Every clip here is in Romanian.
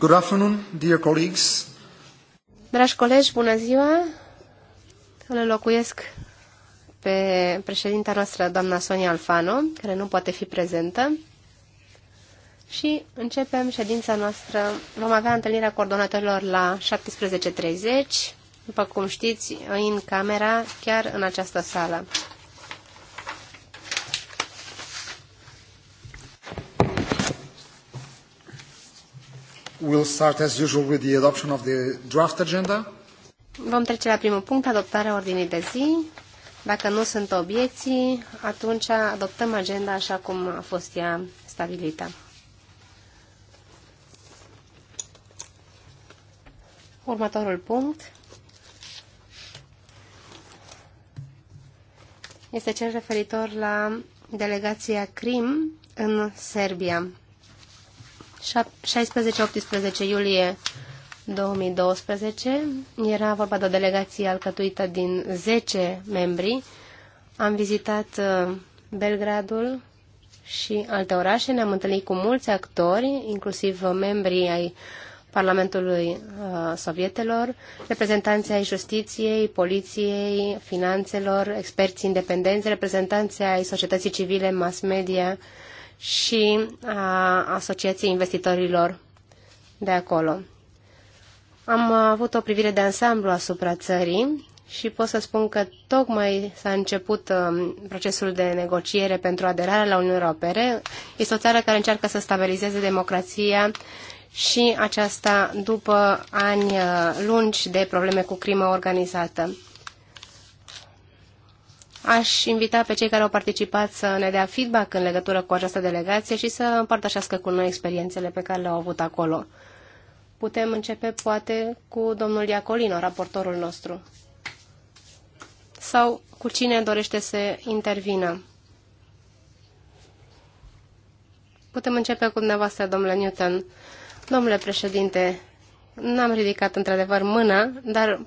Good afternoon, dear colleagues. Dragi colegi, bună ziua! Îl înlocuiesc pe președinta noastră, doamna Sonia Alfano, care nu poate fi prezentă. Și începem ședința noastră. Vom avea întâlnirea coordonatorilor la 17.30, după cum știți, în camera, chiar în această sală. We'll start as usual with the adoption of the draft agenda. Vom trece la primul punct, adoptarea ordinii de zi. Dacă nu sunt obiecții, atunci adoptăm agenda așa cum a fost ea stabilită. Următorul punct este cel referitor la delegația CRIM în Serbia. 16-18 iulie 2012 era vorba de o delegație alcătuită din 10 membri. Am vizitat uh, Belgradul și alte orașe, ne-am întâlnit cu mulți actori, inclusiv membrii ai Parlamentului uh, Sovietelor, reprezentanții ai justiției, poliției, finanțelor, experți independenți, reprezentanții ai societății civile, mass media, și a Asociației Investitorilor de acolo. Am avut o privire de ansamblu asupra țării și pot să spun că tocmai s-a început um, procesul de negociere pentru aderarea la Uniunea Europeană. Este o țară care încearcă să stabilizeze democrația și aceasta după ani uh, lungi de probleme cu crimă organizată. Aș invita pe cei care au participat să ne dea feedback în legătură cu această delegație și să împărtășească cu noi experiențele pe care le-au avut acolo. Putem începe, poate, cu domnul Iacolino, raportorul nostru. Sau cu cine dorește să intervină. Putem începe cu dumneavoastră, domnule Newton. Domnule președinte, n-am ridicat într-adevăr mâna, dar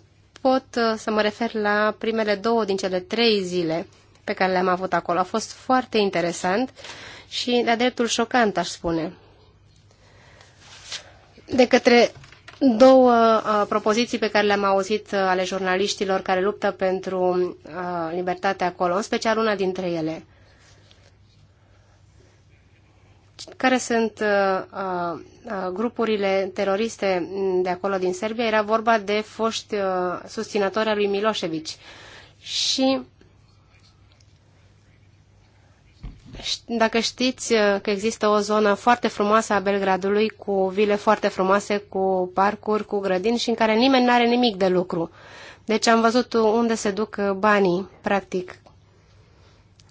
pot uh, să mă refer la primele două din cele trei zile pe care le-am avut acolo. A fost foarte interesant și de-a dreptul șocant, aș spune. De către două uh, propoziții pe care le-am auzit uh, ale jurnaliștilor care luptă pentru uh, libertate acolo, în special una dintre ele. care sunt uh, uh, uh grupurile teroriste mm, de acolo din Serbia. Era vorba de foști uh, susținători al lui Milosevic. Și dacă știți uh, că există o zonă foarte frumoasă a Belgradului, cu vile foarte frumoase, cu parcuri, cu grădini și în care nimeni nu are nimic de lucru. Deci am văzut unde se duc uh, banii, practic.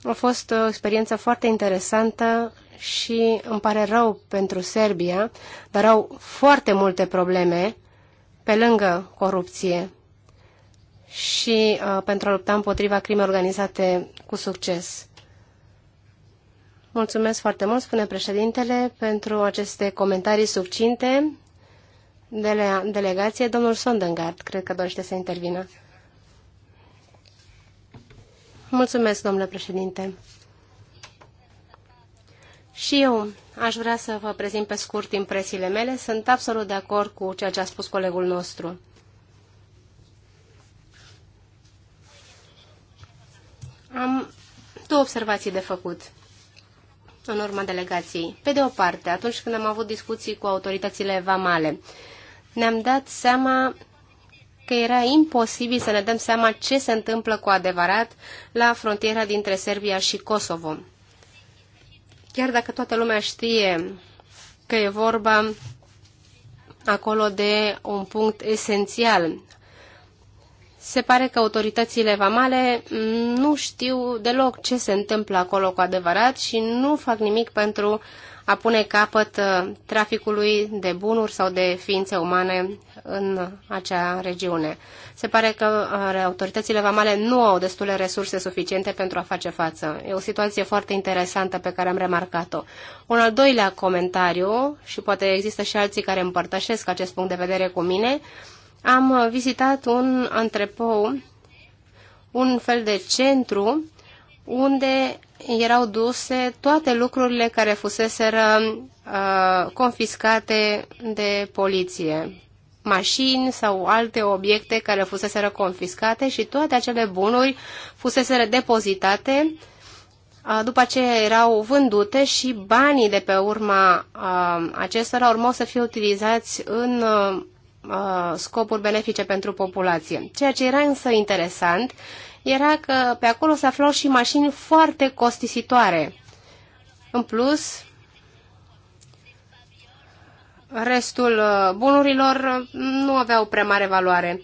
A fost o experiență foarte interesantă și îmi pare rău pentru Serbia, dar au foarte multe probleme pe lângă corupție și uh, pentru a lupta împotriva crimei organizate cu succes. Mulțumesc foarte mult, spune președintele, pentru aceste comentarii subcinte de la delegație. Domnul Sondengard, cred că dorește să intervină. Mulțumesc, domnule președinte. Și eu aș vrea să vă prezint pe scurt impresiile mele. Sunt absolut de acord cu ceea ce a spus colegul nostru. Am două observații de făcut în urma delegației. Pe de o parte, atunci când am avut discuții cu autoritățile vamale, ne-am dat seama că era imposibil să ne dăm seama ce se întâmplă cu adevărat la frontiera dintre Serbia și Kosovo. Chiar dacă toată lumea știe că e vorba acolo de un punct esențial. Se pare că autoritățile vamale nu știu deloc ce se întâmplă acolo cu adevărat și nu fac nimic pentru a pune capăt uh, traficului de bunuri sau de ființe umane în acea regiune. Se pare că autoritățile vamale nu au destule resurse suficiente pentru a face față. E o situație foarte interesantă pe care am remarcat-o. Un al doilea comentariu, și poate există și alții care împărtășesc acest punct de vedere cu mine, am vizitat un întrepou, un fel de centru unde erau duse toate lucrurile care fuseseră uh, confiscate de poliție mașini sau alte obiecte care fuseseră confiscate și toate acele bunuri fuseseră depozitate, după ce erau vândute și banii de pe urma acestora urmau să fie utilizați în scopuri benefice pentru populație. Ceea ce era însă interesant era că pe acolo se aflau și mașini foarte costisitoare. În plus, restul uh, bunurilor uh, nu aveau prea mare valoare.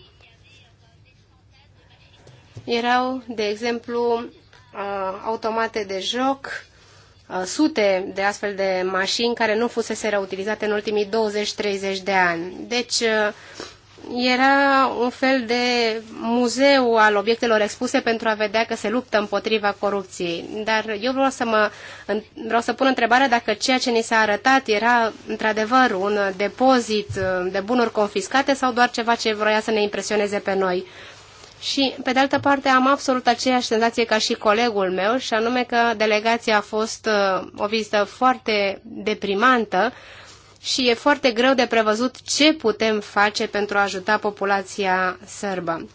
Erau, de exemplu, uh, automate de joc, sute de astfel de mașini care nu fusese utilizate în ultimii 20-30 de ani. Deci, era un fel de muzeu al obiectelor expuse pentru a vedea că se luptă împotriva corupției. Dar eu vreau să, mă, vreau să pun întrebarea dacă ceea ce ni s-a arătat era într-adevăr un depozit uh, de bunuri confiscate sau doar ceva ce vroia să ne impresioneze pe noi. Și, pe de altă parte, am absolut aceeași senzație ca și colegul meu, și anume că delegația a fost uh, o vizită foarte deprimantă, și e foarte greu de prevăzut ce putem face pentru a ajuta populația sârbă.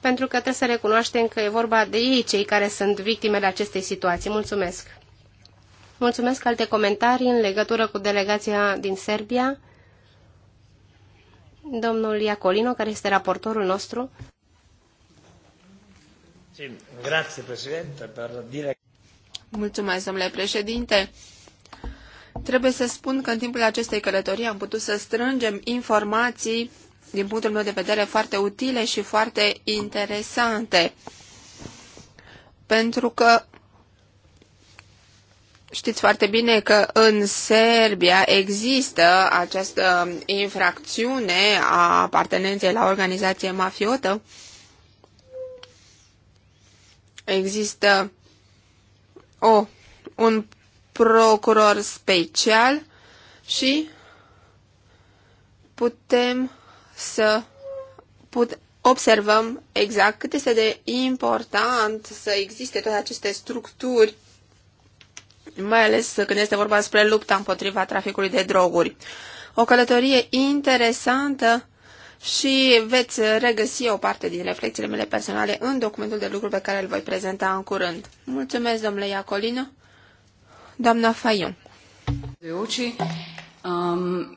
Pentru că trebuie să recunoaștem că e vorba de ei cei care sunt victimele acestei situații. Mulțumesc! Mulțumesc alte comentarii în legătură cu delegația din Serbia. Domnul Iacolino, care este raportorul nostru. Mulțumesc, domnule președinte. Trebuie să spun că în timpul acestei călătorii am putut să strângem informații, din punctul meu de vedere, foarte utile și foarte interesante. Pentru că Știți foarte bine că în Serbia există această infracțiune a apartenenței la organizație mafiotă. Există o, un procuror special și putem să put, observăm exact cât este de important să existe toate aceste structuri, mai ales când este vorba despre lupta împotriva traficului de droguri. O călătorie interesantă și veți regăsi o parte din reflexiile mele personale în documentul de lucru pe care îl voi prezenta în curând. Mulțumesc, domnule Iacolino doamna Fajon. Um,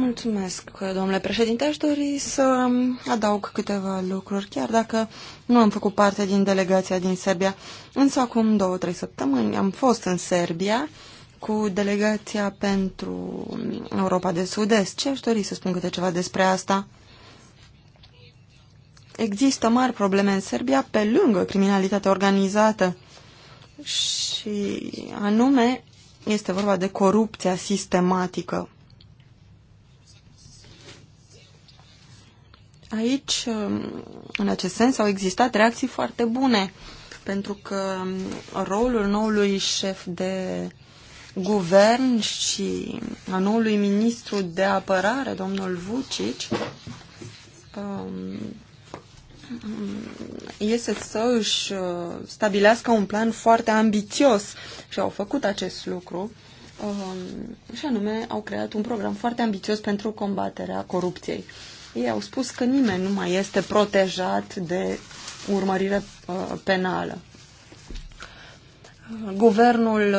Mulțumesc, domnule președinte. Aș dori să adaug câteva lucruri, chiar dacă nu am făcut parte din delegația din Serbia. Însă acum două, trei săptămâni am fost în Serbia cu delegația pentru Europa de Sud-Est. Ce aș dori să spun câte ceva despre asta? Există mari probleme în Serbia pe lângă criminalitatea organizată și anume este vorba de corupția sistematică. Aici, în acest sens, au existat reacții foarte bune, pentru că rolul noului șef de guvern și a noului ministru de apărare, domnul Vucic, um, este să își uh, stabilească un plan foarte ambițios și au făcut acest lucru uh, și anume au creat un program foarte ambițios pentru combaterea corupției. Ei au spus că nimeni nu mai este protejat de urmărire uh, penală. Guvernul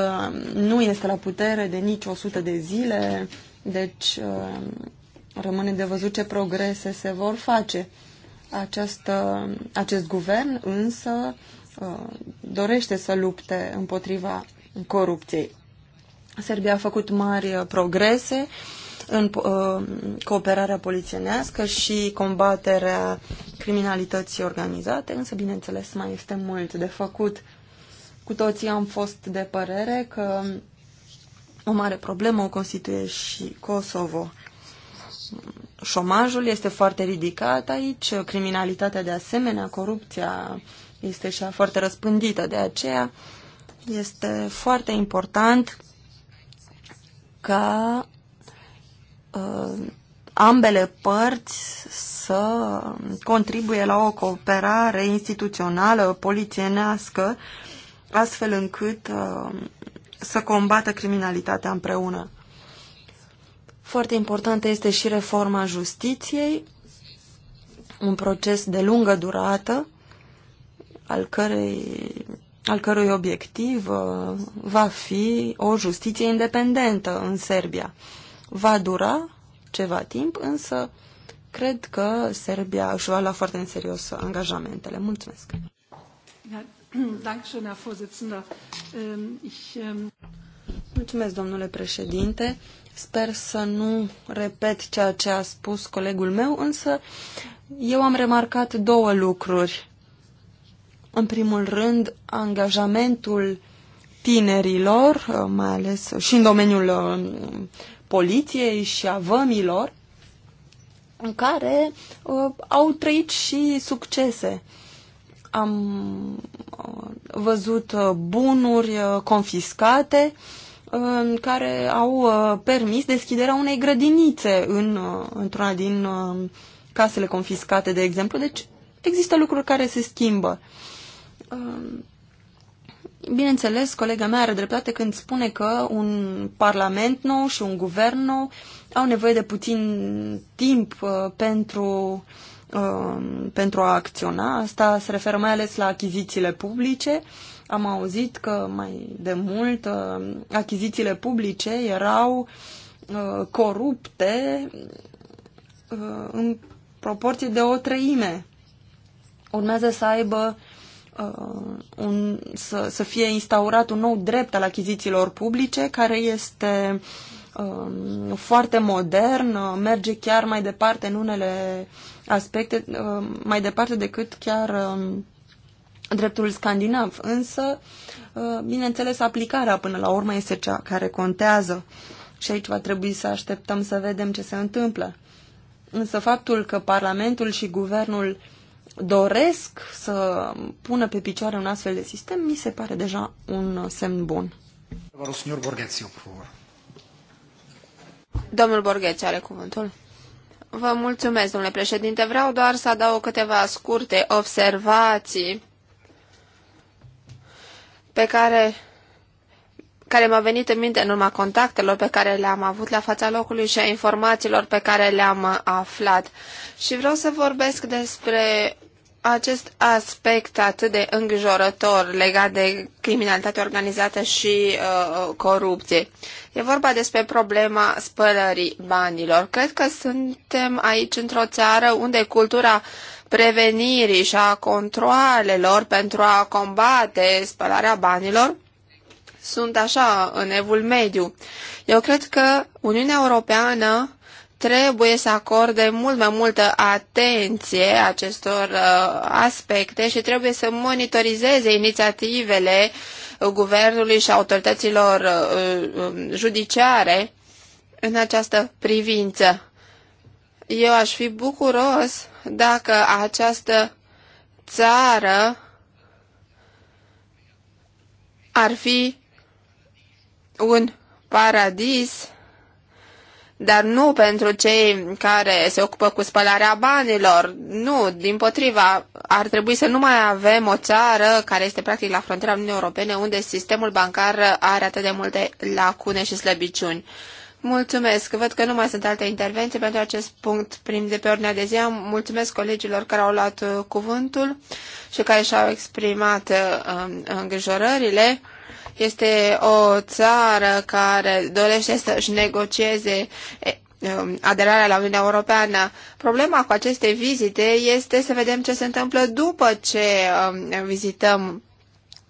nu este la putere de nici 100 de zile, deci rămâne de văzut ce progrese se vor face. Acest, acest guvern însă uh, dorește să lupte împotriva corupției. Serbia a făcut mari uh, progrese în uh, cooperarea polițienească și combaterea criminalității organizate, însă, bineînțeles, mai este mult de făcut. Cu toții am fost de părere că o mare problemă o constituie și Kosovo șomajul este foarte ridicat aici, criminalitatea de asemenea, corupția este și foarte răspândită. De aceea este foarte important ca uh, ambele părți să contribuie la o cooperare instituțională, polițienească, astfel încât uh, să combată criminalitatea împreună. Foarte importantă este și reforma justiției, un proces de lungă durată, al, cărei, al cărui obiectiv uh, va fi o justiție independentă în Serbia. Va dura ceva timp, însă cred că Serbia își va lua foarte în serios angajamentele. Mulțumesc! Ähm, ähm, Mulțumesc, domnule președinte. Sper să nu repet ceea ce a spus colegul meu, însă eu am remarcat două lucruri. În primul rând, angajamentul tinerilor, mai ales și în domeniul uh, poliției și a vămilor, în care uh, au trăit și succese. Am uh, văzut uh, bunuri uh, confiscate, uh, care au uh, permis deschiderea unei grădinițe în, uh, într-una din uh, casele confiscate, de exemplu. Deci există lucruri care se schimbă. Um, bineînțeles, colega mea are dreptate când spune că un parlament nou și un guvern nou au nevoie de puțin timp pentru, um, pentru a acționa. Asta se referă mai ales la achizițiile publice. Uh, am auzit că mai de mult uh, achizițiile publice erau uh, corupte uh, în proporție de o treime. Urmează să aibă un, să, să fie instaurat un nou drept al achizițiilor publice care este um, foarte modern, merge chiar mai departe în unele aspecte, um, mai departe decât chiar um, dreptul scandinav, însă, uh, bineînțeles, aplicarea până la urmă este cea care contează și aici va trebui să așteptăm să vedem ce se întâmplă. Însă faptul că Parlamentul și Guvernul doresc să pună pe picioare un astfel de sistem, mi se pare deja un semn bun. Domnul Borgheți are cuvântul. Vă mulțumesc, domnule președinte. Vreau doar să adaug câteva scurte observații pe care, care mi a venit în minte în urma contactelor pe care le-am avut la fața locului și a informațiilor pe care le-am aflat. Și vreau să vorbesc despre acest aspect atât de îngrijorător legat de criminalitate organizată și uh, corupție. E vorba despre problema spălării banilor. Cred că suntem aici într-o țară unde cultura uh, prevenirii și a controalelor pentru a combate spălarea banilor sunt așa în evul mediu. Eu cred că Uniunea Europeană trebuie să acorde mult mai multă atenție acestor uh, aspecte și trebuie să monitorizeze inițiativele guvernului și autorităților uh, uh, judiciare în această privință. Eu aș fi bucuros dacă această țară ar fi un paradis, dar nu pentru cei care se ocupă cu spălarea banilor. Nu, din potriva, ar trebui să nu mai avem o țară care este practic la frontiera Uniunii Europene, unde sistemul bancar are atât de multe lacune și slăbiciuni. Mulțumesc. Văd că nu mai sunt alte intervenții pentru acest punct prim de pe ordinea de zi. Mulțumesc colegilor care au luat uh, cuvântul și care și-au exprimat uh, um, îngrijorările. Este o țară care dorește să-și negocieze um, aderarea la Uniunea Europeană. Problema cu aceste vizite este să vedem ce se întâmplă după ce um, vizităm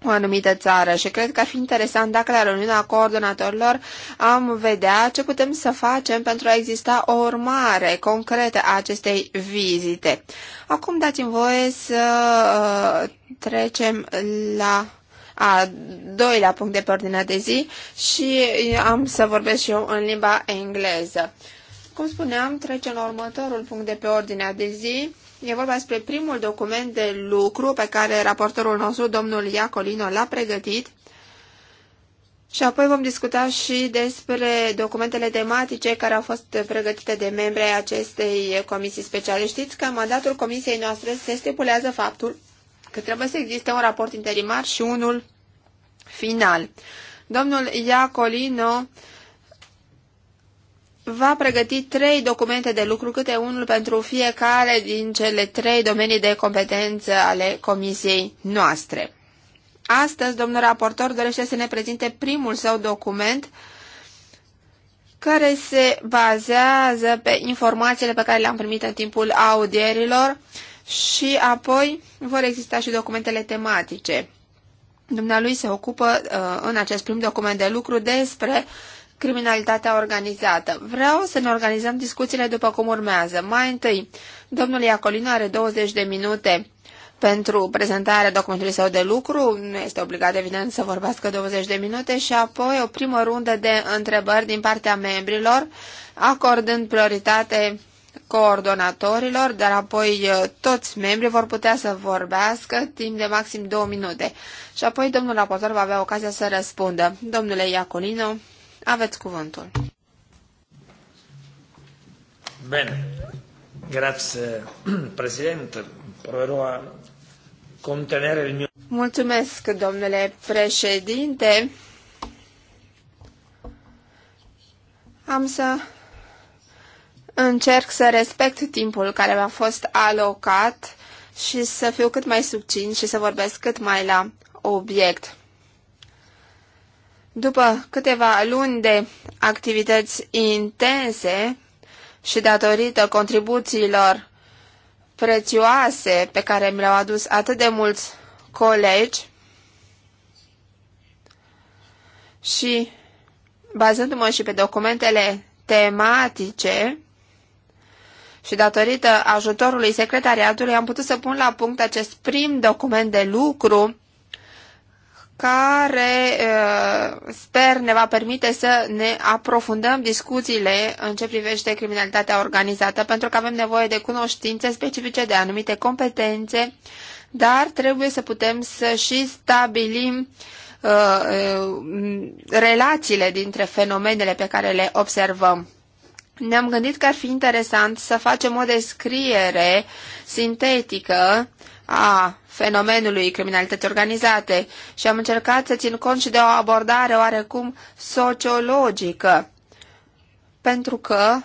o anumită țară și cred că ar fi interesant dacă la reuniunea coordonatorilor am vedea ce putem să facem pentru a exista o urmare concretă a acestei vizite. Acum dați-mi voie să uh, trecem la a doilea punct de pe ordinea de zi și am să vorbesc și eu în limba engleză. Cum spuneam, trecem la următorul punct de pe ordinea de zi E vorba despre primul document de lucru pe care raportorul nostru, domnul Iacolino, l-a pregătit. Și apoi vom discuta și despre documentele tematice care au fost pregătite de membre ai acestei comisii speciale. Știți că în mandatul comisiei noastre se stipulează faptul că trebuie să existe un raport interimar și unul final. Domnul Iacolino va pregăti trei documente de lucru, câte unul pentru fiecare din cele trei domenii de competență ale comisiei noastre. Astăzi, domnul raportor dorește să ne prezinte primul său document care se bazează pe informațiile pe care le-am primit în timpul audierilor și apoi vor exista și documentele tematice. Dumnealui se ocupă uh, în acest prim document de lucru despre uh, criminalitatea organizată. Vreau să ne organizăm discuțiile după cum urmează. Mai întâi, domnul Iacolino are 20 de minute pentru prezentarea documentului său de lucru, nu este obligat, evident, să vorbească 20 de minute, și apoi o primă rundă de întrebări din partea membrilor, acordând prioritate coordonatorilor, dar apoi uh, toți membrii vor putea să vorbească timp de maxim două minute. Și apoi domnul raportor va avea ocazia să răspundă. Domnule Iacolino, aveți cuvântul. Bine. Grazie, Presidente. Proverò a contenere il mio... Mulțumesc, domnule președinte. Am să încerc să respect timpul care mi-a fost alocat și să fiu cât mai subțin și să vorbesc cât mai la obiect. După câteva luni de activități intense și datorită contribuțiilor prețioase pe care mi le-au adus atât de mulți colegi și bazându-mă și pe documentele tematice și datorită ajutorului secretariatului am putut să pun la punct acest prim document de lucru care uh, sper ne va permite să ne aprofundăm discuțiile în ce privește criminalitatea organizată, pentru că avem nevoie de cunoștințe specifice, de anumite competențe, dar trebuie să putem să și stabilim uh, uh, relațiile dintre fenomenele pe care le observăm. Ne-am gândit că ar fi interesant să facem o descriere sintetică a fenomenului criminalității organizate și am încercat să țin cont și de o abordare oarecum sociologică, pentru că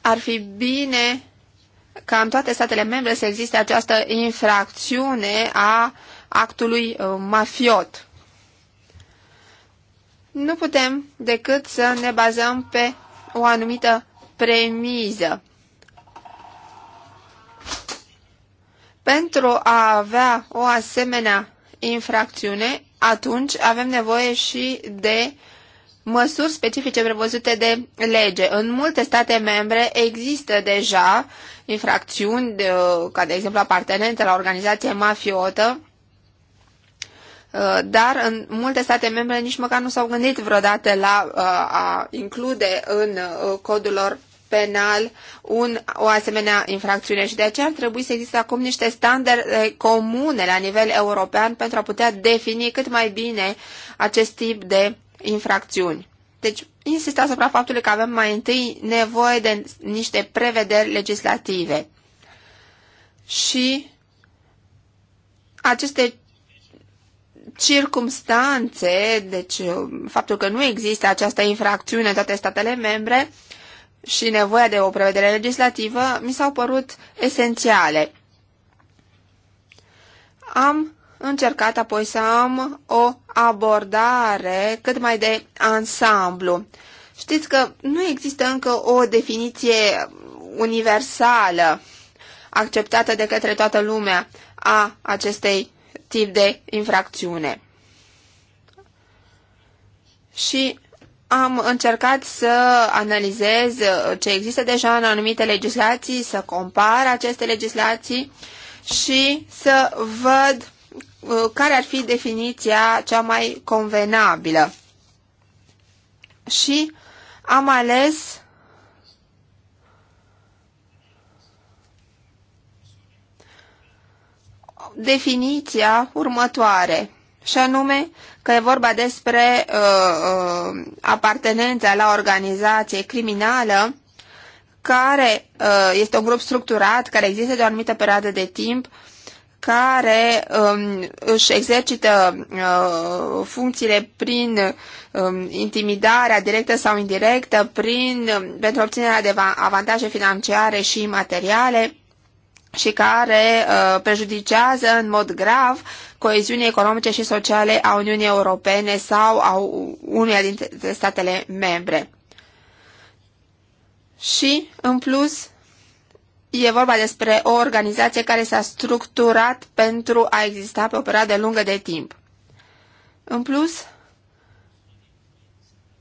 ar fi bine ca în toate statele membre să existe această infracțiune a actului uh, mafiot. Nu putem decât să ne bazăm pe o anumită premiză Pentru a avea o asemenea infracțiune, atunci avem nevoie și de măsuri specifice prevăzute de lege. În multe state membre există deja infracțiuni, de, ca de exemplu apartenente la organizație mafiotă, dar în multe state membre nici măcar nu s-au gândit vreodată la uh, a include în uh, codul lor penal un, o asemenea infracțiune și de aceea ar trebui să existe acum niște standarde comune la nivel european pentru a putea defini cât mai bine acest tip de infracțiuni. Deci, insist asupra faptului că avem mai întâi nevoie de niște prevederi legislative. Și aceste circumstanțe, deci faptul că nu există această infracțiune în toate statele membre, și nevoia de o prevedere legislativă mi s-au părut esențiale. Am încercat apoi să am o abordare cât mai de ansamblu. Știți că nu există încă o definiție universală acceptată de către toată lumea a acestei tip de infracțiune. Și am încercat să analizez uh, ce există deja în anumite legislații, să compar aceste legislații și să văd uh, care ar fi definiția cea mai convenabilă. Și am ales definiția următoare, și anume că e vorba despre uh, uh, apartenența la organizație criminală, care uh, este un grup structurat, care există de o anumită perioadă de timp, care um, își exercită uh, funcțiile prin um, intimidarea directă sau indirectă, prin, um, pentru obținerea de avantaje financiare și materiale și care uh, prejudicează în mod grav coeziunii economice și sociale a Uniunii Europene sau a uneia dintre statele membre. Și, în plus, e vorba despre o organizație care s-a structurat pentru a exista pe o perioadă lungă de timp. În plus,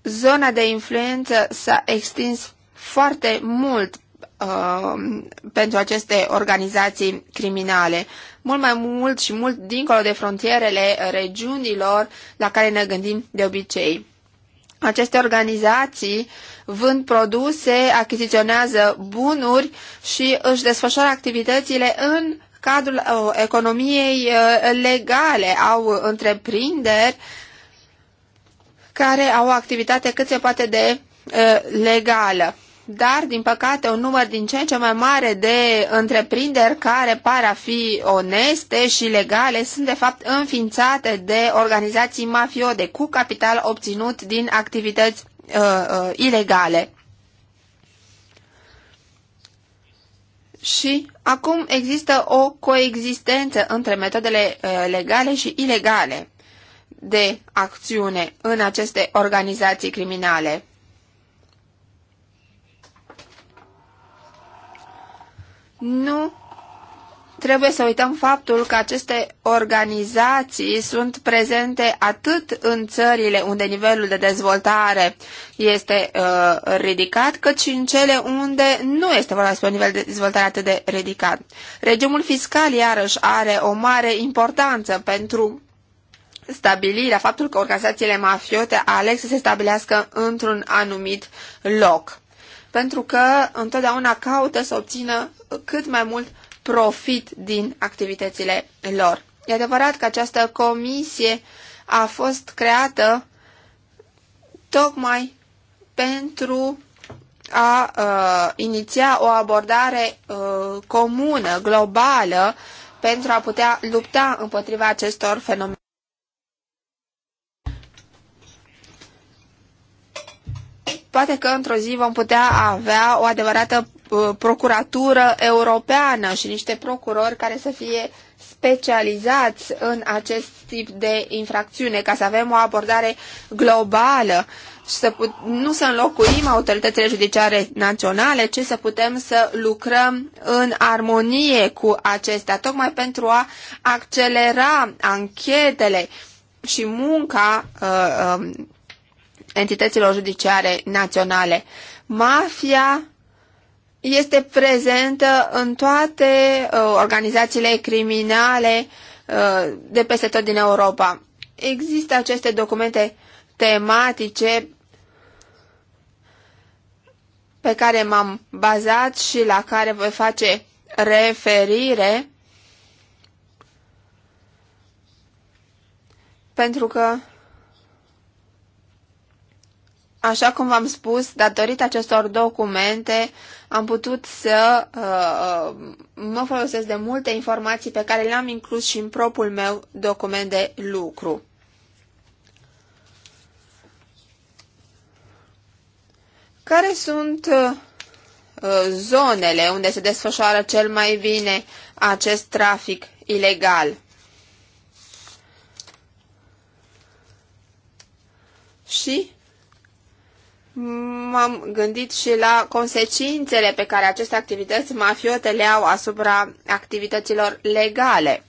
zona de influență s-a extins foarte mult Um, pentru aceste organizații criminale. Mult mai mult și mult dincolo de frontierele regiunilor la care ne gândim de obicei. Aceste organizații vând produse, achiziționează bunuri și își desfășoară activitățile în cadrul uh, economiei uh, legale. Au întreprinderi care au o activitate cât se poate de uh, legală dar, din păcate, un număr din ce în ce mai mare de întreprinderi care par a fi oneste și legale sunt, de fapt, înființate de organizații mafiode cu capital obținut din activități uh, uh, ilegale. Și acum există o coexistență între metodele uh, legale și ilegale de acțiune în aceste organizații criminale. Nu trebuie să uităm faptul că aceste organizații sunt prezente atât în țările unde nivelul de dezvoltare este uh, ridicat, cât și în cele unde nu este vorba despre un nivel de dezvoltare atât de ridicat. Regimul fiscal, iarăși, are o mare importanță pentru stabilirea, faptul că organizațiile mafiote aleg să se stabilească într-un anumit loc. Pentru că întotdeauna caută să obțină cât mai mult profit din activitățile lor. E adevărat că această comisie a fost creată tocmai pentru a uh, iniția o abordare uh, comună, globală, pentru a putea lupta împotriva acestor fenomene. Poate că într-o zi vom putea avea o adevărată Uh, procuratură europeană și niște procurori care să fie specializați în acest tip de infracțiune, ca să avem o abordare globală și să put- nu să înlocuim autoritățile judiciare naționale, ci să putem să lucrăm în armonie cu acestea, tocmai pentru a accelera anchetele și munca uh, uh, entităților judiciare naționale. Mafia este prezentă în toate uh, organizațiile criminale uh, de peste tot din Europa. Există aceste documente tematice pe care m-am bazat și la care voi face referire pentru că Așa cum v-am spus, datorită acestor documente am putut să uh, uh, mă folosesc de multe informații pe care le-am inclus și în propriul meu document de lucru. Care sunt uh, zonele unde se desfășoară cel mai bine acest trafic ilegal? Și m-am gândit și la consecințele pe care aceste activități mafiote le au asupra activităților legale.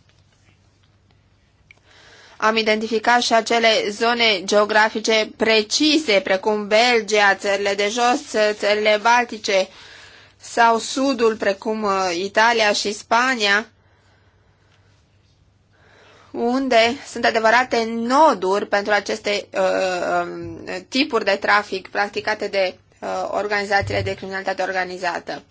Am identificat și acele zone geografice precise, precum Belgia, țările de jos, țările baltice sau sudul, precum uh, Italia și Spania, unde sunt adevărate noduri pentru aceste uh, um, tipuri de trafic practicate de uh, organizațiile de criminalitate organizată.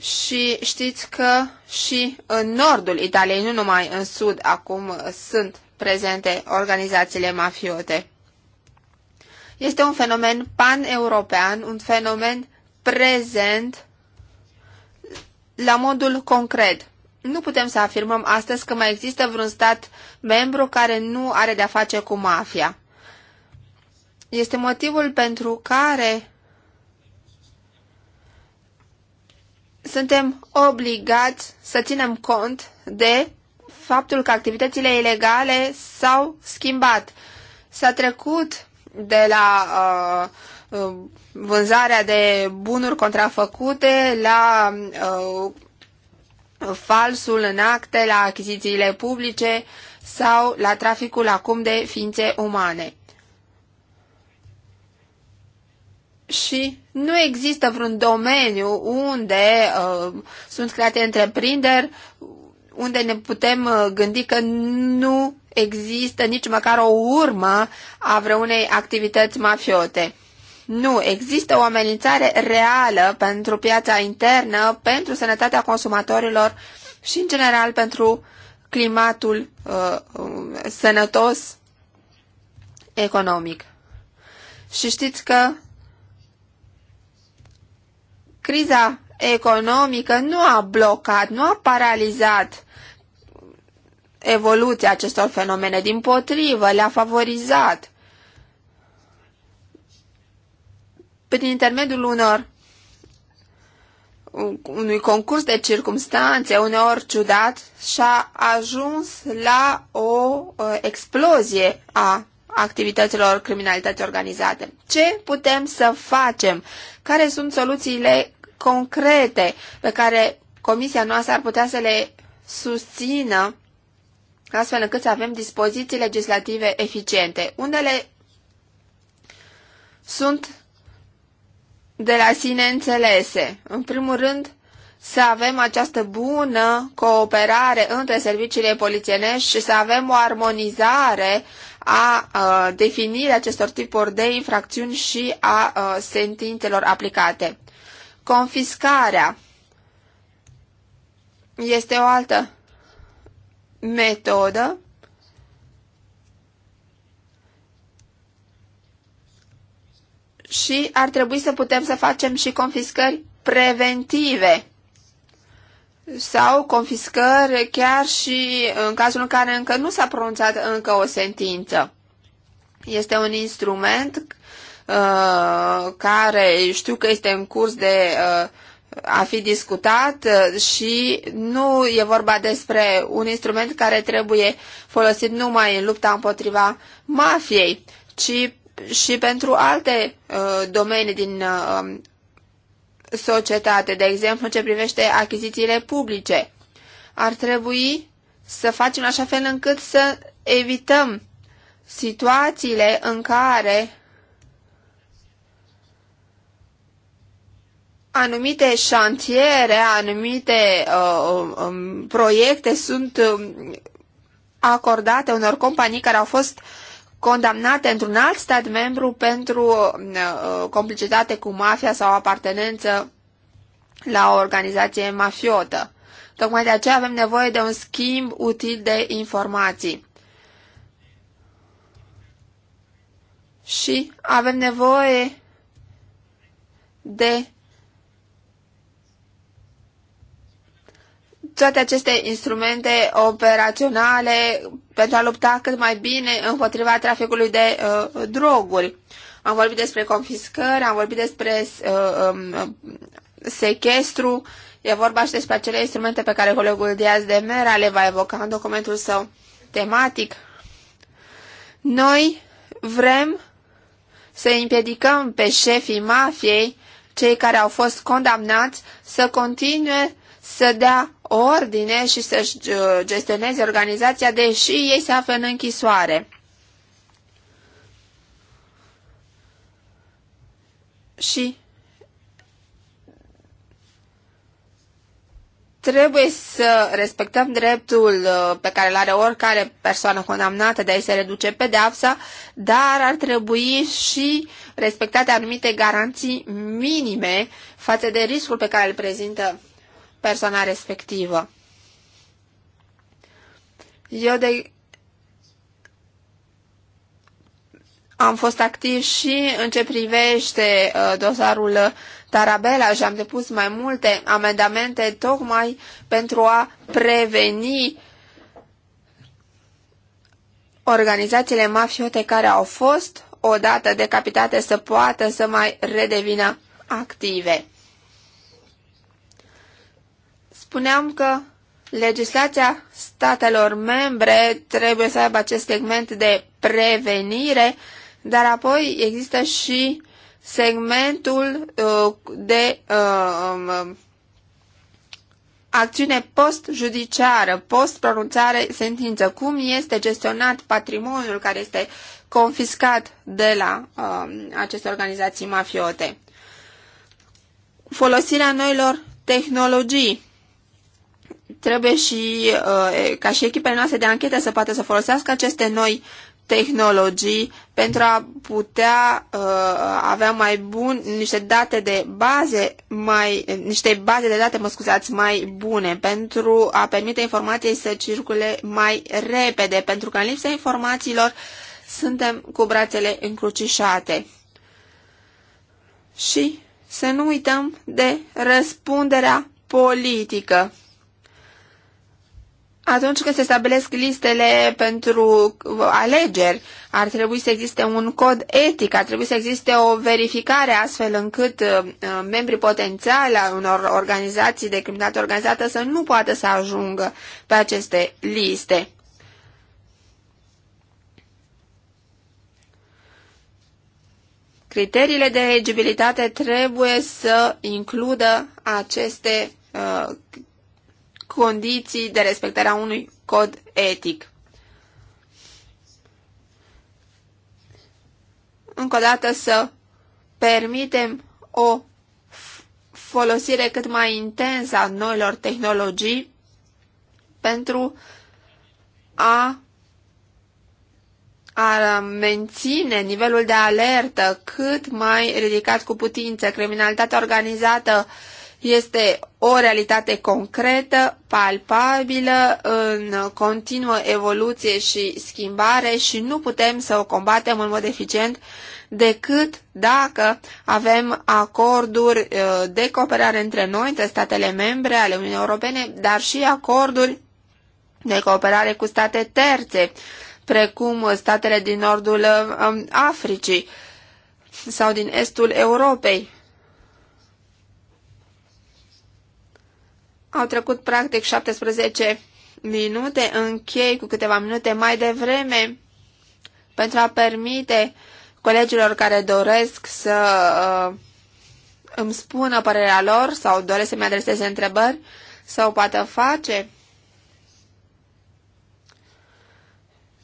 Și știți că și în nordul Italiei, nu numai în sud, acum sunt prezente organizațiile mafiote. Este un fenomen pan-european, un fenomen prezent la modul concret nu putem să afirmăm astăzi că mai există vreun stat membru care nu are de-a face cu mafia. Este motivul pentru care suntem obligați să ținem cont de faptul că activitățile ilegale s-au schimbat. S-a trecut de la uh, uh vânzarea de bunuri contrafăcute la uh, falsul în acte la achizițiile publice sau la traficul acum de ființe umane. Și nu există vreun domeniu unde uh, sunt create întreprinderi unde ne putem uh, gândi că nu există nici măcar o urmă a vreunei activități mafiote. Nu, există o amenințare reală pentru piața internă, pentru sănătatea consumatorilor și, în general, pentru climatul uh, um, sănătos economic. Și știți că criza economică nu a blocat, nu a paralizat evoluția acestor fenomene, din potrivă, le-a favorizat. prin intermediul unor unui concurs de circumstanțe, uneori ciudat, și-a ajuns la o uh, explozie a activităților criminalității organizate. Ce putem să facem? Care sunt soluțiile concrete pe care comisia noastră ar putea să le susțină astfel încât să avem dispoziții legislative eficiente? Unele sunt de la sine înțelese. În primul rând, să avem această bună cooperare între serviciile polițienești și să avem o armonizare a, a definirii acestor tipuri de infracțiuni și a, a sentințelor aplicate. Confiscarea este o altă metodă și ar trebui să putem să facem și confiscări preventive sau confiscări chiar și în cazul în care încă nu s-a pronunțat încă o sentință. Este un instrument uh, care știu că este în curs de uh, a fi discutat uh, și nu e vorba despre un instrument care trebuie folosit numai în lupta împotriva mafiei, ci și pentru alte uh, domenii din uh, societate, de exemplu ce privește achizițiile publice. Ar trebui să facem așa fel încât să evităm situațiile în care anumite șantiere, anumite uh, um, um proiecte sunt um, acordate unor companii care au fost condamnate într-un alt stat membru pentru uh, complicitate cu mafia sau apartenență la o organizație mafiotă. Tocmai de aceea avem nevoie de un schimb util de informații. Și avem nevoie de toate aceste instrumente operaționale pentru a lupta cât mai bine împotriva traficului de uh, droguri. Am vorbit despre confiscări, am vorbit despre uh, um, sechestru, e vorba și despre acele instrumente pe care colegul Diaz de Mera le va evoca în documentul său tematic. Noi vrem să împiedicăm pe șefii mafiei, cei care au fost condamnați, să continue să dea ordine și să-și uh, gestioneze organizația, deși ei se află în închisoare. Și trebuie să respectăm dreptul uh, pe care îl are oricare persoană condamnată de a-i se reduce pedeapsa, dar ar trebui și respectate anumite garanții minime față de riscul pe care îl prezintă persoana respectivă. Eu de... am fost activ și în ce privește uh, dosarul Tarabela și am depus mai multe amendamente tocmai pentru a preveni organizațiile mafiote care au fost odată decapitate să poată să mai redevină active. Spuneam că legislația statelor membre trebuie să aibă acest segment de prevenire, dar apoi există și segmentul uh, de uh, um, um, acțiune post-judiciară, post-pronunțare sentință. Cum este gestionat patrimoniul care este confiscat de la uh, aceste organizații mafiote? Folosirea noilor tehnologii trebuie și uh, ca și echipele noastre de anchetă să poată să folosească aceste noi tehnologii pentru a putea uh, avea mai bun niște date de baze mai niște baze de date, mă scuzați, mai bune pentru a permite informației să circule mai repede, pentru că în lipsa informațiilor suntem cu brațele încrucișate. Și să nu uităm de răspunderea politică atunci când se stabilesc listele pentru alegeri, ar trebui să existe un cod etic, ar trebui să existe o verificare astfel încât uh, uh, membrii potențiali a unor organizații de criminalitate organizată să nu poată să ajungă pe aceste liste. Criteriile de eligibilitate trebuie să includă aceste uh, condiții de respectarea unui cod etic. Încă o dată să permitem o folosire cât mai intensă a noilor tehnologii pentru a, a menține nivelul de alertă cât mai ridicat cu putință. Criminalitatea organizată uh, este o realitate concretă, palpabilă, în continuă evoluție și schimbare și nu putem să o combatem în mod eficient decât dacă avem acorduri uh, de cooperare între noi, între statele membre ale Uniunii Europene, dar și acorduri de cooperare cu state terțe, precum statele din nordul uh, Africii sau din estul Europei Au trecut practic 17 minute, închei cu câteva minute mai devreme pentru a permite colegilor care doresc să uh, îmi spună părerea lor sau doresc să-mi adreseze întrebări să o poată face.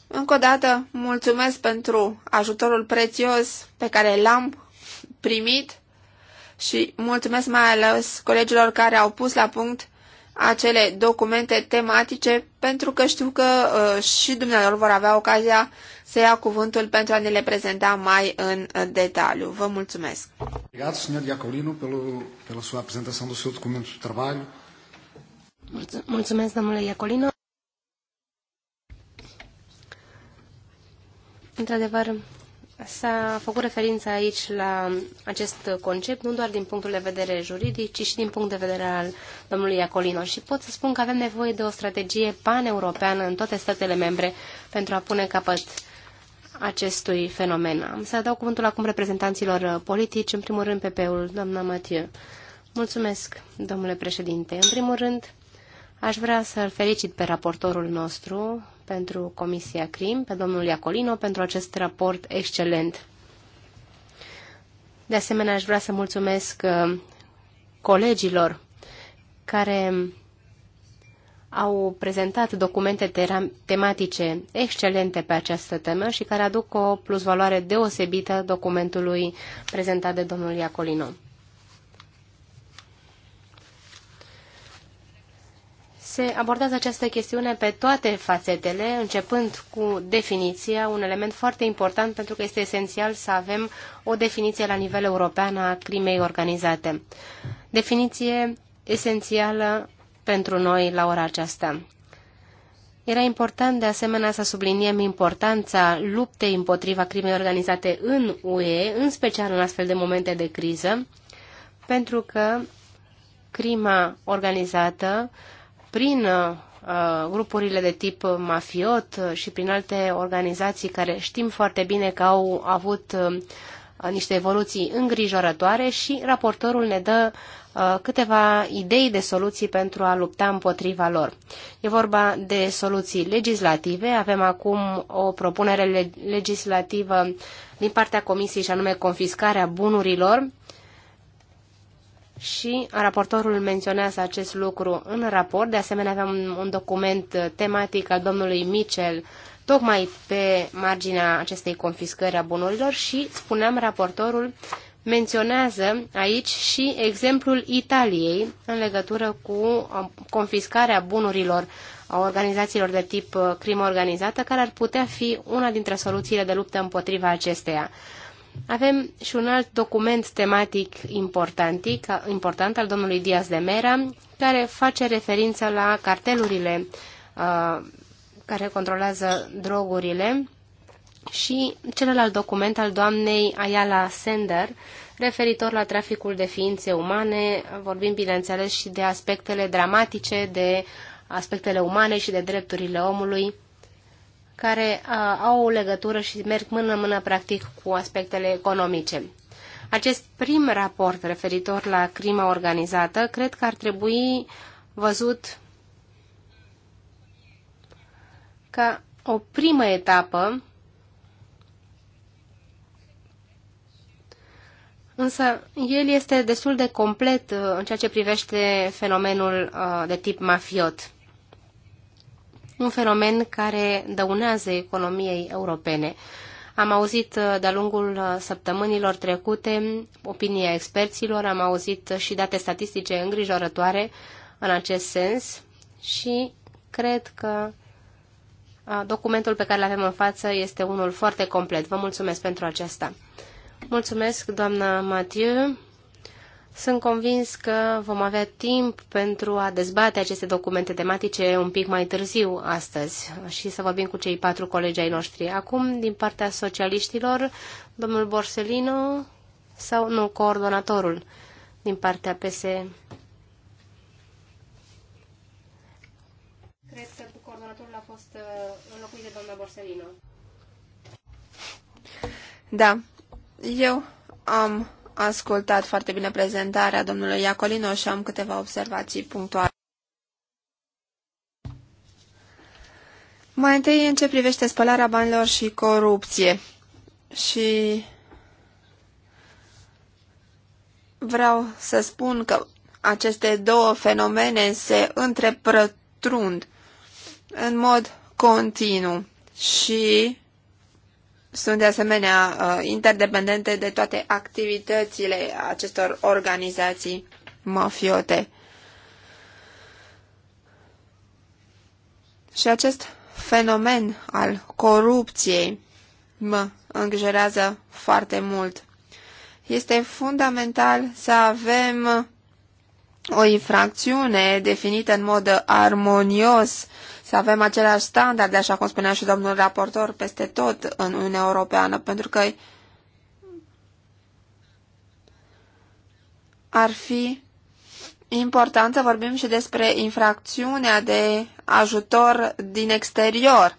Încă o dată, mulțumesc pentru ajutorul prețios pe care l-am primit și mulțumesc mai ales colegilor care au pus la punct acele documente tematice pentru că știu că uh, și dumneavoastră vor avea ocazia să ia cuvântul pentru a ne le prezenta mai în detaliu. Vă mulțumesc! Obrigado, senhor Iacolino, pelo, pela sua apresentação do seu documento de trabalho. Mulțumesc, domnule Iacolino. Într-adevăr, S-a făcut referință aici la acest concept, nu doar din punctul de vedere juridic, ci și din punct de vedere al domnului Iacolino. Și pot să spun că avem nevoie de o strategie paneuropeană în toate statele membre pentru a pune capăt acestui fenomen. Am să dau cuvântul acum reprezentanților politici, în primul rând PP-ul, doamna Mathieu. Mulțumesc, domnule președinte. În primul rând, aș vrea să-l felicit pe raportorul nostru, pentru Comisia CRIM, pe domnul Iacolino, pentru acest raport excelent. De asemenea, aș vrea să mulțumesc uh, colegilor care au prezentat documente tematice excelente pe această temă și care aduc o plusvaloare deosebită documentului prezentat de domnul Iacolino. se abordează această chestiune pe toate fațetele, începând cu definiția, un element foarte important pentru că este esențial să avem o definiție la nivel european a crimei organizate. Definiție esențială pentru noi la ora aceasta. Era important de asemenea să subliniem importanța luptei împotriva crimei organizate în UE, în special în astfel de momente de criză, pentru că crima organizată prin uh, grupurile de tip mafiot uh, și prin alte organizații care știm foarte bine că au avut uh, niște evoluții îngrijorătoare și raportorul ne dă câteva idei de soluții pentru a lupta împotriva lor. E vorba de soluții legislative. Avem acum o propunere legislativă din partea Comisiei și anume confiscarea bunurilor și raportorul menționează acest lucru în raport. De asemenea, avem un, un document tematic al domnului Mitchell tocmai pe marginea acestei confiscări a bunurilor și, spuneam, raportorul menționează aici și exemplul Italiei în legătură cu uh, confiscarea bunurilor a organizațiilor de tip uh, crimă organizată, care ar putea fi una dintre soluțiile de luptă împotriva acesteia. Avem și un alt document tematic important, important al domnului Diaz de Mera, care face referință la cartelurile uh, care controlează drogurile și celălalt document al doamnei Ayala Sender, referitor la traficul de ființe umane, vorbim bineînțeles și de aspectele dramatice, de aspectele umane și de drepturile omului care au o legătură și merg mână-mână practic cu aspectele economice. Acest prim raport referitor la crima organizată cred că ar trebui văzut ca o primă etapă, însă el este destul de complet uh, în ceea ce privește fenomenul uh, de tip mafiot un fenomen care dăunează economiei europene. Am auzit uh, de-a lungul uh, săptămânilor trecute opinia experților, am auzit uh, și date statistice îngrijorătoare în acest sens și cred că documentul pe care îl avem în față este unul foarte complet. Vă mulțumesc pentru aceasta. Mulțumesc, doamna Mathieu. Sunt convins că vom avea timp pentru a dezbate aceste documente tematice un pic mai târziu astăzi și să vorbim cu cei patru colegi ai noștri. Acum, din partea socialiștilor, domnul Borsellino sau nu, coordonatorul din partea PS. Cred că coordonatorul a fost uh, înlocuit de doamna Borsellino. Da, eu am ascultat foarte bine prezentarea domnului Iacolino și am câteva observații punctuale. Mai întâi în ce privește spălarea banilor și corupție. Și vreau să spun că aceste două fenomene se întreprătrund în mod continuu și sunt de asemenea uh, interdependente de toate activitățile acestor organizații mafiote. Și acest fenomen al corupției mă îngrijorează foarte mult. Este fundamental să avem o infracțiune definită în mod armonios să avem aceleași standarde, așa cum spunea și domnul raportor, peste tot în Uniunea Europeană, pentru că ar fi important să vorbim și despre infracțiunea de ajutor din exterior,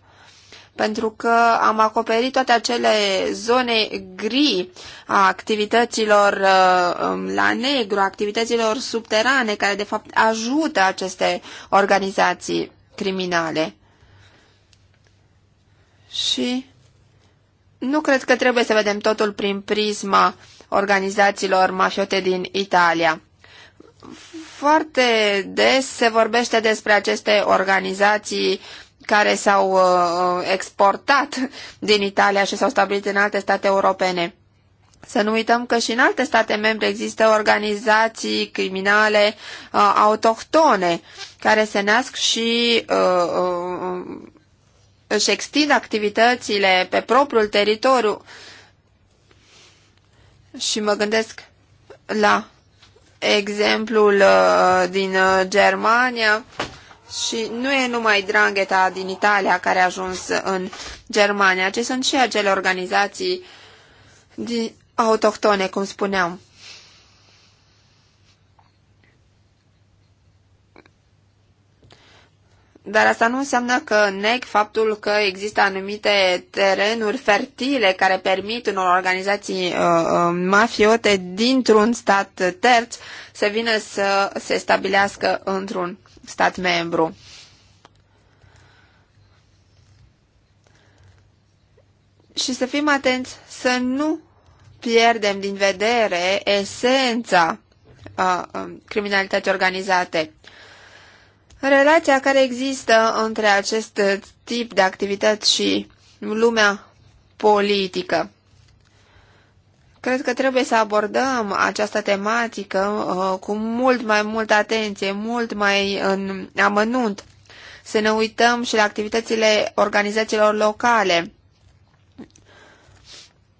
pentru că am acoperit toate acele zone gri a activităților uh, um, la negru, activităților subterane, care de fapt ajută aceste organizații criminale. Și nu cred că trebuie să vedem totul prin prisma organizațiilor mafiote din Italia. Foarte des se vorbește despre aceste organizații care s-au uh, exportat din Italia și s-au stabilit în alte state europene. Să nu uităm că și în alte state membre există organizații criminale uh, autohtone care se nasc și uh, uh, își extind activitățile pe propriul teritoriu. Și mă gândesc la exemplul uh, din uh, Germania și nu e numai drangheta din Italia care a ajuns în Germania, ci sunt și acele organizații din, autohtone, cum spuneam. Dar asta nu înseamnă că neg faptul că există anumite terenuri fertile care permit unor organizații uh, uh, mafiote dintr-un stat terț să vină să se stabilească într-un stat membru. Și să fim atenți să nu pierdem din vedere esența a, criminalității organizate. Relația care există între acest tip de activități și lumea politică. Cred că trebuie să abordăm această tematică uh, cu mult mai multă atenție, mult mai în amănunt. Să ne uităm și la activitățile organizațiilor locale,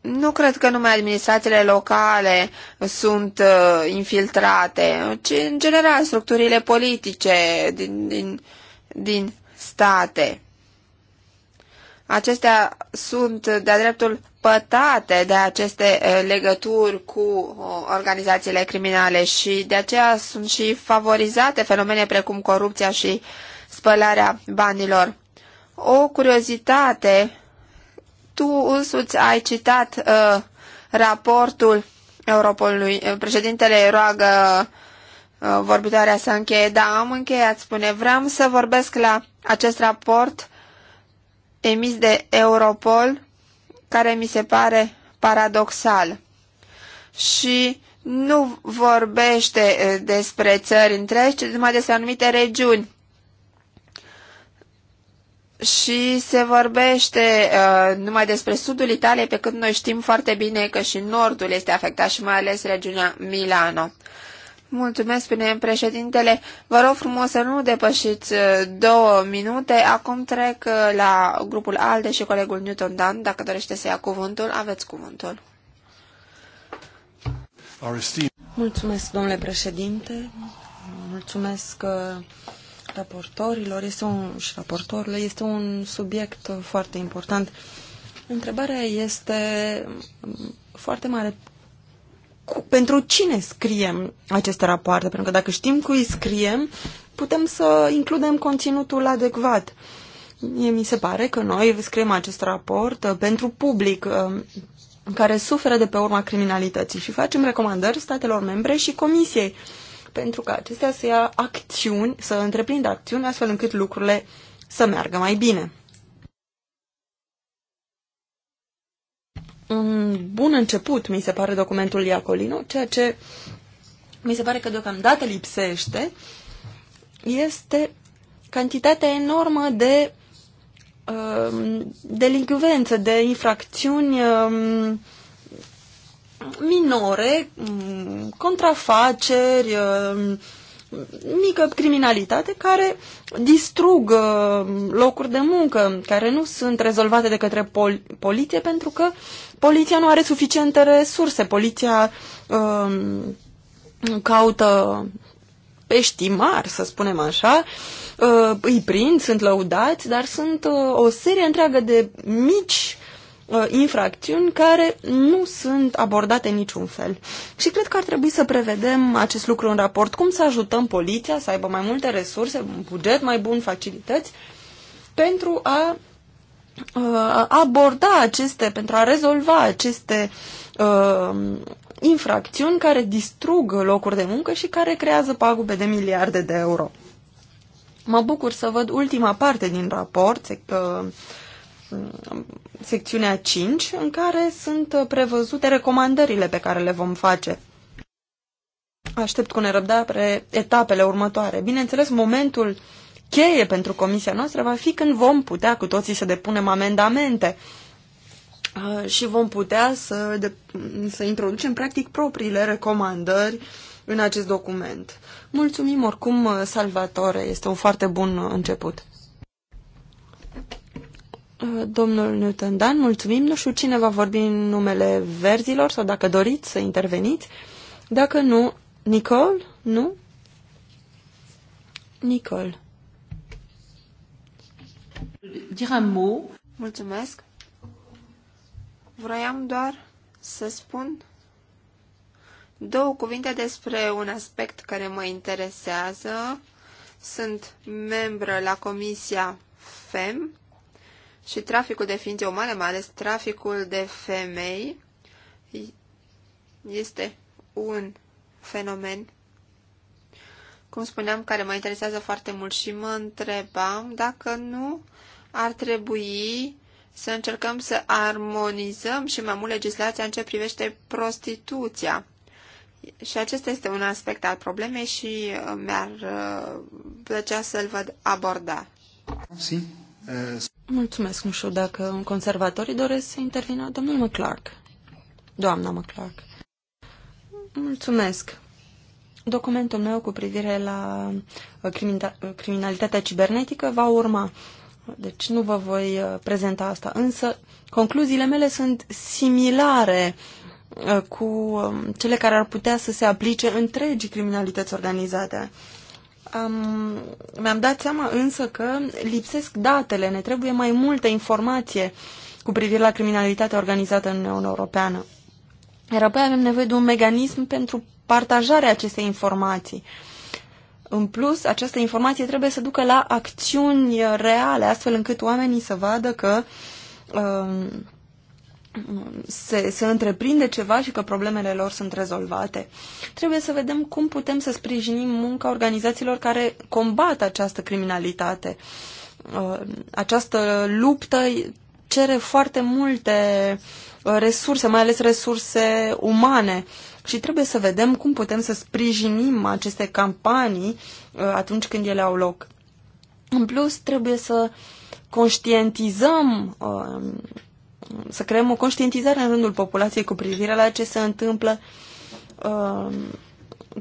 nu cred că numai administrațiile locale sunt uh, infiltrate, ci în general structurile politice din, din, din state. Acestea sunt de-a dreptul pătate de aceste uh, legături cu uh, organizațiile criminale și de aceea sunt și favorizate fenomene precum corupția și spălarea banilor. O curiozitate tu însuți ai citat uh, raportul Europolului. Președintele roagă uh, vorbitoarea să încheie. Da, am încheiat, spune. Vreau să vorbesc la acest raport emis de Europol, care mi se pare paradoxal. Și nu vorbește uh, despre țări întregi, ci numai despre anumite regiuni și se vorbește uh, numai despre sudul Italiei, pe când noi știm foarte bine că și nordul este afectat și mai ales regiunea Milano. Mulțumesc, spune președintele. Vă rog frumos să nu depășiți uh, două minute. Acum trec uh, la grupul ALDE și colegul Newton Dan. Dacă dorește să ia cuvântul, aveți cuvântul. Mulțumesc, domnule președinte. Mulțumesc uh, raportorilor este un, și raportorilor este un subiect foarte important. Întrebarea este foarte mare. Cu, pentru cine scriem aceste rapoarte? Pentru că dacă știm cui scriem, putem să includem conținutul adecvat. Mie mi se pare că noi scriem acest raport uh, pentru public uh, care suferă de pe urma criminalității și facem recomandări statelor membre și comisiei. Uh, pentru ca acestea să ia acțiuni, să întreprindă acțiuni astfel încât lucrurile să meargă mai bine. Un bun început, mi se pare, documentul Iacolino, ceea ce mi se pare că deocamdată lipsește este cantitatea enormă de uh, um, delincvență, de infracțiuni uh, minore, mm, contrafaceri, mm, mică criminalitate care distrug mm, locuri de muncă, care nu sunt rezolvate de către pol- poliție pentru că poliția nu are suficiente resurse. Poliția um, caută pești mari, să spunem așa, uh, îi prind, sunt lăudați, dar sunt uh, o serie întreagă de mici Uh, infracțiuni care nu sunt abordate în niciun fel. Și cred că ar trebui să prevedem acest lucru în raport, cum să ajutăm poliția să aibă mai multe resurse, un buget mai bun, facilități, pentru a, uh, aborda aceste, pentru a rezolva aceste uh, infracțiuni care distrug locuri de muncă și care creează pagube de miliarde de euro. Mă bucur să văd ultima parte din raport, uh, secțiunea 5, în care sunt prevăzute recomandările pe care le vom face. Aștept cu nerăbdare etapele următoare. Bineînțeles, momentul cheie pentru comisia noastră va fi când vom putea cu toții să depunem amendamente uh, și vom putea să, de, să introducem practic propriile recomandări în acest document. Mulțumim oricum, uh, Salvatore, este un foarte bun uh, început. Uh, domnul Newton Dan, mulțumim. Nu știu cine va vorbi în numele verzilor sau dacă doriți să interveniți. Dacă nu, Nicole? Nu? Nicole. Mulțumesc. Vroiam doar să spun două cuvinte despre un aspect care mă interesează. Sunt membră la Comisia FEM și traficul de ființe umane, mai ales traficul de femei, este un fenomen, cum spuneam, care mă interesează foarte mult și mă întrebam dacă nu ar trebui să încercăm să armonizăm și mai mult legislația în ce privește prostituția. Și acesta este un aspect al problemei și mi-ar uh, plăcea să-l văd aborda. Sim. Mulțumesc. Nu știu dacă conservatorii doresc să intervină. Domnul McClark. Doamna McClark. Mulțumesc. Documentul meu cu privire la uh, uh, criminalitatea cibernetică va urma. Deci nu vă voi uh, prezenta asta. Însă concluziile mele sunt similare cu um, cele care ar putea să se aplice întregii criminalități organizate. Am, mi-am dat seama însă că lipsesc datele, ne trebuie mai multă informație cu privire la criminalitatea organizată în Uniunea Europeană. Iar apoi avem nevoie de un mecanism pentru partajarea acestei informații. În plus, această informație trebuie să ducă la acțiuni reale, astfel încât oamenii să vadă că um, se, se întreprinde ceva și că problemele lor sunt rezolvate. Trebuie să vedem cum putem să sprijinim munca organizațiilor care combat această criminalitate. Uh, această luptă cere foarte multe uh, resurse, mai ales resurse umane și trebuie să vedem cum putem să sprijinim aceste campanii uh, atunci când ele au loc. În plus, trebuie să conștientizăm să creăm o conștientizare în rândul populației cu privire la ce se întâmplă. Uh,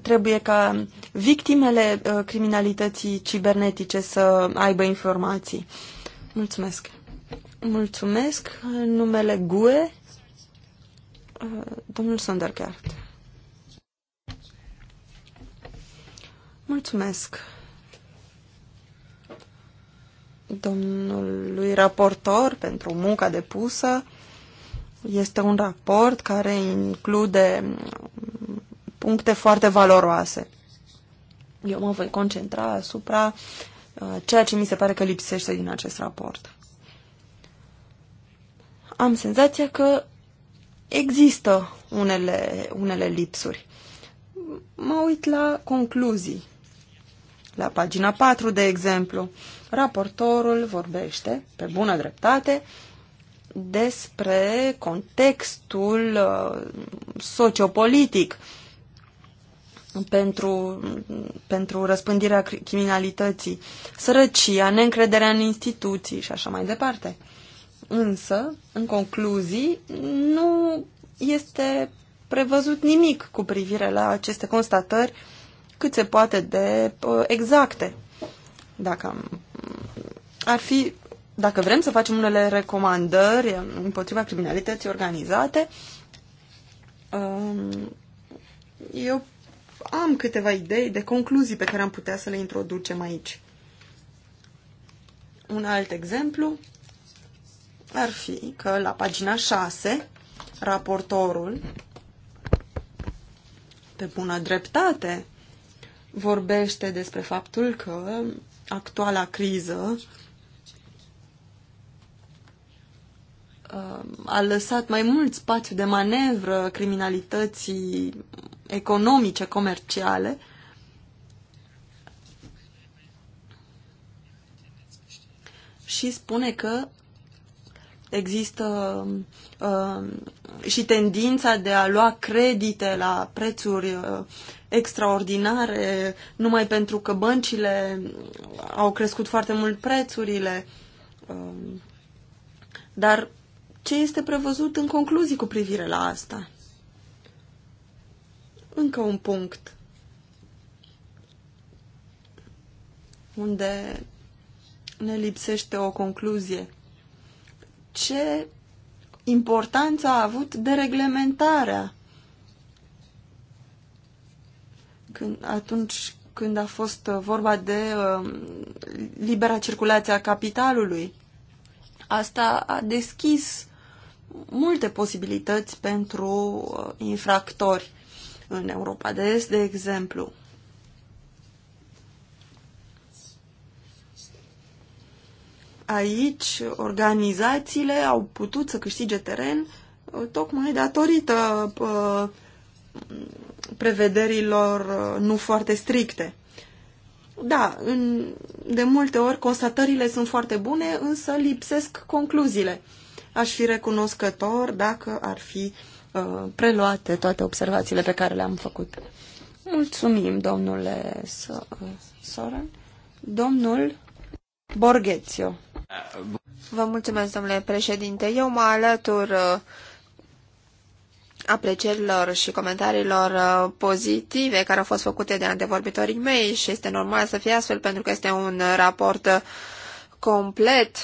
trebuie ca victimele uh, criminalității cibernetice să aibă informații. Mulțumesc. Mulțumesc. Numele GUE, uh, domnul Sondergaard. Mulțumesc domnului raportor pentru munca depusă. Este un raport care include puncte foarte valoroase. Eu mă voi concentra asupra uh, ceea ce mi se pare că lipsește din acest raport. Am senzația că există unele, unele lipsuri. Mă uit la concluzii. La pagina 4, de exemplu, raportorul vorbește, pe bună dreptate, despre contextul uh, sociopolitic pentru, pentru răspândirea criminalității, sărăcia, neîncrederea în instituții și așa mai departe. Însă, în concluzii, nu este prevăzut nimic cu privire la aceste constatări cât se poate de uh, exacte. Dacă am ar fi, dacă vrem să facem unele recomandări împotriva criminalității organizate, um, eu am câteva idei de concluzii pe care am putea să le introducem aici. Un alt exemplu ar fi că la pagina 6, raportorul, pe bună dreptate, vorbește despre faptul că actuala criză Uh, a lăsat mai mult spațiu de manevră criminalității economice, comerciale, și spune că există uh, și tendința de a lua credite la prețuri uh, extraordinare numai pentru că băncile au crescut foarte mult prețurile. Uh, dar ce este prevăzut în concluzii cu privire la asta. Încă un punct unde ne lipsește o concluzie. Ce importanță a avut dereglementarea când, atunci când a fost vorba de uh, libera circulație a capitalului. Asta a deschis multe posibilități pentru uh, infractori în Europa de Est, de exemplu. Aici, organizațiile au putut să câștige teren uh, tocmai datorită uh, prevederilor nu foarte stricte. Da, în, de multe ori constatările sunt foarte bune, însă lipsesc concluziile. Aș fi recunoscător dacă ar fi uh, preluate toate observațiile pe care le-am făcut. Mulțumim, domnule uh, Soren. Domnul Borghețiu. Vă mulțumesc, domnule președinte. Eu mă alătur uh, aprecierilor și comentariilor uh, pozitive care au fost făcute de antevorbitorii mei și este normal să fie astfel pentru că este un raport complet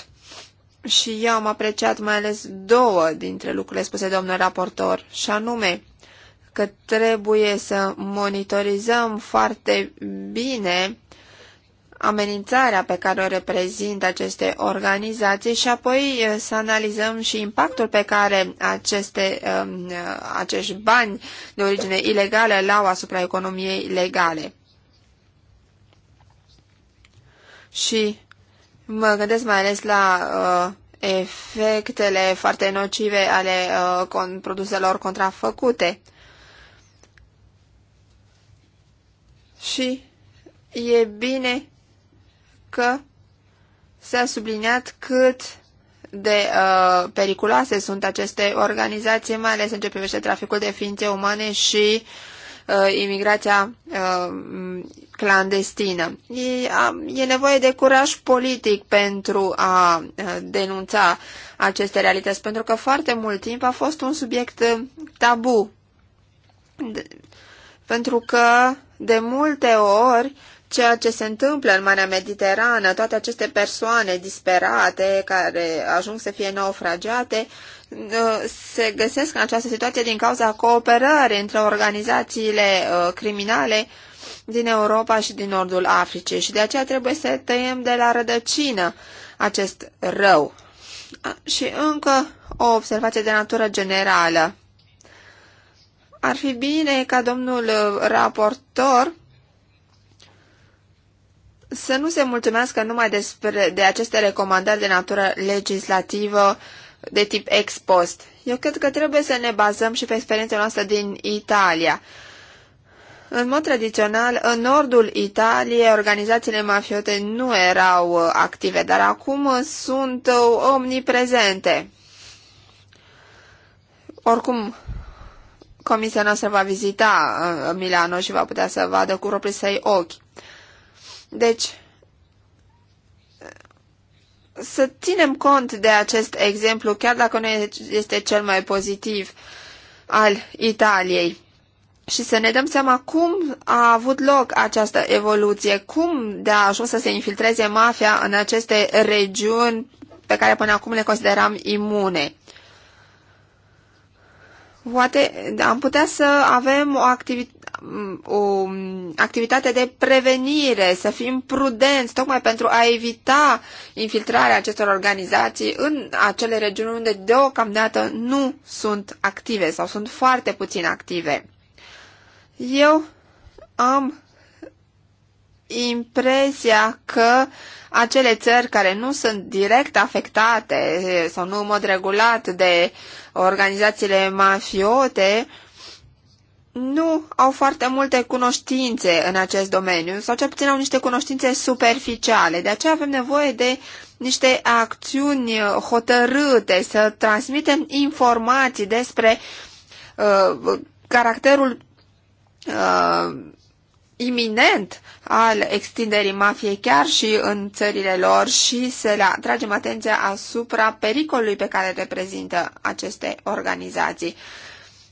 și eu am apreciat mai ales două dintre lucrurile spuse domnul raportor, și anume că trebuie să monitorizăm foarte bine amenințarea pe care o reprezintă aceste organizații și apoi eh, să analizăm și impactul pe care aceste, ehm, eh, acești bani de origine ilegală îl au asupra economiei legale. Și Mă gândesc mai ales la uh, efectele foarte nocive ale uh, con produselor contrafăcute. Și e bine că s-a subliniat cât de uh, periculoase sunt aceste organizații, mai ales în ce privește traficul de ființe umane și uh, uh, imigrația uh, clandestină. E, a, e nevoie de curaj politic pentru a uh, denunța aceste realități, pentru că foarte mult timp a fost un subiect uh, tabu. De, pentru că de multe ori ceea ce se întâmplă în Marea Mediterană, toate aceste persoane disperate care ajung să fie naufragiate, Uh, se găsesc în această situație din cauza cooperării între organizațiile uh, criminale din Europa și din Nordul Africii și de aceea trebuie să tăiem de la rădăcină acest rău. Și încă o observație de natură generală. Ar fi bine ca domnul uh, raportor să nu se mulțumească numai despre, de aceste recomandări de natură legislativă uh, de tip ex post. Eu cred că trebuie să ne bazăm și pe experiența noastră din Italia. În mod tradițional, în nordul Italiei, organizațiile mafiote nu erau uh, active, dar acum sunt uh, omniprezente. Oricum, comisia noastră va vizita uh, Milano și va putea să vadă cu proprii săi ochi. Deci, să ținem cont de acest exemplu, chiar dacă nu este cel mai pozitiv al Italiei. Și să ne dăm seama cum a avut loc această evoluție, cum de a ajuns să se infiltreze mafia în aceste regiuni pe care până acum le consideram imune. Poate am putea să avem o activitate o activitate de prevenire, să fim prudenți, tocmai pentru a evita infiltrarea acestor organizații în acele regiuni unde deocamdată nu sunt active sau sunt foarte puțin active. Eu am impresia că acele țări care nu sunt direct afectate sau nu în mod regulat de organizațiile mafiote, uh, nu au foarte multe cunoștințe în acest domeniu, sau cel puțin au niște cunoștințe superficiale. De aceea avem nevoie de niște acțiuni uh, hotărâte, să transmitem informații despre uh, caracterul uh, iminent al extinderii mafiei chiar și în țările lor și să le atragem atenția asupra pericolului pe care reprezintă aceste organizații.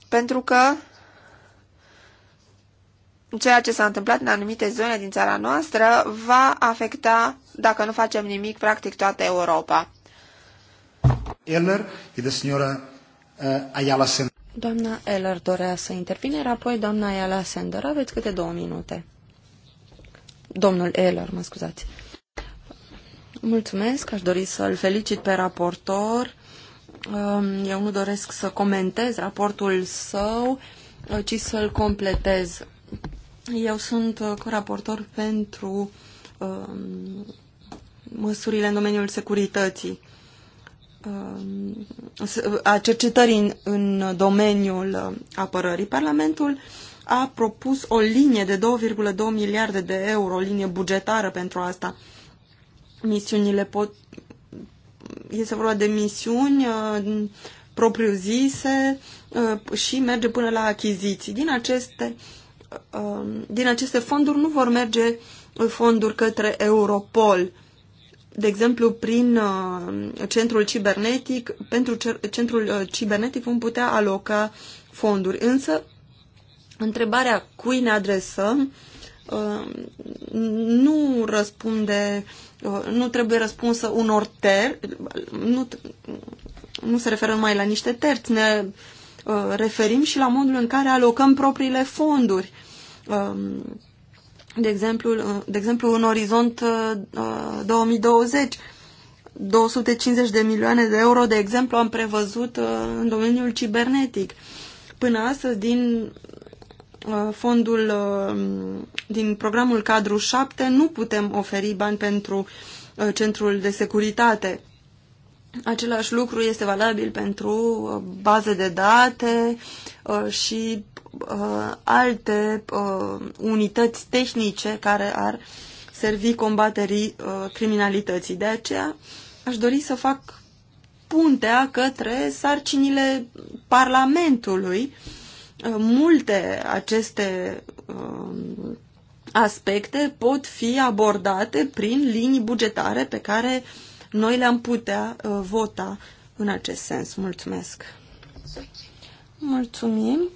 Pentru că ceea ce s-a întâmplat în anumite zone din țara noastră va afecta, dacă nu facem nimic, practic toată Europa. Eller e de signora uh, Ayala Sender. Doamna Eller dorea să intervine, apoi doamna Ayala Sender. Aveți câte două minute. Domnul Eller, mă scuzați. Mulțumesc, aș dori să-l felicit pe raportor. Um, eu nu doresc să comentez raportul său, ci să-l completez eu sunt uh, coraportor pentru um, măsurile în domeniul securității, um, a cercetării în, domeniul uh, apărării. Parlamentul a propus o linie de 2,2 miliarde de euro, o linie bugetară pentru asta. Misiunile pot... Este vorba de misiuni uh, propriu-zise și merge până la achiziții. Din aceste uh, Um, din aceste fonduri nu vor merge uh, fonduri către Europol, de exemplu, prin uh, centrul cibernetic, pentru centrul uh, cibernetic vom putea aloca fonduri. Însă, întrebarea cui ne adresăm nu răspunde, nu trebuie răspunsă unor ter, nu, nu se referă numai la niște terți, ne Uh, referim și la modul în care alocăm propriile fonduri. Um, de exemplu, uh, de exemplu în orizont 2020, uh, 250 de milioane de euro, de exemplu, am prevăzut în domeniul cibernetic. Până astăzi, din fondul, din programul cadru 7, nu putem oferi bani pentru centrul de securitate Același lucru este valabil pentru uh, baze de date uh, și uh, alte unități tehnice care ar servi combaterii criminalității. De aceea aș dori să fac puntea către sarcinile Parlamentului. Multe aceste aspecte pot fi abordate prin linii bugetare pe care uh, noi le-am putea uh, vota în acest sens. Mulțumesc! Mulțumim,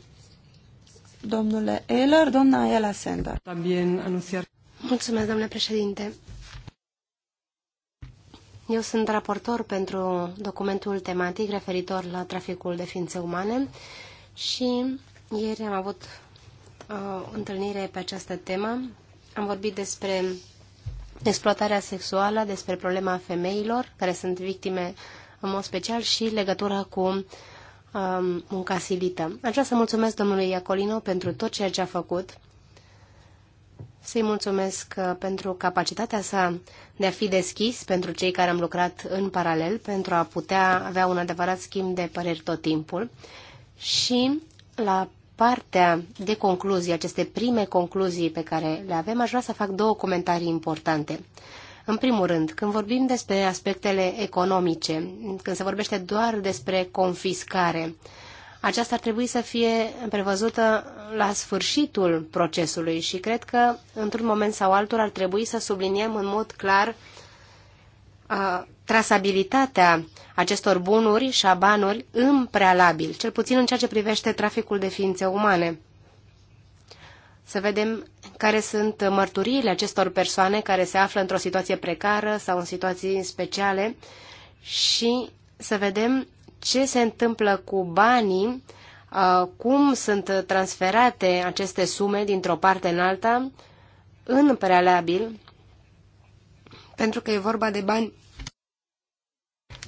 domnule Eller, doamna Ela Sender. Mulțumesc, domnule președinte. Eu sunt raportor pentru documentul tematic referitor la traficul de ființe umane și ieri am avut o uh, întâlnire pe această temă. Am vorbit despre exploatarea sexuală, despre problema femeilor care sunt victime în mod special și legătura cu um, munca silită. Aș vrea să mulțumesc domnului Iacolino pentru tot ceea ce a făcut, să-i mulțumesc uh, pentru capacitatea sa de a fi deschis pentru cei care am lucrat în paralel, pentru a putea avea un adevărat schimb de păreri tot timpul și la partea de concluzii, aceste prime concluzii pe care le avem, aș vrea să fac două comentarii importante. În primul rând, când vorbim despre aspectele economice, când se vorbește doar despre confiscare, aceasta ar trebui să fie prevăzută la sfârșitul procesului și cred că, într-un moment sau altul, ar trebui să subliniem în mod clar trasabilitatea acestor bunuri și a banuri în prealabil, cel puțin în ceea ce privește traficul de ființe umane. Să vedem care sunt mărturiile acestor persoane care se află într-o situație precară sau în situații speciale și să vedem ce se întâmplă cu banii, uh, cum sunt transferate aceste sume dintr-o parte în alta în prealabil, pentru că e vorba de bani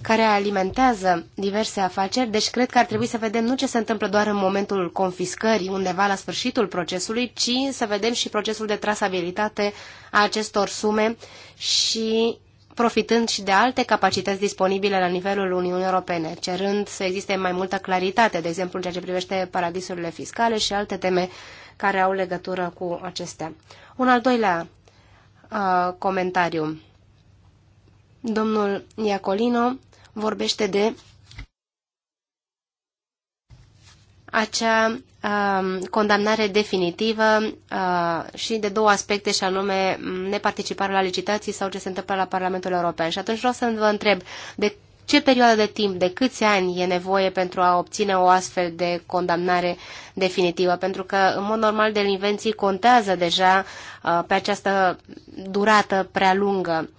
care alimentează diverse afaceri, deci cred că ar trebui să vedem nu ce se întâmplă doar în momentul confiscării, undeva la sfârșitul procesului, ci să vedem și procesul de trasabilitate a acestor sume și profitând și de alte capacități disponibile la nivelul Uniunii Europene, cerând să existe mai multă claritate, de exemplu în ceea ce privește paradisurile fiscale și alte teme care au legătură cu acestea. Un al doilea uh, comentariu. Domnul Iacolino vorbește de acea uh, condamnare definitivă uh, și de două aspecte, și anume mm, neparticiparea la licitații sau ce se întâmplă la Parlamentul European. Și atunci vreau să vă întreb, de ce perioadă de timp, de câți ani e nevoie pentru a obține o astfel de condamnare definitivă? Pentru că, în mod normal, delinvenții contează deja uh, pe această durată prea lungă. Uh,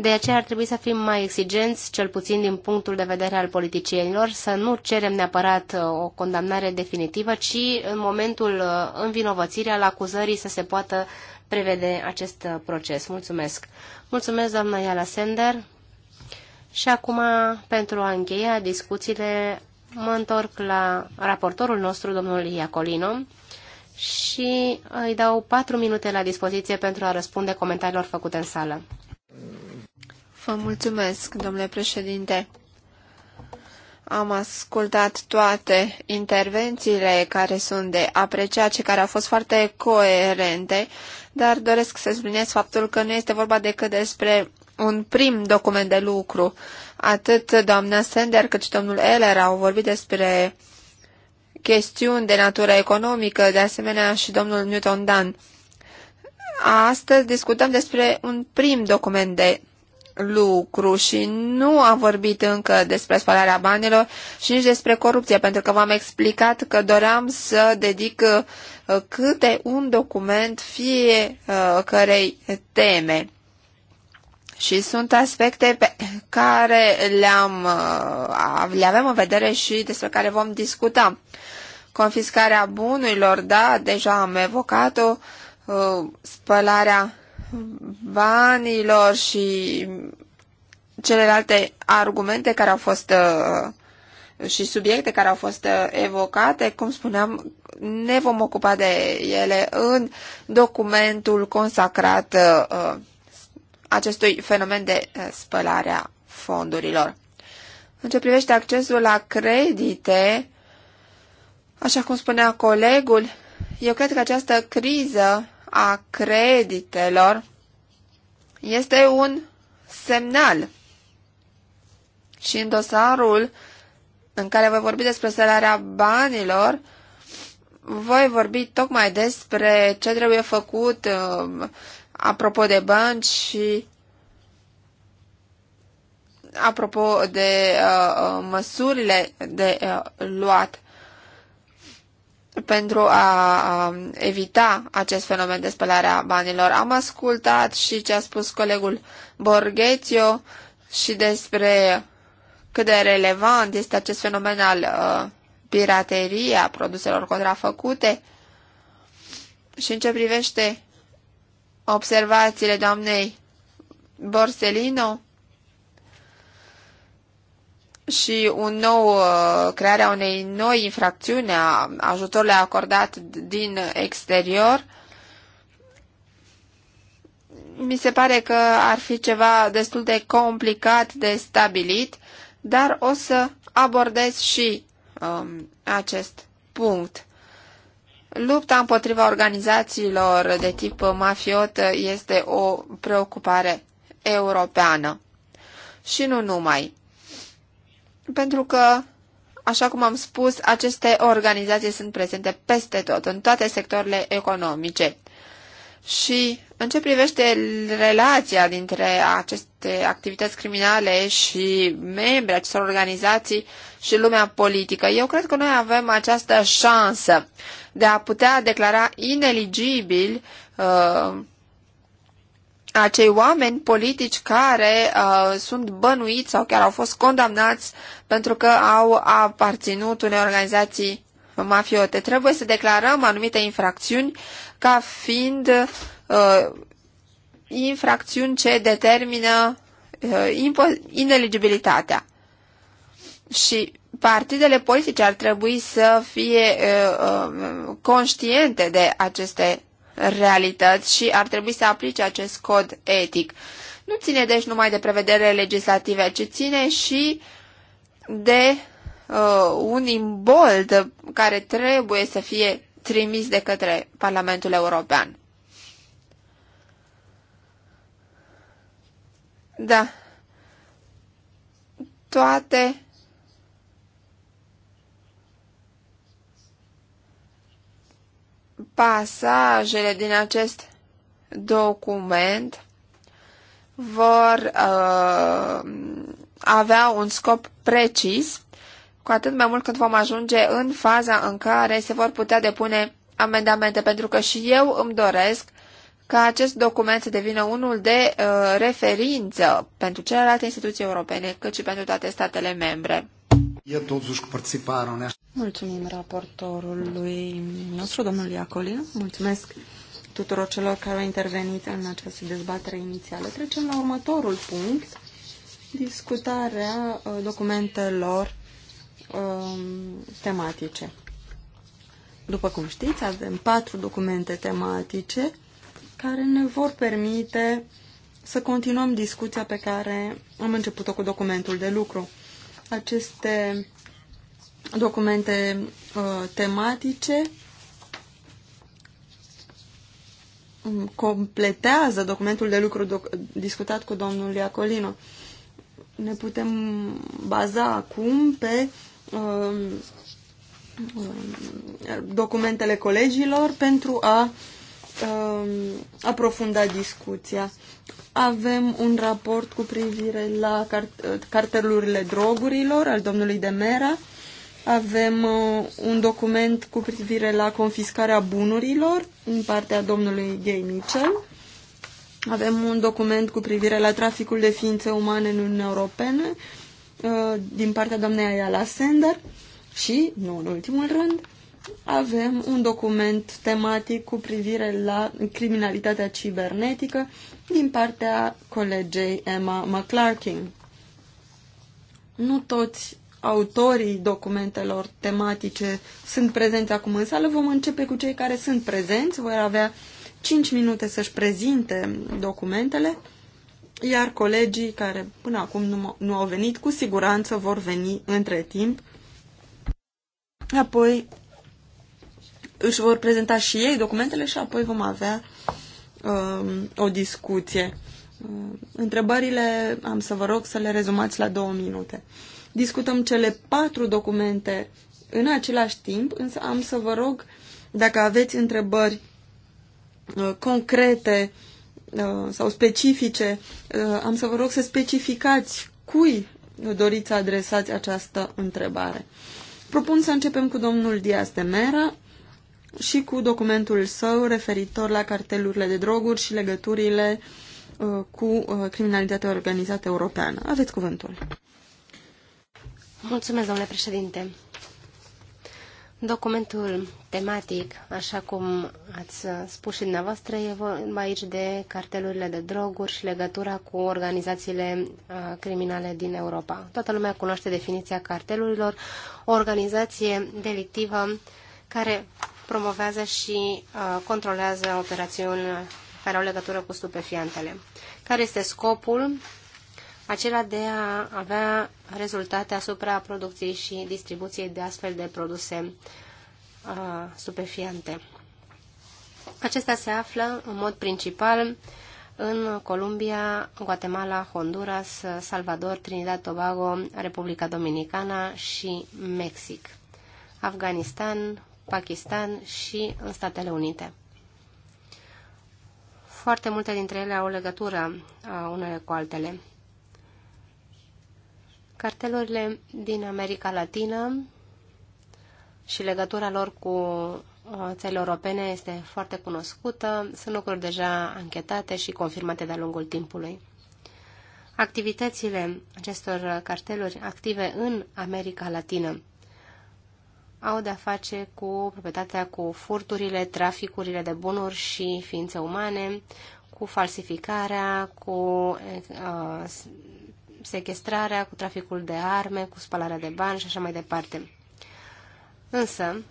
de aceea ar trebui să fim mai exigenți, cel puțin din punctul de vedere al politicienilor, să nu cerem neapărat uh, o condamnare definitivă, ci în momentul uh, învinovățirii al acuzării să se poată prevede acest uh, proces. Mulțumesc! Mulțumesc, doamna Iala Sender! Și acum, pentru a încheia discuțiile, mă întorc la raportorul nostru, domnul Iacolino, și îi dau patru minute la dispoziție pentru a răspunde comentariilor făcute în sală. Vă mulțumesc, domnule președinte. Am ascultat toate intervențiile care sunt de apreciat și care au fost foarte coerente, dar doresc să subliniez faptul că nu este vorba decât despre un prim document de lucru. Atât doamna Sender cât și domnul Eller au vorbit despre chestiuni de natură economică, de asemenea și domnul Newton Dan. Astăzi discutăm despre un prim document de lucru și nu am vorbit încă despre spălarea banilor și nici despre corupție, pentru că v-am explicat că doream să dedic uh, câte un document fie cărei teme. Și sunt aspecte pe care le-am, uh, le avem în vedere și despre care vom discuta. Confiscarea bunurilor, da, deja am evocat-o, uh, spălarea banilor și celelalte argumente care au fost uh, și subiecte care au fost uh, evocate, cum spuneam, ne vom ocupa de ele în documentul consacrat uh, acestui fenomen de spălare a fondurilor. În ce privește accesul la credite, așa cum spunea colegul, eu cred că această criză a creditelor este un semnal. Și în dosarul în care voi vorbi despre salarea banilor, voi vorbi tocmai despre ce trebuie făcut um, apropo de bani și apropo de uh, uh, măsurile de uh, luat pentru a evita acest fenomen de spălare a banilor. Am ascultat și ce a spus colegul Borghețio și despre cât de relevant este acest fenomen al uh, pirateriei, a produselor contrafăcute. Și în ce privește observațiile doamnei Borsellino, și un nou, uh, crearea unei noi infracțiuni a ajutorului acordat din exterior, mi se pare că ar fi ceva destul de complicat de stabilit, dar o să abordez și um, acest punct. Lupta împotriva organizațiilor de tip mafiot este o preocupare europeană. Și nu numai pentru că, așa cum am spus, aceste organizații sunt prezente peste tot, în toate sectoarele economice. Și în ce privește relația dintre aceste activități criminale și membrii acestor organizații și lumea politică, eu cred că noi avem această șansă de a putea declara ineligibili uh, acei oameni politici care uh, sunt bănuiți sau chiar au fost condamnați pentru că au aparținut unei organizații mafiote. Trebuie să declarăm anumite infracțiuni ca fiind uh, infracțiuni ce determină uh, ineligibilitatea. Și partidele politice ar trebui să fie uh, uh, conștiente de aceste realități și ar trebui să aplice acest cod etic. Nu ține deci numai de prevedere legislative, ci ține și de uh, un imbold care trebuie să fie trimis de către Parlamentul European. Da. Toate pasajele din acest document vor uh, avea un scop precis, cu atât mai mult când vom ajunge în faza în care se vor putea depune amendamente, pentru că și eu îmi doresc ca acest document să devină unul de uh, referință pentru celelalte instituții europene, cât și pentru toate statele membre. E totuși că Mulțumim raportorului nostru, domnul Iacolin. Mulțumesc tuturor celor care au intervenit în această dezbatere inițială. Trecem la următorul punct, discutarea uh, documentelor um, tematice. După cum știți, avem patru documente tematice care ne vor permite să continuăm discuția pe care am început-o cu documentul de lucru. Aceste documente uh, tematice completează documentul de lucru doc discutat cu domnul Iacolino. Ne putem baza acum pe uh, uh, documentele colegilor pentru a uh, aprofunda discuția. Avem un raport cu privire la cart cartelurile drogurilor al domnului Demera, avem uh, un document cu privire la confiscarea bunurilor din partea domnului Gay Mitchell. Avem un document cu privire la traficul de ființe umane în Uniunea Europeană uh, din partea doamnei Ayala Sender și, nu în ultimul rând, avem un document tematic cu privire la criminalitatea cibernetică din partea colegei Emma McClarkin. Nu toți autorii documentelor tematice sunt prezenți acum în sală. Vom începe cu cei care sunt prezenți. Vor avea 5 minute să-și prezinte documentele, iar colegii care până acum nu, nu au venit, cu siguranță vor veni între timp. Apoi își vor prezenta și ei documentele și apoi vom avea um, o discuție. Uh, întrebările am să vă rog să le rezumați la două minute discutăm cele patru documente în același timp, însă am să vă rog, dacă aveți întrebări uh, concrete uh, sau specifice, uh, am să vă rog să specificați cui doriți să adresați această întrebare. Propun să începem cu domnul Diaz de Mera și cu documentul său referitor la cartelurile de droguri și legăturile cu criminalitatea organizată europeană. Aveți cuvântul. Mulțumesc, domnule președinte. Documentul tematic, așa cum ați spus și dumneavoastră, e vorba aici de cartelurile de droguri și legătura cu organizațiile criminale din Europa. Toată lumea cunoaște definiția cartelurilor, o organizație delictivă care promovează și controlează operațiuni care au legătură cu stupefiantele. Care este scopul? acela de a avea rezultate asupra producției și distribuției de astfel de produse uh, stupefiante. Acestea se află în mod principal în Columbia, Guatemala, Honduras, Salvador, Trinidad, Tobago, Republica Dominicana și Mexic, Afganistan, Pakistan și în Statele Unite. Foarte multe dintre ele au legătură uh, unele cu altele. Cartelurile din America Latină și legătura lor cu uh, țările europene este foarte cunoscută, sunt lucruri deja anchetate și confirmate de-a lungul timpului. Activitățile acestor carteluri active în America Latină au de-a face cu proprietatea, cu furturile, traficurile de bunuri și ființe umane, cu falsificarea, cu uh, sequestrarea, cu traficul de arme, cu spalarea de bani și așa mai departe. Însă,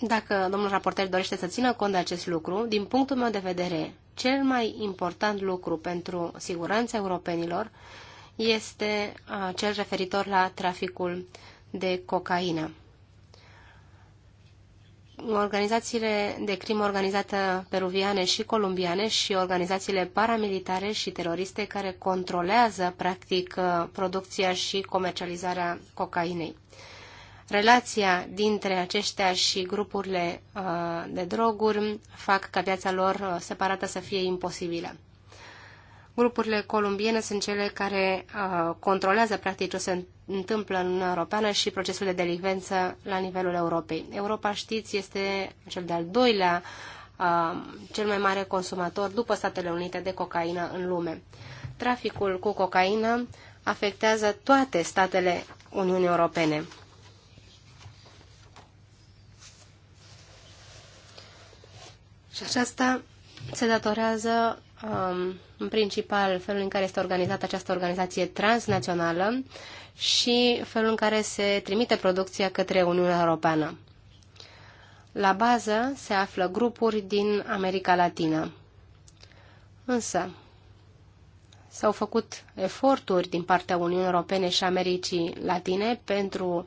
dacă domnul raporter dorește să țină cont de acest lucru, din punctul meu de vedere, cel mai important lucru pentru siguranța europenilor este cel referitor la traficul de cocaină organizațiile de crimă organizată peruviane și colombiane și organizațiile paramilitare și teroriste care controlează, practic, uh, producția și comercializarea cocainei. Relația dintre aceștia și grupurile uh, de droguri fac ca viața lor uh, separată să fie imposibilă. Grupurile columbiene sunt cele care uh, controlează practic ce se întâmplă în Uniunea Europeană și procesul de delivență la nivelul Europei. Europa, știți, este cel de-al doilea uh, cel mai mare consumator după Statele Unite de cocaină în lume. Traficul cu cocaină afectează toate statele Uniunii Europene. Și aceasta se datorează Um, în principal felul în care este organizată această organizație transnațională și felul în care se trimite producția către Uniunea Europeană. La bază se află grupuri din America Latină. Însă, s-au făcut eforturi din partea Uniunii Europene și Americii Latine pentru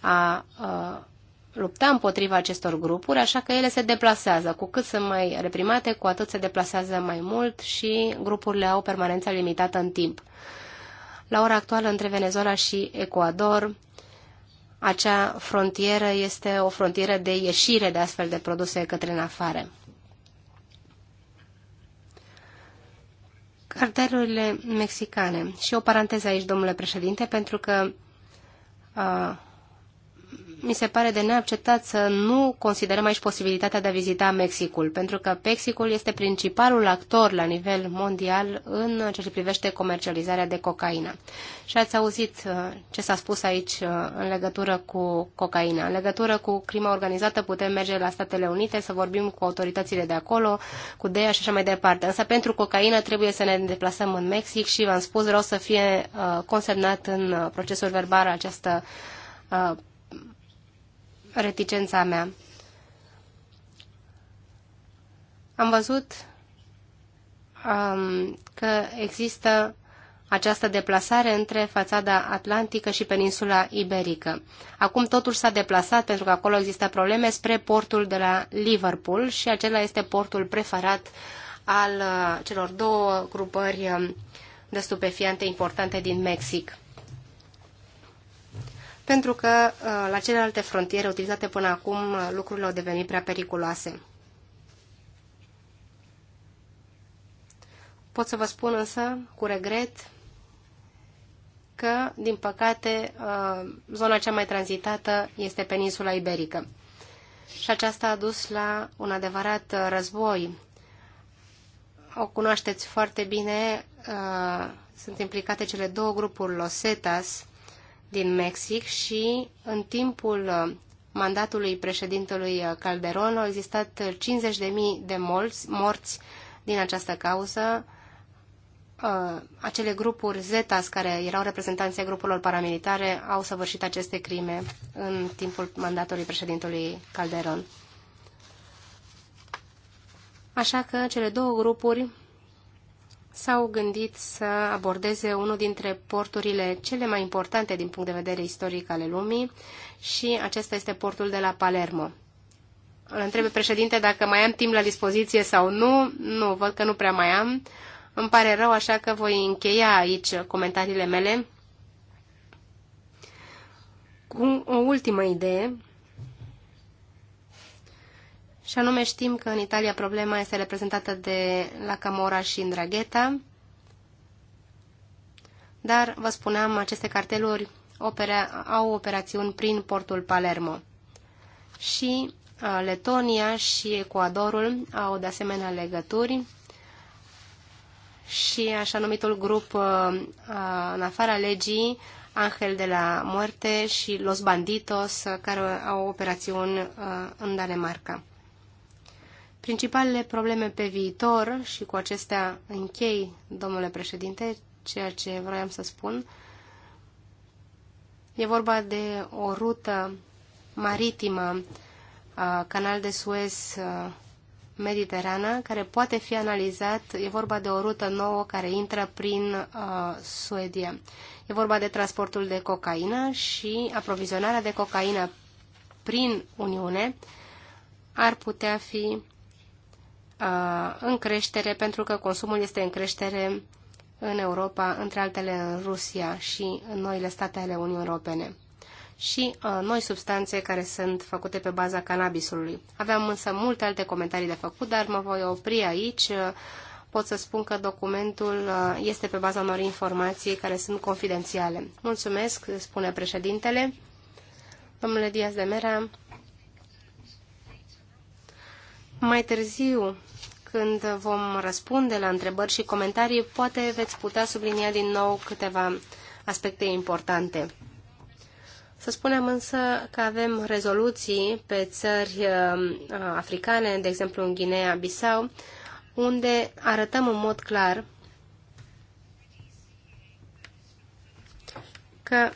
a, a uh, lupta împotriva acestor grupuri, așa că ele se deplasează. Cu cât sunt mai reprimate, cu atât se deplasează mai mult și grupurile au permanența limitată în timp. La ora actuală, între Venezuela și Ecuador, acea frontieră este o frontieră de ieșire de astfel de produse către în afară. Cartelurile mexicane. Și o paranteză aici, domnule președinte, pentru că mi se pare de neacceptat să nu considerăm aici posibilitatea de a vizita Mexicul, pentru că Mexicul este principalul actor la nivel mondial în ceea ce privește comercializarea de cocaină. Și ați auzit uh, ce s-a spus aici uh, în legătură cu cocaina. În legătură cu crima organizată putem merge la Statele Unite să vorbim cu autoritățile de acolo, cu DEA și așa mai departe. Însă pentru cocaină trebuie să ne deplasăm în Mexic și v-am spus vreau să fie uh, consemnat în procesul verbal această reticența mea. Am văzut um, că există această deplasare între fațada atlantică și peninsula iberică. Acum totul s-a deplasat pentru că acolo există probleme spre portul de la Liverpool și acela este portul preferat al uh, celor două grupări um, de stupefiante importante din Mexic pentru că uh, la celelalte frontiere utilizate până acum uh, lucrurile au devenit prea periculoase. Pot să vă spun însă, cu regret, că, din păcate, uh, zona cea mai tranzitată este peninsula iberică. Și aceasta a dus la un adevărat război. O cunoașteți foarte bine, sunt implicate cele două grupuri Losetas, din Mexic și în timpul uh, mandatului președintelui uh, Calderon au existat 50.000 uh, de morți, morți din această cauză. Acele grupuri Zetas, care erau reprezentanții grupurilor paramilitare, au săvârșit aceste crime în timpul mandatului președintelui Calderon. Așa că cele două grupuri s-au gândit să abordeze unul dintre porturile cele mai importante din punct de vedere istoric ale lumii și acesta este portul de la Palermo. Îl întrebe președinte dacă mai am timp la dispoziție sau nu. Nu, văd că nu prea mai am. Îmi pare rău, așa că voi încheia aici comentariile mele cu o ultimă idee și anume știm că în Italia problema este reprezentată de la Camora și Indragheta. dar, vă spuneam, aceste carteluri opera, au operațiuni prin portul Palermo. Și Letonia și Ecuadorul au de asemenea legături și așa numitul grup în afara legii Angel de la Moarte și Los Banditos, care au operațiuni în Danemarca. Principalele probleme pe viitor, și cu acestea închei, domnule președinte, ceea ce vroiam să spun, e vorba de o rută maritimă, canal de Suez, uh, Mediterană, care poate fi analizat. E vorba de o rută nouă care intră prin uh, Suedia. E vorba de transportul de cocaină și aprovizionarea de cocaină prin Uniune ar putea fi în creștere pentru că consumul este în creștere în Europa, între altele în Rusia și în noile state ale Uniunii Europene și uh, noi substanțe care sunt făcute pe baza cannabisului. Aveam însă multe alte comentarii de făcut, dar mă voi opri aici. Pot să spun că documentul este pe baza unor informații care sunt confidențiale. Mulțumesc, spune președintele. Domnule Diaz de Mera, mai târziu, când vom răspunde la întrebări și comentarii, poate veți putea sublinia din nou câteva aspecte importante. Să spunem însă că avem rezoluții pe țări uh, africane, de exemplu în Guinea-Bissau, unde arătăm în mod clar că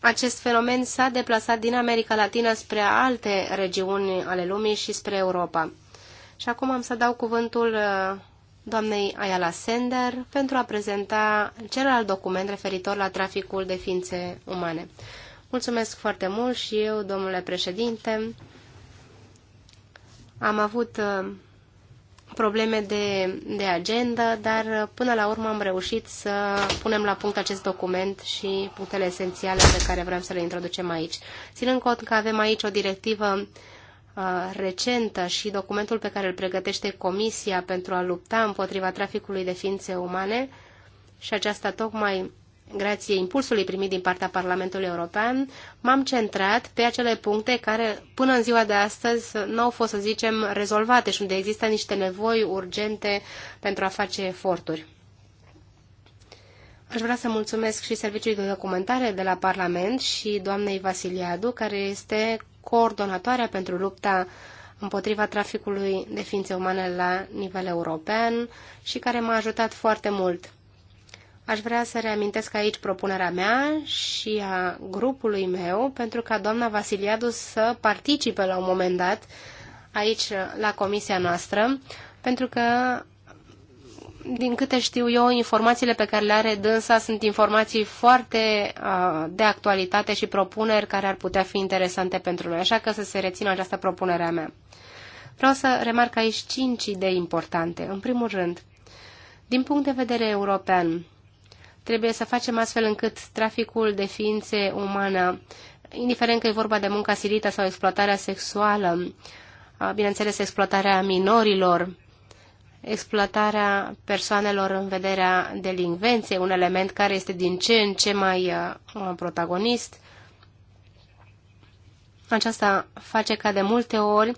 acest fenomen s-a deplasat din America Latină spre alte regiuni ale lumii și spre Europa. Și acum am să dau cuvântul uh, doamnei Ayala Sender pentru a prezenta celălalt document referitor la traficul de ființe umane. Mulțumesc foarte mult și eu, domnule președinte. Am avut uh, probleme de, de agenda, dar uh, până la urmă am reușit să punem la punct acest document și punctele esențiale pe care vrem să le introducem aici. Ținând cont că avem aici o directivă uh, Uh, recentă și documentul pe care îl pregătește Comisia pentru a lupta împotriva traficului de ființe umane și aceasta tocmai grație impulsului primit din partea Parlamentului European, m-am centrat pe acele puncte care până în ziua de astăzi nu au fost, să zicem, rezolvate și unde există niște nevoi urgente pentru a face eforturi. Aș vrea să mulțumesc și Serviciului de Documentare de la Parlament și doamnei Vasiliadu, care este coordonatoarea pentru lupta împotriva traficului de ființe umane la nivel european și care m-a ajutat foarte mult. Aș vrea să reamintesc aici propunerea mea și a grupului meu pentru ca doamna Vasiliadu să participe la un moment dat aici la comisia noastră, pentru că din câte știu eu, informațiile pe care le are dânsa sunt informații foarte uh, de actualitate și propuneri care ar putea fi interesante pentru noi, așa că să se rețină această propunere a mea. Vreau să remarc aici cinci idei importante. În primul rând, din punct de vedere european, trebuie să facem astfel încât traficul de ființe umane, indiferent că e vorba de munca silită sau exploatarea sexuală, bineînțeles exploatarea minorilor, exploatarea persoanelor în vederea delinvenței, un element care este din ce în ce mai uh, protagonist. Aceasta face ca de multe ori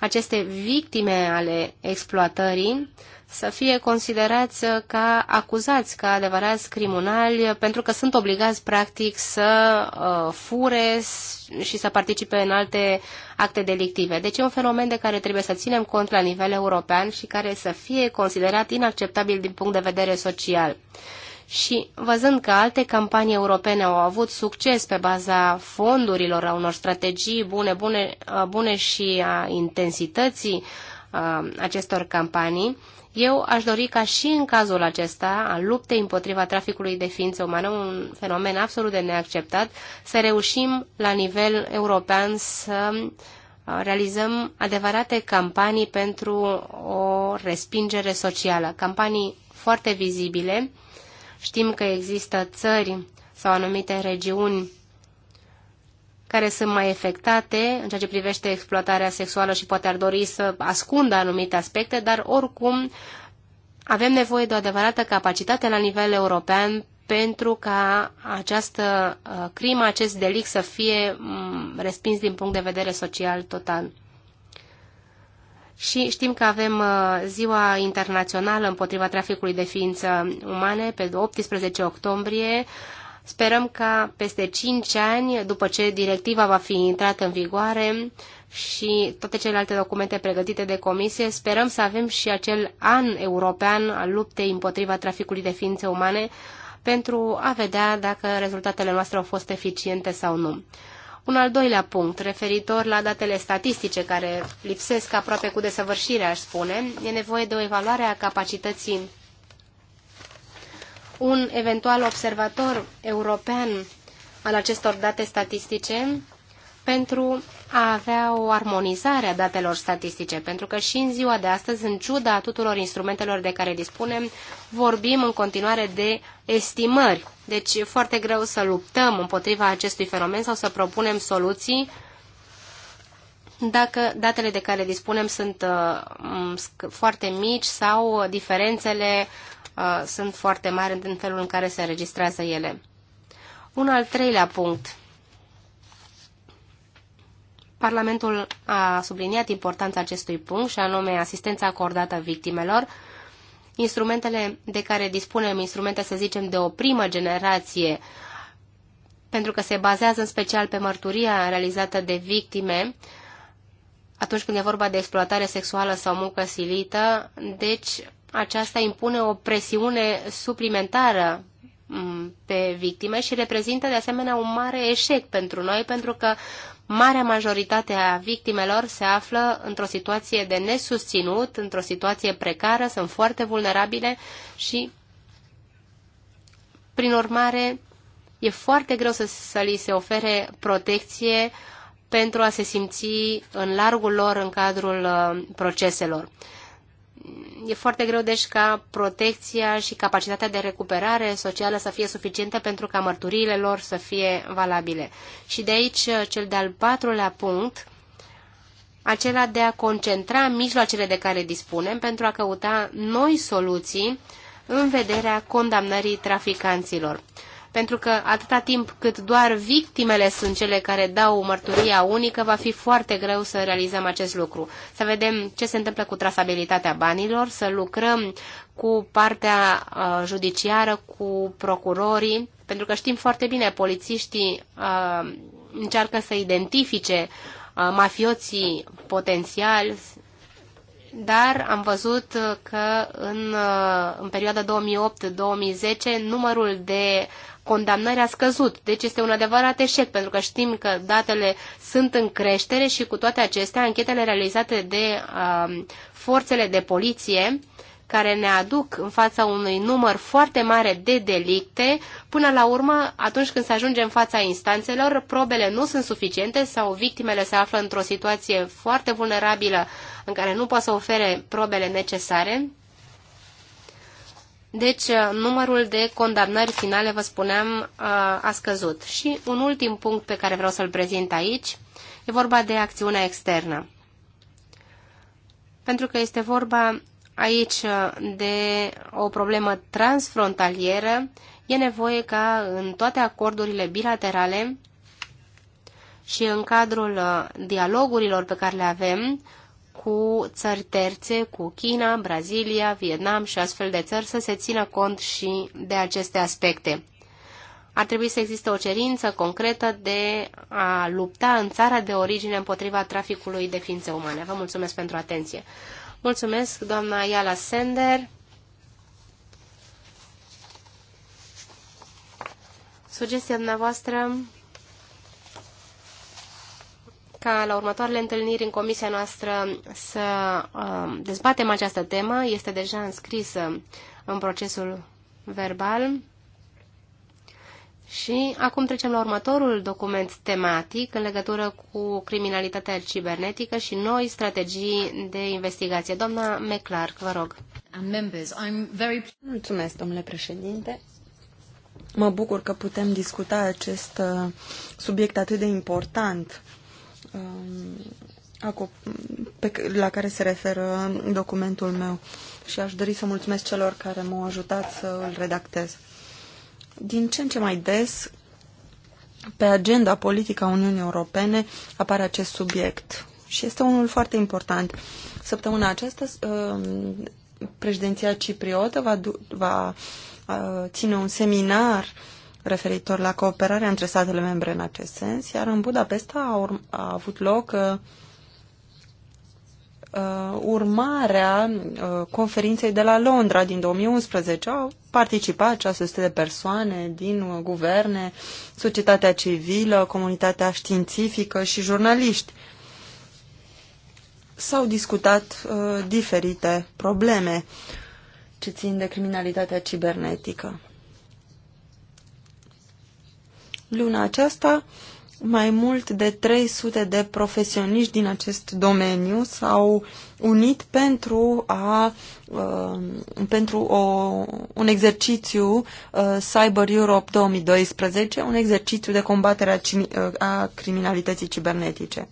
aceste victime ale exploatării să fie considerați ca acuzați, ca adevărați criminali, pentru că sunt obligați, practic, să uh, fure și să participe în alte acte delictive. Deci e un fenomen de care trebuie să ținem cont la nivel european și care să fie considerat inacceptabil din punct de vedere social și văzând că alte campanii europene au avut succes pe baza fondurilor, a unor strategii bune, bune, bune și a intensității a, acestor campanii, eu aș dori ca și în cazul acesta, a luptei împotriva traficului de ființe umane, un fenomen absolut de neacceptat, să reușim la nivel european să realizăm adevărate campanii pentru o respingere socială, campanii foarte vizibile Știm că există țări sau anumite regiuni care sunt mai afectate în ceea ce privește exploatarea sexuală și poate ar dori să ascundă anumite aspecte, dar oricum avem nevoie de o adevărată capacitate la nivel european pentru ca această uh, crimă, acest delict să fie mm, respins din punct de vedere social total. Și știm că avem uh, Ziua Internațională împotriva traficului de ființă umane pe 18 octombrie. Sperăm ca peste 5 ani, după ce directiva va fi intrată în vigoare și toate celelalte documente pregătite de comisie, sperăm să avem și acel an european al luptei împotriva traficului de ființe umane pentru a vedea dacă rezultatele noastre au fost eficiente sau nu. Un al doilea punct, referitor la datele statistice, care lipsesc aproape cu desăvârșire, aș spune, e nevoie de o evaluare a capacității. Un eventual observator european al acestor date statistice pentru a avea o armonizare a datelor statistice, pentru că și în ziua de astăzi, în ciuda tuturor instrumentelor de care dispunem, vorbim în continuare de estimări. Deci e foarte greu să luptăm împotriva acestui fenomen sau să propunem soluții dacă datele de care dispunem sunt uh, foarte mici sau diferențele uh, sunt foarte mari în felul în care se înregistrează ele. Un al treilea punct Parlamentul a subliniat importanța acestui punct și anume asistența acordată victimelor, instrumentele de care dispunem, instrumente, să zicem, de o primă generație, pentru că se bazează în special pe mărturia realizată de victime, atunci când e vorba de exploatare sexuală sau muncă silită, deci aceasta impune o presiune suplimentară mm, pe victime și reprezintă de asemenea un mare eșec pentru noi, pentru că marea majoritate a victimelor se află într-o situație de nesusținut, într-o situație precară, sunt foarte vulnerabile și, prin urmare, e foarte greu să, să li se ofere protecție pentru a se simți în largul lor în cadrul uh, proceselor e foarte greu deci ca protecția și capacitatea de recuperare socială să fie suficientă pentru ca mărturiile lor să fie valabile. Și de aici uh, cel de-al patrulea punct, acela de a concentra mijloacele de care dispunem pentru a căuta noi soluții în vederea condamnării traficanților pentru că atâta timp cât doar victimele sunt cele care dau mărturia unică, va fi foarte greu să realizăm acest lucru. Să vedem ce se întâmplă cu trasabilitatea banilor, să lucrăm cu partea uh, judiciară, cu procurorii, pentru că știm foarte bine, polițiștii uh, încearcă să identifice uh, mafioții potențiali, dar am văzut că în, uh, în perioada 2008-2010 numărul de condamnări a scăzut. Deci este un adevărat eșec, pentru că știm că datele sunt în creștere și cu toate acestea, anchetele realizate de uh, forțele de poliție care ne aduc în fața unui număr foarte mare de delicte, până la urmă, atunci când se ajunge în fața instanțelor, probele nu sunt suficiente sau victimele se află într-o situație foarte vulnerabilă în care nu pot să ofere probele necesare deci, uh, numărul de condamnări finale, vă spuneam, uh, a scăzut. Și un ultim punct pe care vreau să-l prezint aici, e vorba de acțiunea externă. Pentru că este vorba aici uh, de o problemă transfrontalieră, e nevoie ca în toate acordurile bilaterale și în cadrul dialogurilor pe care le avem, cu țări terțe, cu China, Brazilia, Vietnam și astfel de țări, să se țină cont și de aceste aspecte. Ar trebui să existe o cerință concretă de a lupta în țara de origine împotriva traficului de ființe umane. Vă mulțumesc pentru atenție. Mulțumesc, doamna Iala Sender. Sugestia dumneavoastră ca la următoarele întâlniri în comisia noastră să uh, dezbatem această temă. Este deja înscrisă în procesul verbal. Și acum trecem la următorul document tematic în legătură cu criminalitatea cibernetică și noi strategii de investigație. Doamna McClark, vă rog. Mulțumesc, domnule președinte. Mă bucur că putem discuta acest uh, subiect atât de important. Um, la care se referă documentul meu și aș dori să mulțumesc celor care m-au ajutat să îl redactez. Din ce în ce mai des, pe agenda politică a Uniunii Europene apare acest subiect și este unul foarte important. Săptămâna aceasta, um, președinția cipriotă va, va uh, ține un seminar uh, referitor la cooperarea între statele membre în acest sens, iar în Budapesta a, a avut loc uh, uh, urmarea uh, conferinței de la Londra din 2011. Au participat 600 de persoane din uh, guverne, societatea civilă, comunitatea științifică și jurnaliști. S-au discutat uh, diferite probleme ce țin de criminalitatea cibernetică luna aceasta mai mult de 300 de profesioniști din acest domeniu s-au unit pentru, a, uh, pentru o, un exercițiu uh, Cyber Europe 2012, un exercițiu de combatere a, uh, a criminalității cibernetice.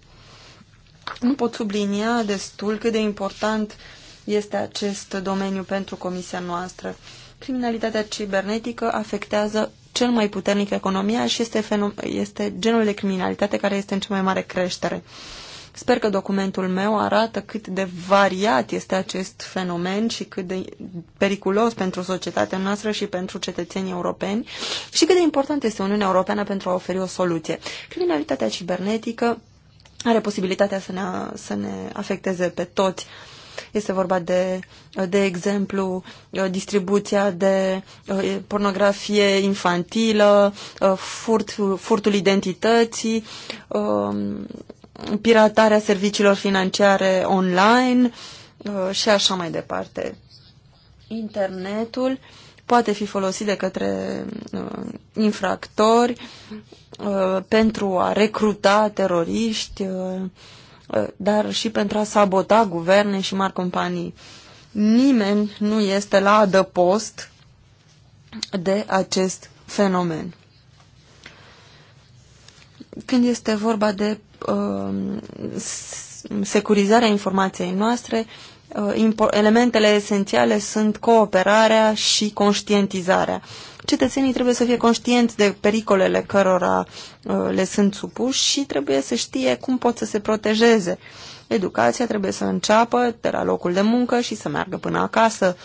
Nu pot sublinia destul cât de important este acest domeniu pentru comisia noastră. Criminalitatea cibernetică afectează cel mai puternic economia și este, este genul de criminalitate care este în cea mai mare creștere. Sper că documentul meu arată cât de variat este acest fenomen și cât de periculos pentru societatea noastră și pentru cetățenii europeni și cât de important este Uniunea Europeană pentru a oferi o soluție. Criminalitatea cibernetică are posibilitatea să ne, să ne afecteze pe toți. Uh, este vorba de, de exemplu, distribuția de pornografie infantilă, furt, furtul identității, piratarea serviciilor financiare online și așa mai departe. Internetul poate fi folosit de către infractori pentru a recruta teroriști Eh, dar și pentru a sabota guverne și mari companii. Nimeni nu este la adăpost de acest fenomen. Când este vorba de uh, securizarea informației noastre, uh, elementele esențiale sunt cooperarea și conștientizarea. Uh, cetățenii trebuie să fie conștienți de pericolele cărora uh, le sunt supuși și trebuie să știe cum pot să se protejeze. Educația trebuie să înceapă de la locul de muncă și să meargă până acasă.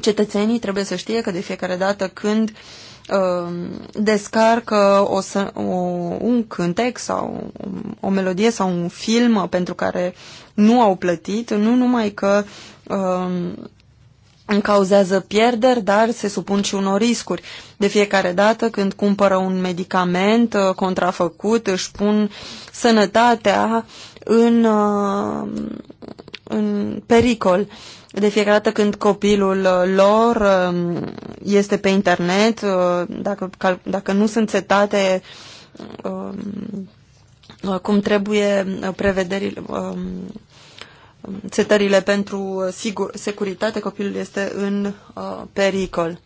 Cetățenii trebuie să știe că de fiecare dată când uh, descarcă o, o, un cântec sau o melodie sau un film pentru care nu au plătit, nu numai că um, încauzează pierderi, dar se supun și unor riscuri. De fiecare dată când cumpără un medicament uh, contrafăcut, își pun sănătatea în, uh, în pericol. De fiecare dată când copilul uh, lor este pe internet, dacă, dacă nu sunt setate um, cum trebuie prevederile um, setările pentru sigur, securitate, copilul este în uh, pericol.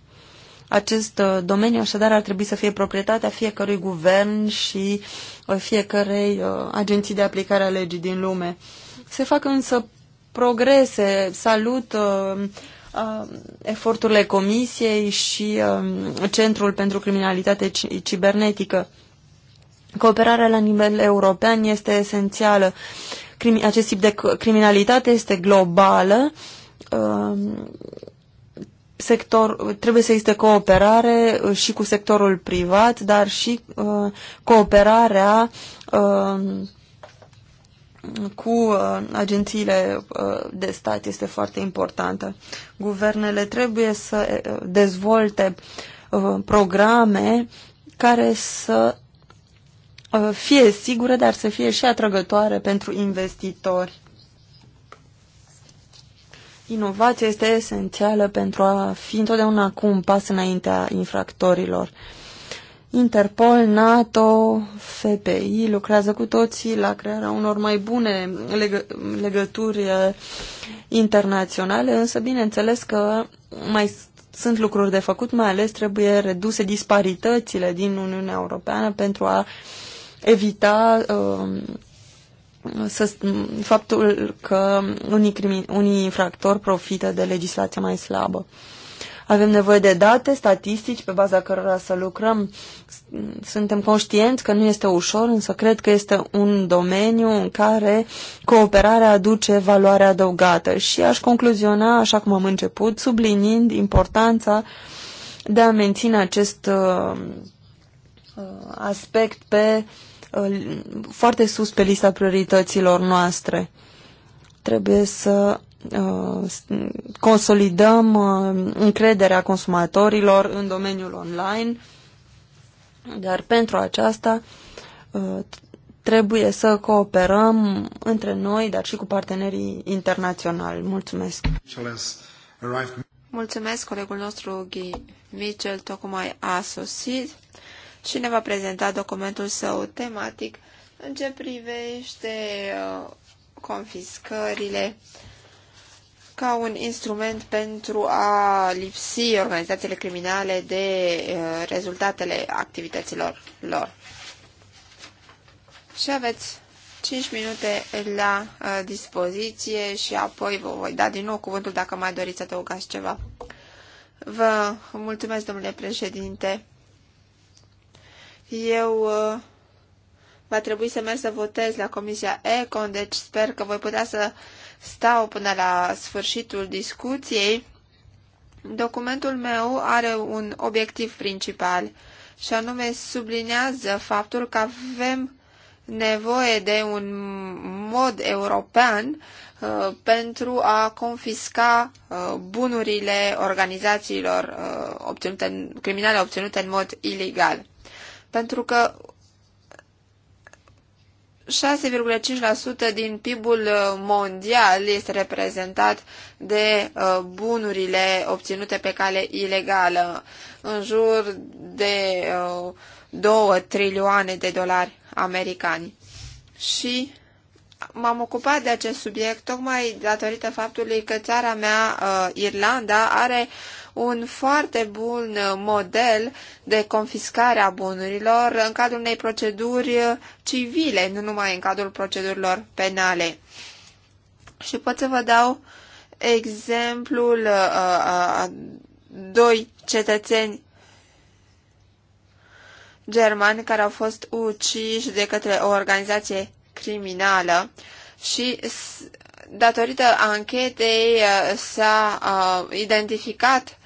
Acest uh, domeniu așadar ar trebui să fie proprietatea fiecărui guvern și uh, fiecărei uh, agenții de aplicare a legii din lume. Se fac însă progrese. Salut uh, uh, eforturile Comisiei și uh, Centrul pentru Criminalitate Cibernetică. Cooperarea la nivel european este esențială acest tip de criminalitate este globală. Um, sector, trebuie să existe cooperare uh, și cu sectorul privat, dar și uh, cooperarea um, cu uh, agențiile de stat este foarte importantă. Guvernele trebuie să dezvolte programe care să Uh, fie sigură, dar să fie și atrăgătoare pentru investitori. Inovația este esențială pentru a fi întotdeauna cu un pas înaintea infractorilor. Interpol, NATO, FPI lucrează cu toții la crearea unor mai bune leg- legături uh, internaționale, însă bineînțeles că mai sunt lucruri de făcut, mai ales trebuie reduse disparitățile din Uniunea Europeană pentru a uh, evita um, să, faptul că unii, crimi, unii infractori profită de legislația mai slabă. Avem nevoie de date, statistici pe baza cărora să lucrăm. Suntem conștienți că nu este ușor, însă cred că este un domeniu în care cooperarea aduce valoare adăugată. Și aș concluziona, așa cum am început, subliniind importanța de a menține acest uh, uh aspect pe uh, Uh, foarte sus pe lista priorităților noastre. Trebuie să uh, consolidăm uh, încrederea consumatorilor în domeniul online, dar pentru aceasta trebuie să cooperăm între noi, dar și cu partenerii internaționali. Mulțumesc! Mulțumesc, colegul nostru Guy Mitchell, tocmai a sosit și ne va prezenta documentul său tematic în ce privește uh, confiscările ca un instrument pentru a lipsi organizațiile criminale de uh, rezultatele activităților lor. Și aveți 5 minute la uh, dispoziție și apoi vă voi da din nou cuvântul dacă mai doriți să adăugați ceva. Vă mulțumesc, domnule președinte. Eu uh, va trebui să merg să votez la Comisia Econ, deci sper că voi putea să stau până la sfârșitul discuției. Documentul meu are un obiectiv principal și anume sublinează faptul că avem nevoie de un mod european uh, pentru a confisca uh, bunurile organizațiilor uh, obținute, criminale obținute în mod ilegal pentru că 6,5% din PIB-ul uh, mondial este reprezentat de uh, bunurile obținute pe cale ilegală, în jur de 2 uh, trilioane de dolari americani. Și m-am ocupat de acest subiect tocmai datorită faptului că țara mea, Irlanda, are un foarte bun uh, model de confiscare a bunurilor în cadrul unei proceduri uh, civile, nu numai în cadrul procedurilor penale. Și pot să vă dau exemplul a, uh, a, a doi cetățeni germani care au fost uciși de către o organizație criminală și datorită anchetei s-a identificat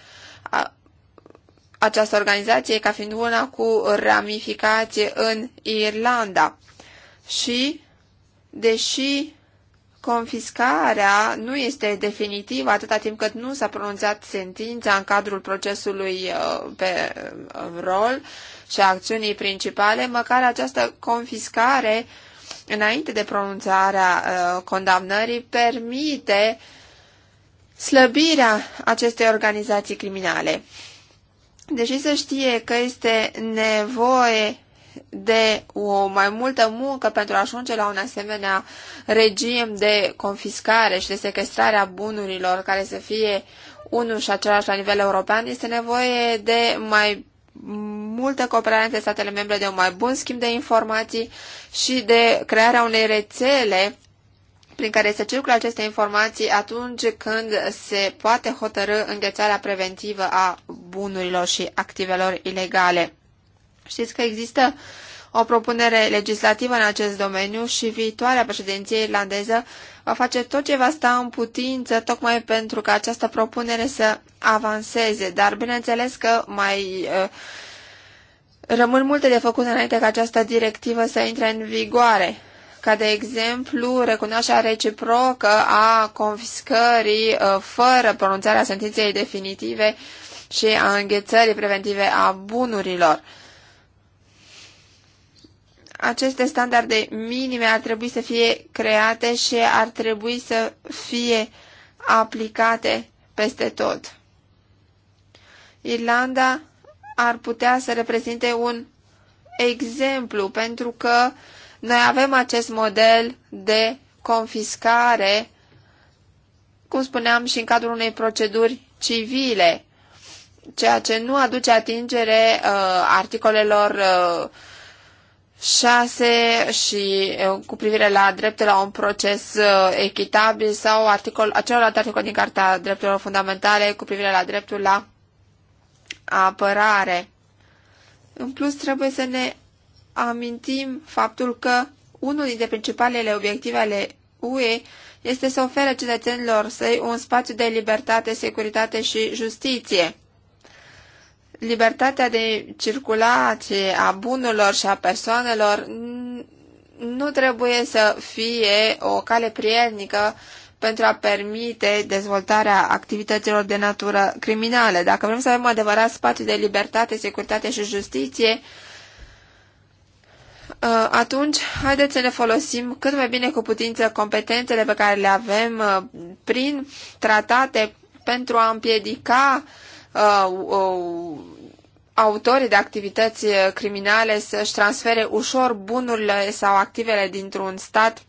această organizație ca fiind una cu ramificație în Irlanda. Și, deși confiscarea nu este definitivă atâta timp cât nu s-a pronunțat sentința în cadrul procesului uh, pe uh, rol și a acțiunii principale, măcar această confiscare înainte de pronunțarea uh, condamnării permite slăbirea acestei organizații criminale. Deși se știe că este nevoie de o mai multă muncă pentru a ajunge la un asemenea regim de confiscare și de sequestrare a bunurilor care să fie unul și același la nivel european, este nevoie de mai multă cooperare între statele membre, de un mai bun schimb de informații și de crearea unei rețele prin care se circulă aceste informații atunci când se poate hotărâ înghețarea preventivă a bunurilor și activelor ilegale. Știți că există o propunere legislativă în acest domeniu și viitoarea președinție irlandeză va face tot ce va sta în putință tocmai pentru ca această propunere să avanseze, dar bineînțeles că mai uh, rămân multe de făcut înainte ca această directivă să intre în vigoare ca de exemplu recunoașterea reciprocă a confiscării uh, fără pronunțarea sentinței definitive și a înghețării preventive a bunurilor. Aceste standarde minime ar trebui să fie create și ar trebui să fie aplicate peste tot. Irlanda ar putea să reprezinte un exemplu pentru că uh, noi avem acest model de confiscare, cum spuneam, și în cadrul unei proceduri civile, ceea ce nu aduce atingere uh, articolelor uh, 6 și uh, cu privire la dreptul la un proces uh, echitabil sau articol, celălalt articol din Carta Drepturilor Fundamentale cu privire la dreptul la apărare. În plus, trebuie să ne amintim faptul că unul dintre principalele obiective ale UE este să ofere cetățenilor săi un spațiu de libertate, securitate și justiție. Libertatea de circulație a bunurilor și a persoanelor nu trebuie să fie o cale prietnică pentru a permite dezvoltarea activităților de natură criminală. Dacă vrem să avem adevărat spațiu de libertate, securitate și justiție, Uh, atunci haideți să ne folosim cât mai bine cu putință competențele pe care le avem uh, prin tratate pentru a împiedica uh, autorii de activități criminale să-și transfere ușor bunurile sau activele dintr-un stat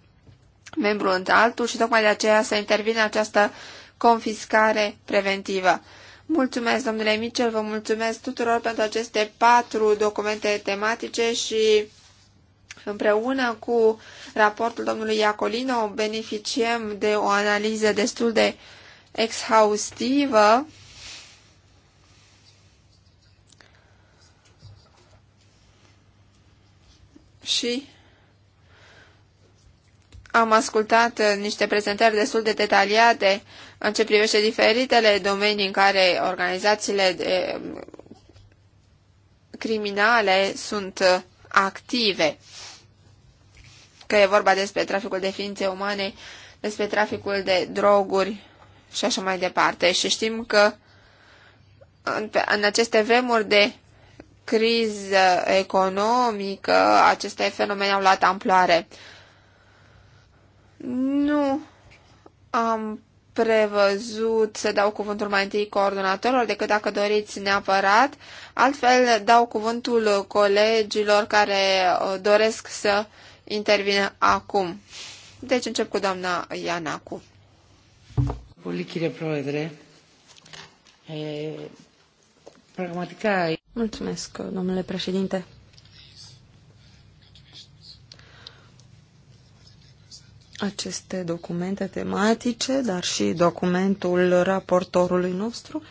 membru în altul și tocmai de aceea să intervine această confiscare preventivă. Mulțumesc, domnule Mitchell, vă mulțumesc tuturor pentru aceste patru documente tematice și Împreună cu raportul domnului Iacolino beneficiem de o analiză destul de exhaustivă și am ascultat niște prezentări destul de detaliate în ce privește diferitele domenii în care organizațiile de, criminale sunt active că e vorba despre traficul de ființe umane, despre traficul de droguri și așa mai departe. Și știm că în, în aceste vremuri de criză economică, aceste fenomene au luat amploare. Nu am prevăzut să dau cuvântul mai întâi coordonatorilor decât dacă doriți neapărat. Altfel dau cuvântul colegilor care uh, doresc să Intervine acum. Deci încep cu doamna Ianacu. Mulțumesc, domnule președinte. aceste documente tematice, dar și documentul raportorului nostru,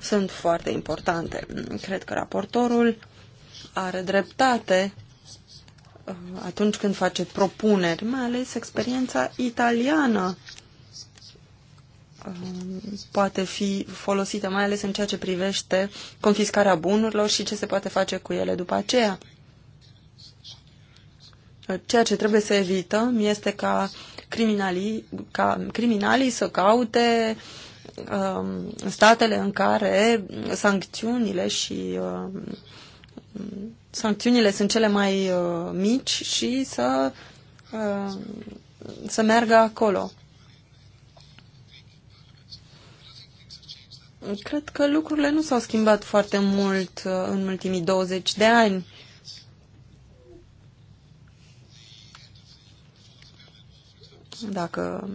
sunt foarte importante. Cred că raportorul are dreptate Uh, atunci când face propuneri, mai ales experiența italiană uh, poate fi folosită, mai ales în ceea ce privește confiscarea bunurilor și ce se poate face cu ele după aceea. Uh, ceea ce trebuie să evităm este ca criminalii, ca criminalii să caute um, statele în care sancțiunile și um, sancțiunile sunt cele mai uh, mici și să, uh, să meargă acolo. Cred că lucrurile nu s-au schimbat foarte mult uh, în ultimii 20 de ani. Dacă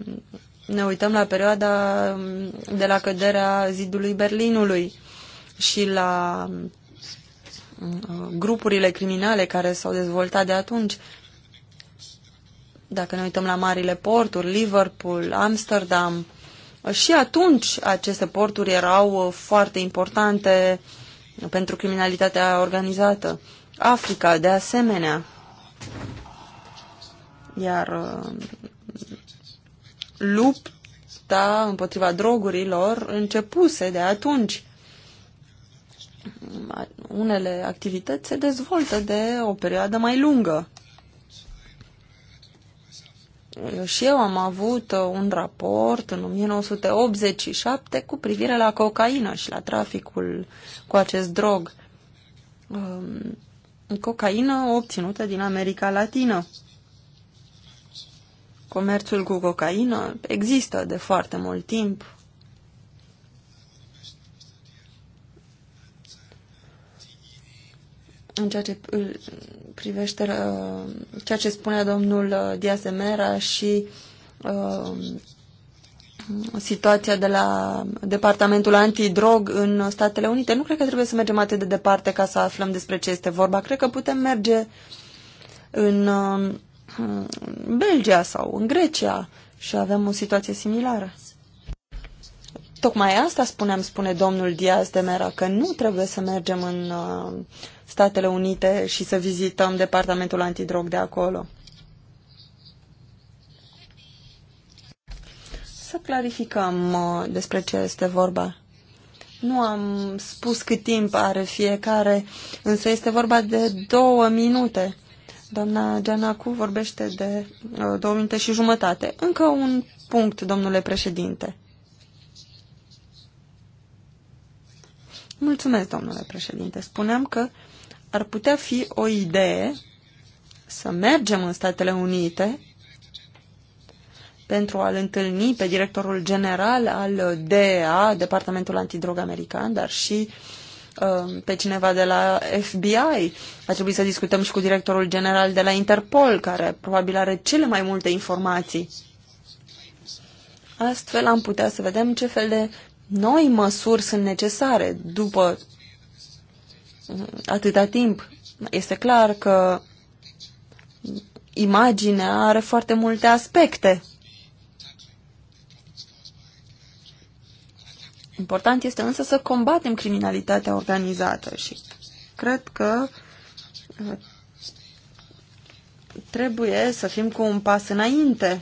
ne uităm la perioada de la căderea zidului Berlinului și la grupurile criminale care s-au dezvoltat de atunci. Dacă ne uităm la marile porturi, Liverpool, Amsterdam, și atunci aceste porturi erau uh, foarte importante pentru criminalitatea organizată. Africa, de asemenea. Iar uh, lupta împotriva drogurilor începuse de atunci unele activități se dezvoltă de o perioadă mai lungă. Eu și eu am avut uh, un raport în 1987 cu privire la cocaină și la traficul cu acest drog. Um, cocaină obținută din America Latină. Comerțul cu cocaină există de foarte mult timp în ceea ce privește uh, ceea ce spunea domnul uh, Mera și uh, situația de la Departamentul Antidrog în Statele Unite. Nu cred că trebuie să mergem atât de departe ca să aflăm despre ce este vorba. Cred că putem merge în Belgia sau în Grecia și avem o situație similară. Tocmai asta spuneam, spune domnul Diaz de Mera, că nu trebuie să mergem în Statele Unite și să vizităm departamentul antidrog de acolo. Să clarificăm uh, despre ce este vorba. Nu am spus cât timp are fiecare, însă este vorba de două minute. Doamna Gianacu vorbește de uh, două minute și jumătate. Încă un punct, domnule președinte. Mulțumesc, domnule președinte. Spuneam că ar putea fi o idee să mergem în Statele Unite pentru a-l întâlni pe directorul general al DEA, Departamentul Antidrog American, dar și um, pe cineva de la FBI. A trebuit să discutăm și cu directorul general de la Interpol, care probabil are cele mai multe informații. Astfel am putea să vedem ce fel de noi măsuri sunt necesare după atâta timp. Este clar că imaginea are foarte multe aspecte. Important este însă să combatem criminalitatea organizată și cred că uh, trebuie să fim cu un pas înainte.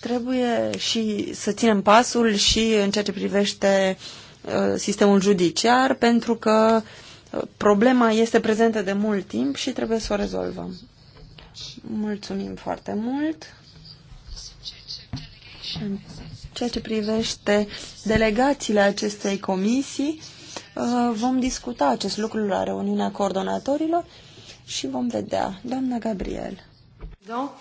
Trebuie și să ținem pasul și în ceea ce privește Uh, sistemul judiciar pentru că uh, problema este prezentă de mult timp și trebuie să o rezolvăm. Mulțumim foarte mult. În ceea ce privește delegațiile acestei comisii, uh, vom discuta acest lucru la reuniunea coordonatorilor și vom vedea. Doamna Gabriel. Da,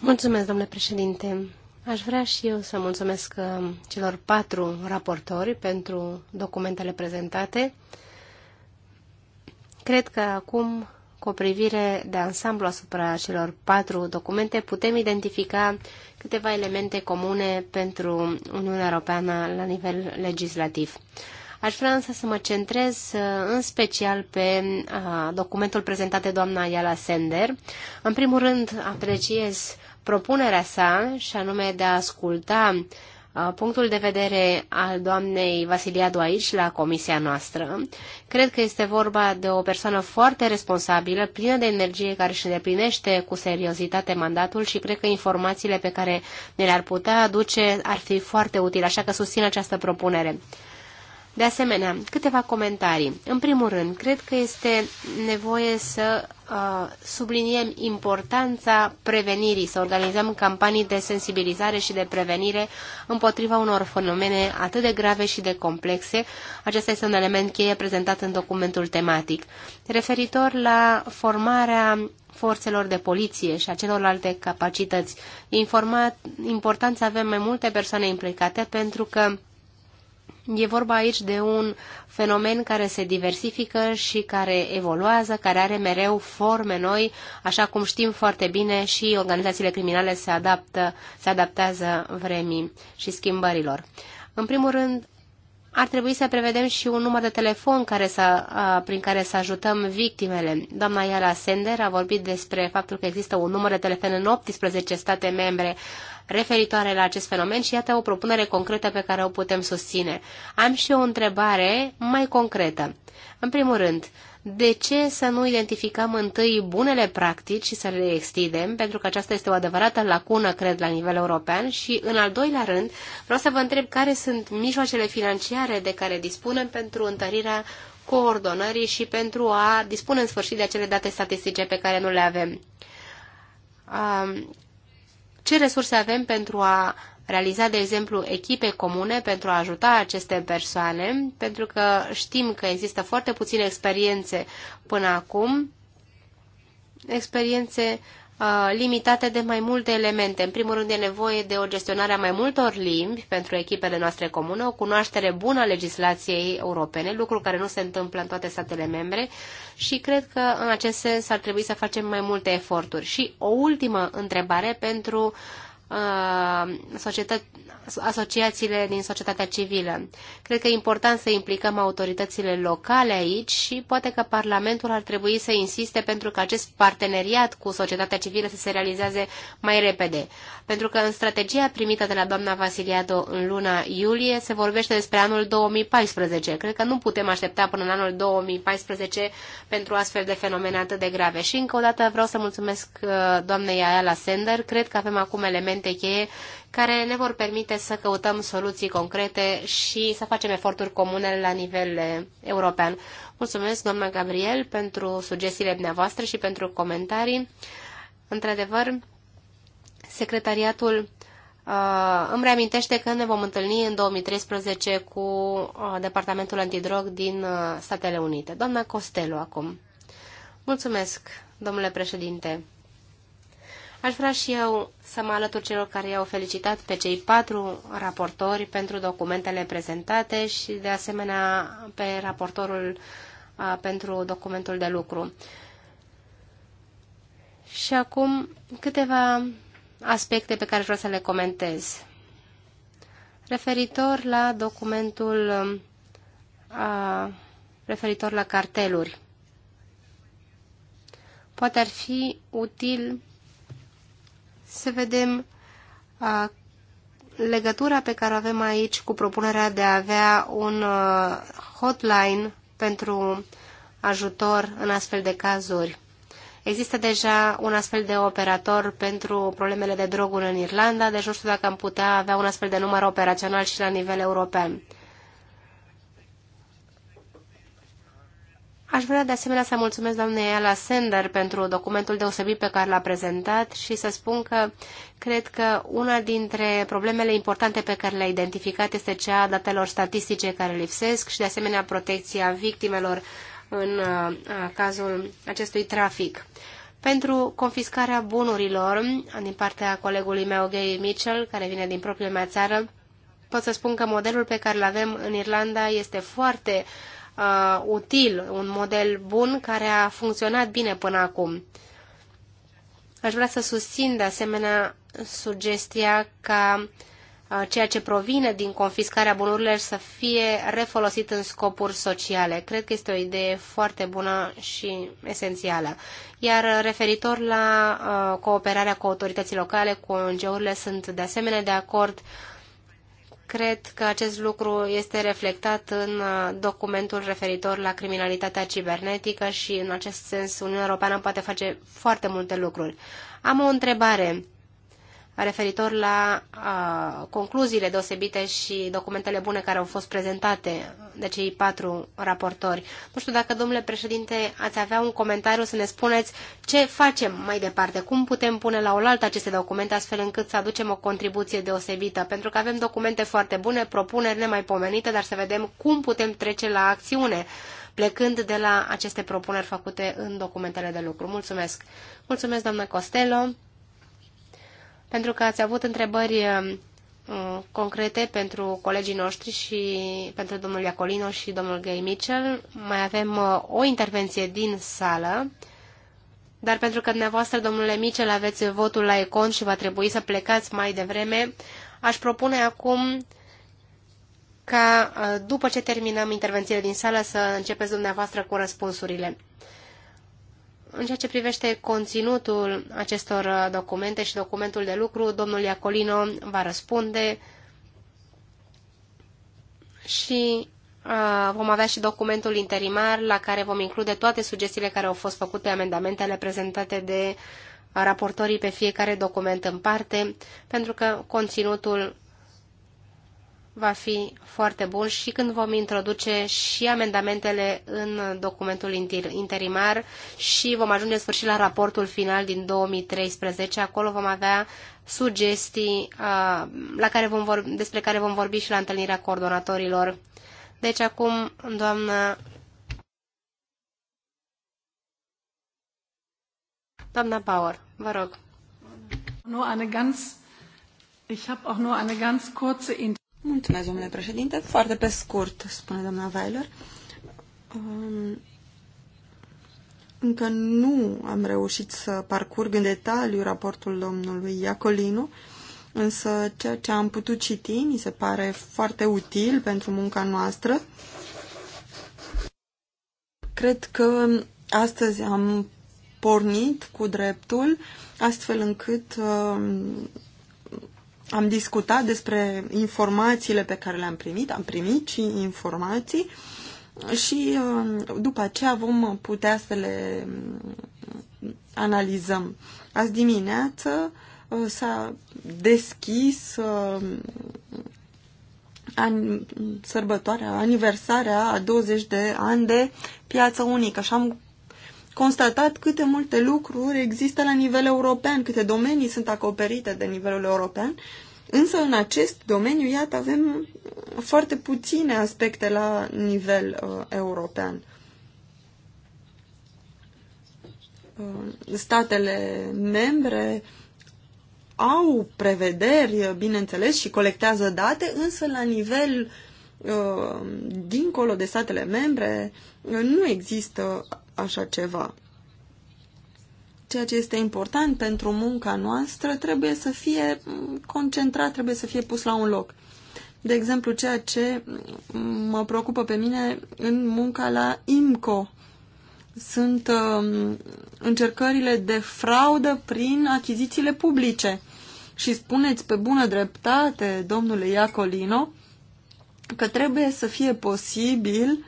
Mulțumesc, domnule președinte. Aș vrea și eu să mulțumesc uh, celor patru raportori pentru documentele prezentate. Cred că acum, cu o privire de ansamblu asupra celor patru documente, putem identifica câteva elemente comune pentru Uniunea Europeană la nivel legislativ. Aș vrea însă să mă centrez uh, în special pe uh, documentul prezentat de doamna Iala Sender. În primul rând, apreciez propunerea sa, și anume de a asculta uh, punctul de vedere al doamnei Vasiliadu aici, la comisia noastră. Cred că este vorba de o persoană foarte responsabilă, plină de energie, care își îndeplinește cu seriozitate mandatul și cred că informațiile pe care ne le-ar putea aduce ar fi foarte utile, așa că susțin această propunere. De asemenea, câteva comentarii. În primul rând, cred că este nevoie să uh, subliniem importanța prevenirii, să organizăm campanii de sensibilizare și de prevenire împotriva unor fenomene atât de grave și de complexe. Acesta este un element cheie prezentat în documentul tematic. Referitor la formarea forțelor de poliție și a celorlalte capacități, informat, important să avem mai multe persoane implicate pentru că E vorba aici de un fenomen care se diversifică și care evoluează, care are mereu forme noi, așa cum știm foarte bine și organizațiile criminale se, adaptă, se adaptează vremii și schimbărilor. În primul rând, ar trebui să prevedem și un număr de telefon care să, prin care să ajutăm victimele. Doamna Iara Sender a vorbit despre faptul că există un număr de telefon în 18 state membre referitoare la acest fenomen și iată o propunere concretă pe care o putem susține. Am și o întrebare mai concretă. În primul rând, de ce să nu identificăm întâi bunele practici și să le extindem, pentru că aceasta este o adevărată lacună, cred, la nivel european și, în al doilea rând, vreau să vă întreb care sunt mijloacele financiare de care dispunem pentru întărirea coordonării și pentru a dispune în sfârșit de acele date statistice pe care nu le avem ce resurse avem pentru a realiza, de exemplu, echipe comune pentru a ajuta aceste persoane, pentru că știm că există foarte puține experiențe până acum, experiențe Uh, limitate de mai multe elemente. În primul rând e nevoie de o gestionare a mai multor limbi pentru echipele noastre comune, o cunoaștere bună a legislației europene, lucru care nu se întâmplă în toate statele membre și cred că în acest sens ar trebui să facem mai multe eforturi. Și o ultimă întrebare pentru uh, Uh, asociațiile din societatea civilă. Cred că e important să implicăm autoritățile locale aici și poate că Parlamentul ar trebui să insiste pentru că acest parteneriat cu societatea civilă să se realizeze mai repede. Pentru că în strategia primită de la doamna Vasiliado în luna iulie se vorbește despre anul 2014. Cred că nu putem aștepta până în anul 2014 pentru astfel de fenomene atât de grave. Și încă o dată vreau să mulțumesc uh, doamnei Ayala Sender. Cred că avem acum elemente elemente cheie care ne vor permite să căutăm soluții concrete și să facem eforturi comune la nivel european. Mulțumesc, doamna Gabriel, pentru sugestiile dumneavoastră și pentru comentarii. Într-adevăr, secretariatul uh, îmi reamintește că ne vom întâlni în 2013 cu uh, Departamentul Antidrog din uh, Statele Unite. Doamna Costelu, acum. Mulțumesc, domnule președinte. Aș vrea și eu să mă alătur celor care i-au felicitat pe cei patru raportori pentru documentele prezentate și, de asemenea, pe raportorul a, pentru documentul de lucru. Și acum câteva aspecte pe care vreau să le comentez. Referitor la documentul a, referitor la carteluri. Poate ar fi util să vedem a, legătura pe care o avem aici cu propunerea de a avea un a, hotline pentru ajutor în astfel de cazuri. Există deja un astfel de operator pentru problemele de droguri în Irlanda, deci nu știu dacă am putea avea un astfel de număr operațional și la nivel european. Aș vrea de asemenea să mulțumesc doamnei Ala Sender pentru documentul deosebit pe care l-a prezentat și să spun că cred că una dintre problemele importante pe care le-a identificat este cea a datelor statistice care lipsesc și de asemenea protecția victimelor în uh, cazul acestui trafic. Pentru confiscarea bunurilor uh, din partea colegului meu Gay Mitchell, care vine din propria mea țară, pot să spun că modelul pe care îl avem în Irlanda este foarte uh, uh, util, un model bun care a funcționat bine până acum. Aș vrea să susțin de asemenea sugestia ca uh, ceea ce provine din confiscarea bunurilor să fie refolosit în scopuri sociale. Cred că este o idee foarte bună și esențială. Iar referitor la uh, cooperarea cu autorități locale, cu ONG-urile, sunt de asemenea de acord uh, Cred că acest lucru este reflectat în uh, documentul referitor la criminalitatea cibernetică și în acest sens Uniunea Europeană poate face foarte multe lucruri. Am o întrebare referitor la a, concluziile deosebite și documentele bune care au fost prezentate de cei patru raportori. Nu știu dacă, domnule președinte, ați avea un comentariu să ne spuneți ce facem mai departe, cum putem pune la oaltă aceste documente astfel încât să aducem o contribuție deosebită, pentru că avem documente foarte bune, propuneri nemaipomenite, dar să vedem cum putem trece la acțiune plecând de la aceste propuneri făcute în documentele de lucru. Mulțumesc! Mulțumesc, doamnă Costello! pentru că ați avut întrebări um, uh, concrete pentru colegii noștri și pentru domnul Iacolino și domnul Gay Mitchell. Mai avem uh, o intervenție din sală, dar pentru că dumneavoastră, domnule Mitchell, aveți votul la Econ și va trebui să plecați mai devreme, aș propune acum ca uh, după ce terminăm intervențiile din sală să începeți dumneavoastră cu răspunsurile. În ceea ce privește conținutul acestor documente și documentul de lucru, domnul Iacolino va răspunde și vom avea și documentul interimar la care vom include toate sugestiile care au fost făcute, amendamentele prezentate de raportorii pe fiecare document în parte, pentru că conținutul va fi foarte bun și când vom introduce și amendamentele în documentul interimar și vom ajunge în sfârșit la raportul final din 2013. Acolo vom avea sugestii uh, la care vom vorbi, despre care vom vorbi și la întâlnirea coordonatorilor. Deci acum, doamnă Doamna Bauer, vă rog. ich habe auch nur eine ganz kurze Mulțumesc, domnule președinte. Foarte pe scurt, spune doamna Weiler. Um, încă nu am reușit să parcurg în detaliu raportul domnului Iacolinu, însă ceea ce am putut citi mi se pare foarte util pentru munca noastră. Cred că astăzi am pornit cu dreptul, astfel încât Um, am discutat despre informațiile pe care le-am primit, am primit și informații și uh, după aceea vom putea să le mm, analizăm. Azi dimineață uh, s-a deschis uh, an, sărbătoarea, aniversarea a 20 de ani de piață unică și am constatat câte multe lucruri există la nivel european, câte domenii sunt acoperite de nivelul european, însă în acest domeniu, iată, avem foarte puține aspecte la nivel uh, european. Uh, statele membre au prevederi, bineînțeles, și colectează date, însă la nivel uh, Uh, dincolo de statele membre, nu există așa ceva. Ceea ce este important pentru munca noastră trebuie să fie concentrat, trebuie să fie pus la un loc. De exemplu, ceea ce mă preocupă pe mine în munca la IMCO sunt uh, încercările de fraudă prin achizițiile publice. Și spuneți pe bună dreptate, domnule Iacolino, că trebuie să fie posibil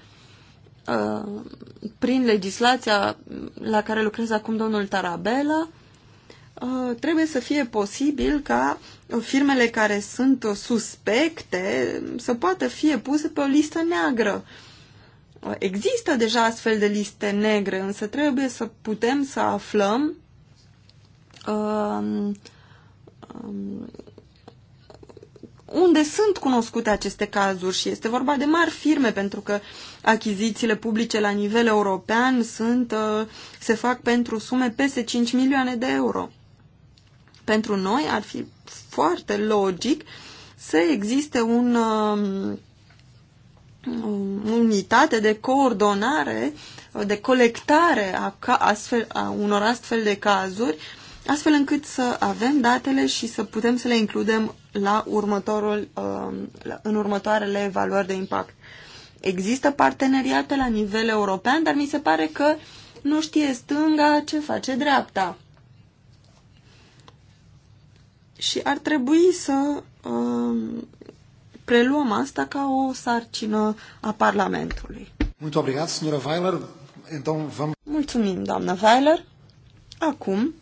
uh, prin legislația la care lucrează acum domnul Tarabella, uh, trebuie să fie posibil ca firmele care sunt suspecte să poată fi puse pe o listă neagră. Uh, există deja astfel de liste negre, însă trebuie să putem să aflăm um, unde sunt cunoscute aceste cazuri și este vorba de mari firme pentru că achizițiile publice la nivel european sunt, uh, se fac pentru sume peste 5 milioane de euro. Pentru noi ar fi foarte logic să existe un, um, unitate de coordonare, de colectare a, ca, astfel, a unor astfel de cazuri uh, astfel încât să avem datele și să putem să le includem la următorul, um, în următoarele evaluări de impact. Există parteneriate la nivel european, dar mi se pare că nu știe stânga ce face dreapta. Și ar trebui să um, preluăm asta ca o sarcină a Parlamentului. Muito doamnă Weiler. Mulțumim, doamna Weiler. Acum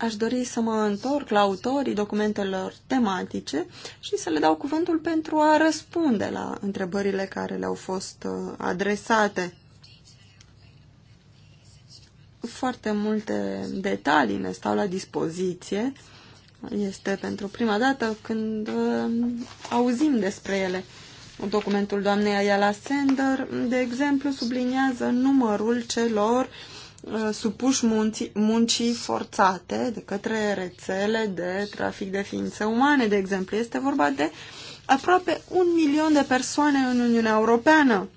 aș dori să mă întorc la autorii documentelor tematice și să le dau cuvântul pentru a răspunde la întrebările care le-au fost uh, adresate. Foarte multe detalii ne stau la dispoziție. Este pentru prima dată când uh, auzim despre ele. Documentul doamnei Ayala Sender, de exemplu, subliniază numărul celor uh, Uh, supuși munții, muncii forțate de către rețele de trafic de ființe umane, de exemplu. Este vorba de aproape un milion de persoane în Uniunea Europeană.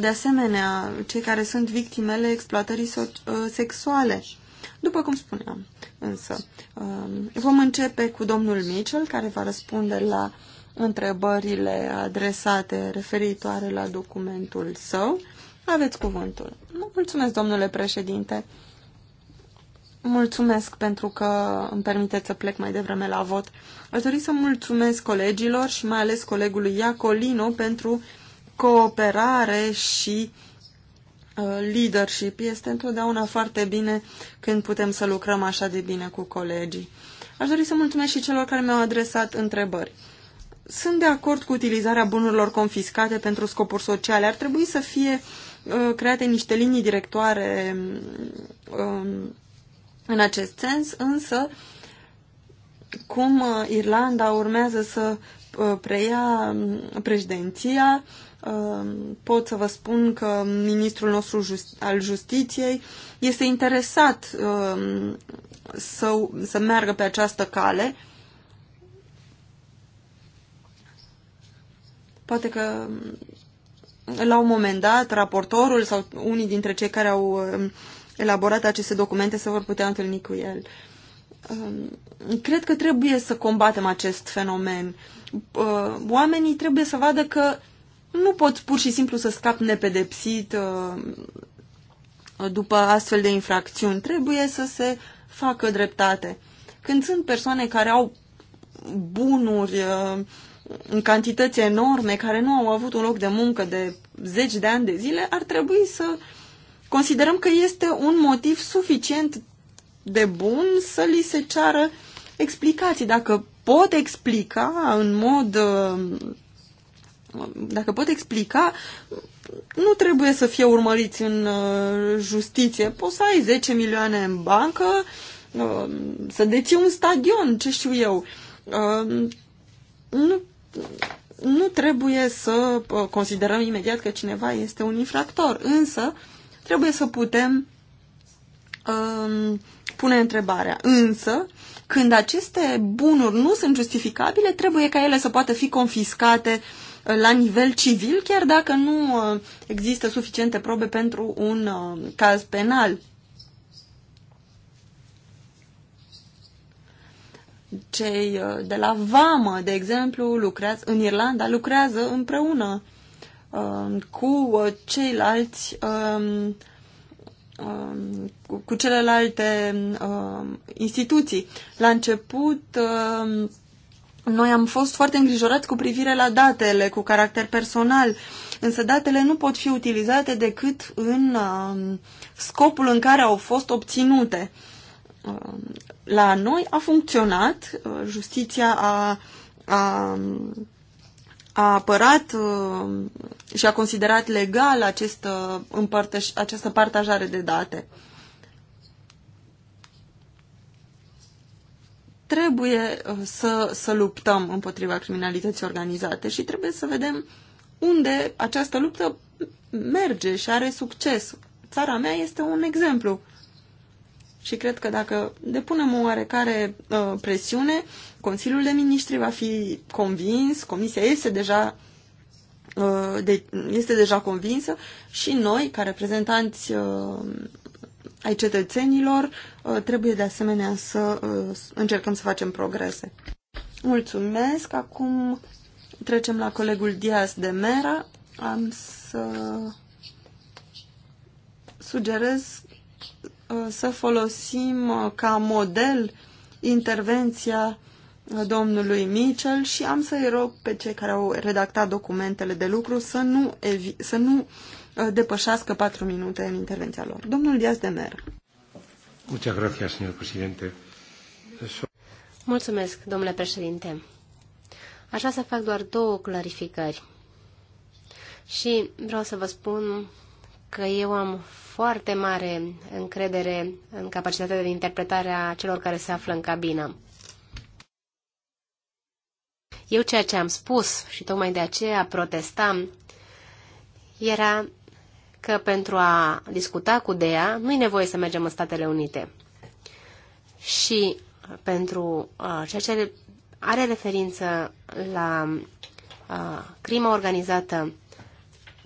De asemenea, cei care sunt victimele exploatării uh, sexuale. După cum spuneam, însă, uh, vom începe cu domnul Mitchell, care va răspunde la întrebările adresate referitoare la documentul său aveți cuvântul. Mulțumesc, domnule președinte. Mulțumesc pentru că îmi permiteți să plec mai devreme la vot. Aș dori să mulțumesc colegilor și mai ales colegului Iacolino pentru cooperare și uh, leadership. Este întotdeauna foarte bine când putem să lucrăm așa de bine cu colegii. Aș dori să mulțumesc și celor care mi-au adresat întrebări. Sunt de acord cu utilizarea bunurilor confiscate pentru scopuri sociale. Ar trebui să fie uh, Uh, create niște linii directoare um, în acest sens, însă cum uh, Irlanda urmează să uh, preia um, președinția, um, pot să vă spun că ministrul nostru al justiției este interesat să, să meargă pe această cale. Poate că la un moment dat, raportorul sau unii dintre cei care au um, elaborat aceste documente se vor putea întâlni cu el. Um, cred că trebuie să combatem acest fenomen. Uh, oamenii trebuie să vadă că nu pot pur și simplu să scap nepedepsit uh, după astfel de infracțiuni. Trebuie să se facă dreptate. Când sunt persoane care au bunuri uh, în cantități enorme care nu au avut un loc de muncă de zeci de ani de zile, ar trebui să considerăm că este un motiv suficient de bun să li se ceară explicații. Dacă pot explica în mod. Uh, dacă pot explica, nu trebuie să fie urmăriți în uh, justiție. Poți să ai 10 milioane în bancă, uh, să deții un stadion, ce știu eu. Nu nu trebuie să uh, considerăm imediat că cineva este un infractor, însă trebuie să putem um, pune întrebarea. Însă, când aceste bunuri nu sunt justificabile, trebuie ca ele să poată fi confiscate uh, la nivel civil, chiar dacă nu uh, există suficiente probe pentru un caz penal. Cei uh, de la Vamă, de exemplu, lucrează, în Irlanda lucrează împreună um, cu uh, ceilalți um, um, cu celelalte instituții. La început noi am fost foarte îngrijorați cu privire la datele cu caracter personal, însă datele nu pot fi utilizate decât în scopul în care au fost obținute la noi a funcționat, uh, justiția a, a, a apărat uh, și a considerat legal această, uh, împărtăș, această partajare de date. Trebuie să, să luptăm împotriva criminalității organizate și trebuie să vedem unde această luptă merge și are succes. Țara mea este un exemplu și cred că dacă depunem o oarecare uh, presiune, Consiliul de Ministri va fi convins, Comisia este deja, uh, de, este deja convinsă și noi, ca reprezentanți uh, ai cetățenilor, uh, trebuie de asemenea să uh, încercăm să facem progrese. Mulțumesc! Acum trecem la colegul Diaz de Mera. Am să sugerez Uh, să folosim uh, ca model intervenția uh, domnului Mitchell și am să-i rog pe cei care au redactat documentele de lucru să nu, să nu depășească patru minute în intervenția lor. Domnul Diaz de Mer. Mulțumesc, domnule președinte. Aș vrea să fac doar două clarificări. Și vreau să vă spun că eu am foarte mare încredere în capacitatea de interpretare a celor care se află în cabină. Eu ceea ce am spus și tocmai de aceea protestam era că pentru a discuta cu DEA nu e nevoie să mergem în Statele Unite. Și pentru uh, ceea ce are referință la uh, crimă organizată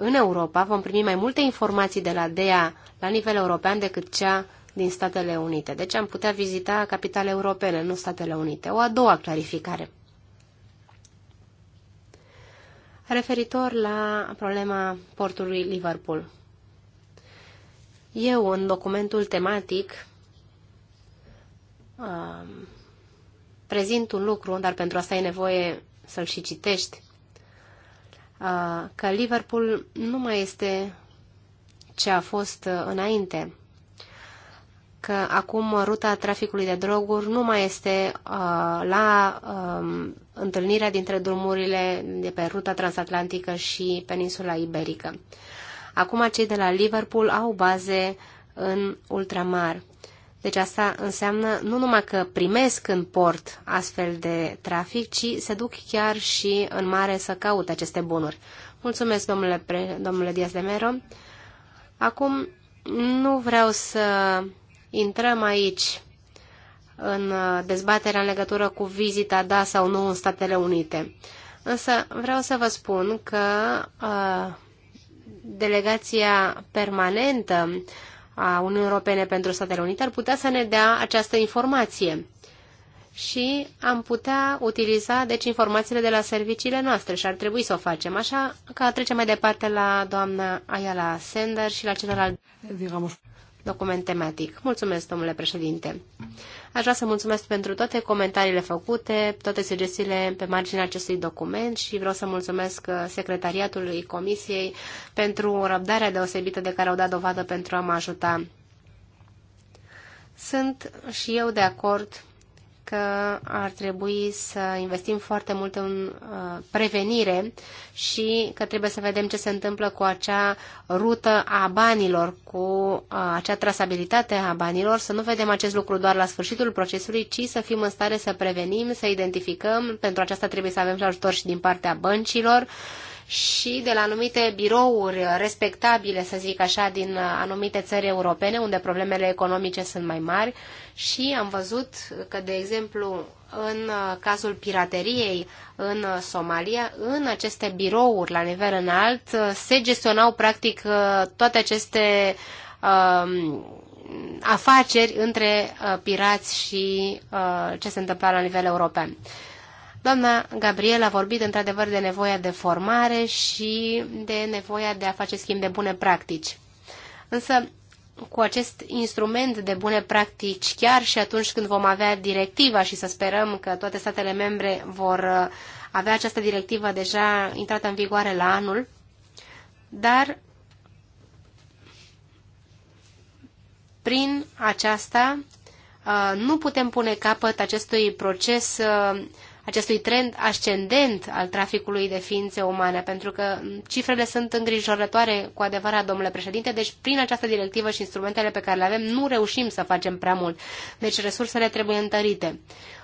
în Europa vom primi mai multe informații de la DEA la nivel european decât cea din Statele Unite. Deci am putea vizita capitale europene, nu Statele Unite. O a doua clarificare. Referitor la problema portului Liverpool. Eu, în documentul tematic, prezint un lucru, dar pentru asta e nevoie să-l și citești că Liverpool nu mai este ce a fost înainte, că acum ruta traficului de droguri nu mai este la întâlnirea dintre drumurile de pe ruta transatlantică și peninsula iberică. Acum cei de la Liverpool au baze în ultramar deci asta înseamnă nu numai că primesc în port astfel de trafic, ci se duc chiar și în mare să caute aceste bunuri. Mulțumesc, domnule, pre, domnule Diaz de Mero. Acum nu vreau să intrăm aici în dezbaterea în legătură cu vizita da sau nu în Statele Unite. Însă vreau să vă spun că uh, delegația permanentă uh, a Uniunii Europene pentru Statele Unite ar putea să ne dea această informație și am putea utiliza deci informațiile de la serviciile noastre și ar trebui să o facem. Așa că trecem mai departe la doamna Ayala Sender și la celălalt document tematic. Mulțumesc, domnule președinte. Aș vrea să mulțumesc pentru toate comentariile făcute, toate sugestiile pe marginea acestui document și vreau să mulțumesc uh, secretariatului Comisiei pentru răbdarea deosebită de care au dat dovadă pentru a mă ajuta. Sunt și eu de acord că ar trebui să investim foarte mult în uh, prevenire și că trebuie să vedem ce se întâmplă cu acea rută a banilor, cu uh, acea trasabilitate a banilor, să nu vedem acest lucru doar la sfârșitul procesului, ci să fim în stare să prevenim, să identificăm. Pentru aceasta trebuie să avem și ajutor și din partea băncilor. Uh, și de la anumite birouri respectabile, să zic așa, din anumite țări europene, unde problemele economice sunt mai mari și am văzut că, de exemplu, în cazul pirateriei în Somalia, în aceste birouri la nivel înalt, se gestionau practic toate aceste um, afaceri între uh, pirați și uh, ce se întâmpla la nivel european. Doamna Gabriel a vorbit într-adevăr de nevoia de formare și de nevoia de a face schimb de bune practici. Însă, cu acest instrument de bune practici, chiar și atunci când vom avea directiva și să sperăm că toate statele membre vor uh, avea această directivă deja intrată în vigoare la anul, dar prin aceasta uh, nu putem pune capăt acestui proces uh, acestui trend ascendent al traficului de ființe umane, pentru că cifrele sunt îngrijorătoare cu adevărat, domnule președinte, deci prin această directivă și instrumentele pe care le avem nu reușim să facem prea mult. Deci resursele trebuie întărite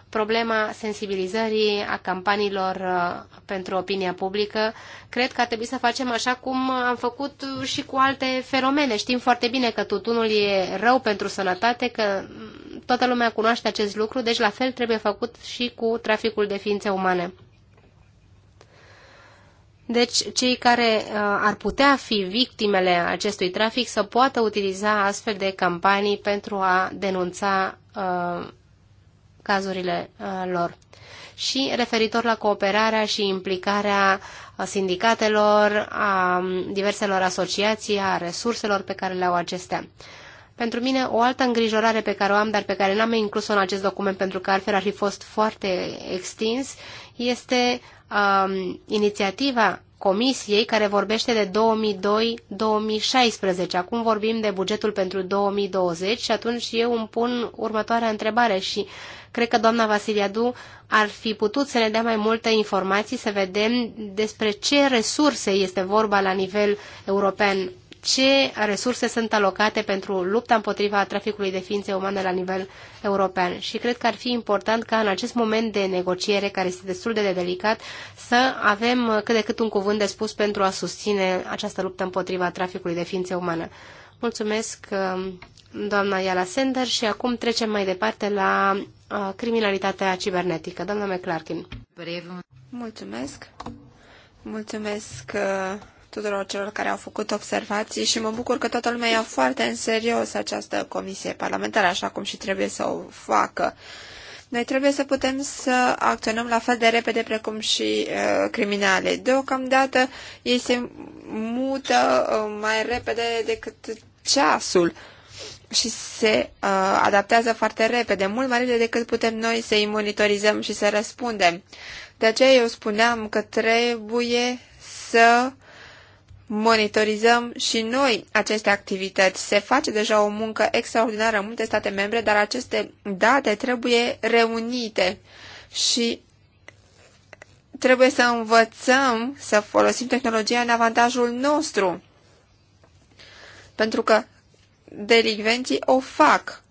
problema sensibilizării a campaniilor uh, pentru opinia publică. Cred că ar trebui să facem așa cum am făcut și cu alte fenomene. Știm foarte bine că tutunul e rău pentru sănătate, că Toată lumea cunoaște acest lucru, deci la fel trebuie făcut și cu traficul de ființe umane. Deci, cei care uh, ar putea fi victimele acestui trafic să poată utiliza astfel de campanii pentru a denunța uh, cazurile uh, lor. Și referitor la cooperarea și implicarea uh, sindicatelor, a um, diverselor asociații, a resurselor pe care le au acestea. Uh, pentru mine, o altă îngrijorare pe care o am, dar pe care n-am inclus-o în acest document, pentru că altfel ar fi fost foarte extins, este um, inițiativa Comisiei care vorbește de 2002-2016. Acum vorbim de bugetul pentru 2020 și atunci eu îmi pun următoarea întrebare și cred că doamna Vasiliadu ar fi putut să ne dea mai multe informații, să vedem despre ce resurse este vorba la nivel european ce resurse sunt alocate pentru lupta împotriva traficului de ființe umane la nivel european. Și cred că ar fi important ca în acest moment de negociere, care este destul de delicat, să avem cât de cât un cuvânt de spus pentru a susține această luptă împotriva traficului de ființe umane. Mulțumesc, um, doamna Iala Sender, și acum trecem mai departe la uh, criminalitatea cibernetică. Doamna McClarkin. Mulțumesc. Mulțumesc uh, tuturor celor care au făcut observații și mă bucur că toată lumea ia foarte în serios această comisie parlamentară, așa cum și trebuie să o facă. Noi trebuie să putem să acționăm la fel de repede precum și uh, criminale. Deocamdată ei se mută uh, mai repede decât ceasul și se uh, adaptează foarte repede, mult mai repede decât putem noi să îi monitorizăm și să răspundem. De aceea eu spuneam că trebuie să monitorizăm și noi aceste activități. Se face deja o muncă extraordinară în multe state membre, dar aceste date trebuie reunite și trebuie să învățăm să folosim tehnologia în avantajul nostru. Pentru că delinvenții o fac.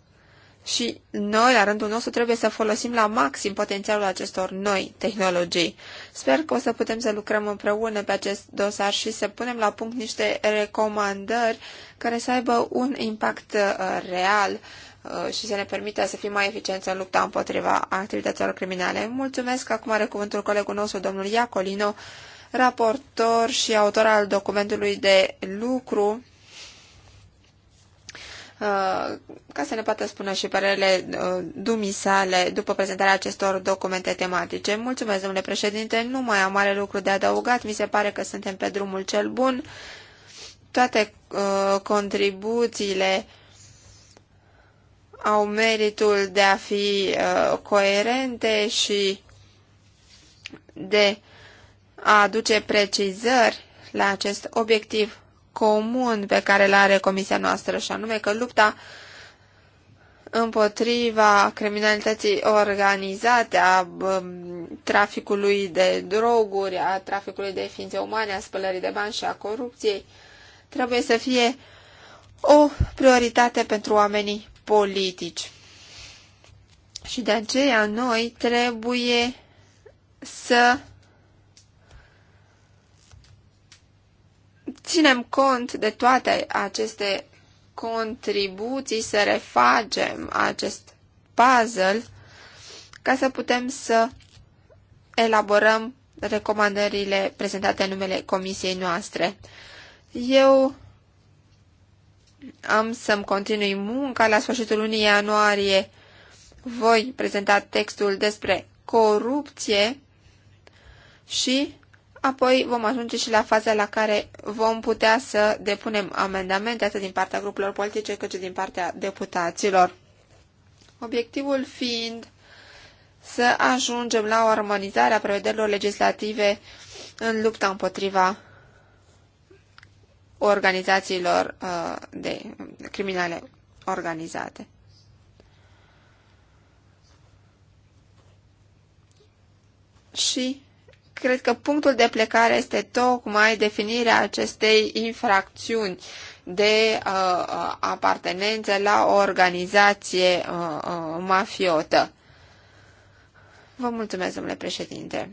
Și noi, la rândul nostru, trebuie să folosim la maxim potențialul acestor noi tehnologii. Sper că o să putem să lucrăm împreună pe acest dosar și să punem la punct niște recomandări care să aibă un impact uh, real uh, și să ne permită să fim mai eficienți în lupta împotriva activităților criminale. Mulțumesc. Acum are cuvântul colegul nostru, domnul Iacolino, raportor și autor al documentului de lucru ca să ne poată spune și părerele uh, dumisale după prezentarea acestor documente tematice. Mulțumesc, domnule președinte, nu mai am mare lucru de adăugat, mi se pare că suntem pe drumul cel bun. Toate uh, contribuțiile au meritul de a fi uh, coerente și de a aduce precizări la acest obiectiv comun pe care îl are comisia noastră, și anume că lupta împotriva criminalității organizate, a traficului de droguri, a traficului de ființe umane, a spălării de bani și a corupției, trebuie să fie o prioritate pentru oamenii politici. Și de aceea noi trebuie să ținem cont de toate aceste contribuții, să refacem acest puzzle ca să putem să elaborăm recomandările prezentate în numele comisiei noastre. Eu am să-mi continui munca la sfârșitul lunii ianuarie. Voi prezenta textul despre corupție și Apoi vom ajunge și la faza la care vom putea să depunem amendamente atât din partea grupurilor politice cât și din partea deputaților. Obiectivul fiind să ajungem la o armonizare a prevederilor legislative în lupta împotriva organizațiilor uh, de criminale organizate. Și cred că punctul de plecare este tocmai definirea acestei infracțiuni de uh, uh, apartenență la o organizație uh, uh, mafiotă. Vă mulțumesc, domnule președinte.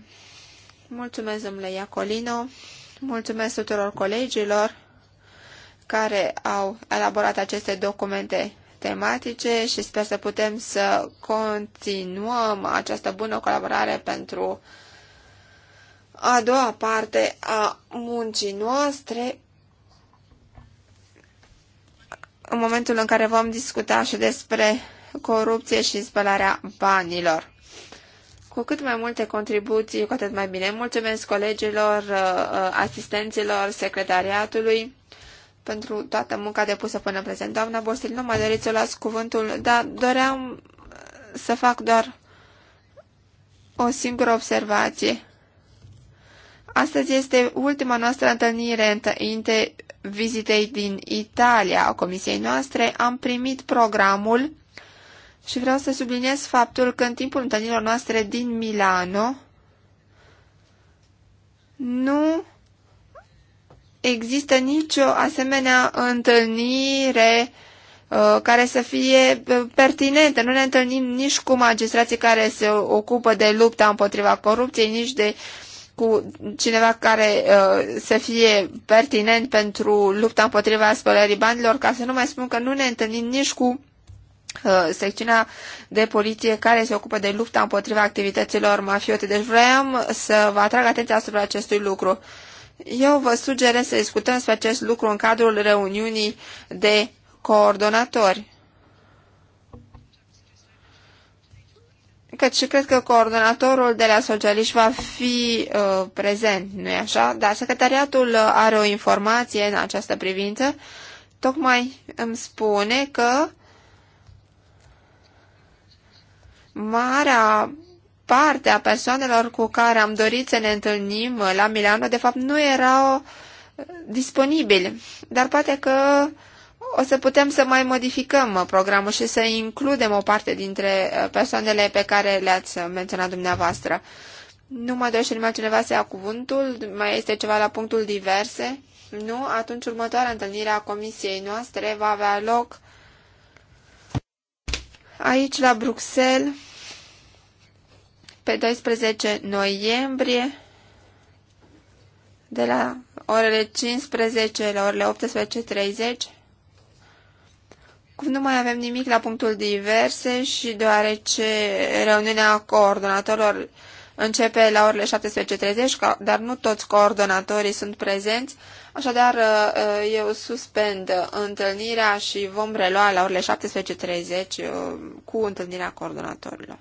Mulțumesc, domnule Iacolino. Mulțumesc tuturor colegilor care au elaborat aceste documente tematice și sper să putem să continuăm această bună colaborare pentru a doua parte a muncii noastre în momentul în care vom discuta și despre corupție și spălarea banilor. Cu cât mai multe contribuții, cu atât mai bine. Mulțumesc colegilor, uh, uh, asistenților, secretariatului pentru toată munca depusă până în prezent. Doamna Bostil, nu mă doriți să las cuvântul, dar doream să fac doar o singură observație. Astăzi este ultima noastră întâlnire înainte vizitei din Italia a comisiei noastre. Am primit programul și vreau să subliniez faptul că în timpul întâlnirilor noastre din Milano nu există nicio asemenea întâlnire uh, care să fie uh, pertinentă. Nu ne întâlnim nici cu magistrații care se ocupă de lupta împotriva corupției, nici de uh, cu cineva care uh, să fie pertinent pentru lupta împotriva spălării banilor, ca să nu mai spun că nu ne întâlnim nici cu uh, secțiunea de poliție care se ocupă de lupta împotriva activităților mafiote. Deci vreau să vă atrag atenția asupra acestui lucru. Eu vă sugerez să discutăm despre acest lucru în cadrul reuniunii de coordonatori. cât și cred că coordonatorul de la socialiști va fi uh, prezent, nu-i așa? Dar secretariatul uh, are o informație în această privință. Tocmai îmi spune că marea parte a persoanelor cu care am dorit să ne întâlnim uh, la Milano, de fapt, nu erau uh, disponibili. Dar poate că uh, o să putem să mai modificăm uh, programul și să includem o parte dintre uh, persoanele pe care le-ați uh, menționat dumneavoastră. Nu mă dorește nimeni cineva să ia cuvântul? Mai este ceva la punctul diverse? Nu? Atunci următoarea întâlnire a comisiei noastre va avea loc aici la Bruxelles pe 12 noiembrie de la orele 15 la orele 18.30 cum nu mai avem nimic la punctul diverse și deoarece reuniunea coordonatorilor începe la orele 17.30, dar nu toți coordonatorii sunt prezenți, așadar uh, uh, eu suspend întâlnirea și vom relua la orele 17.30 uh, cu întâlnirea coordonatorilor.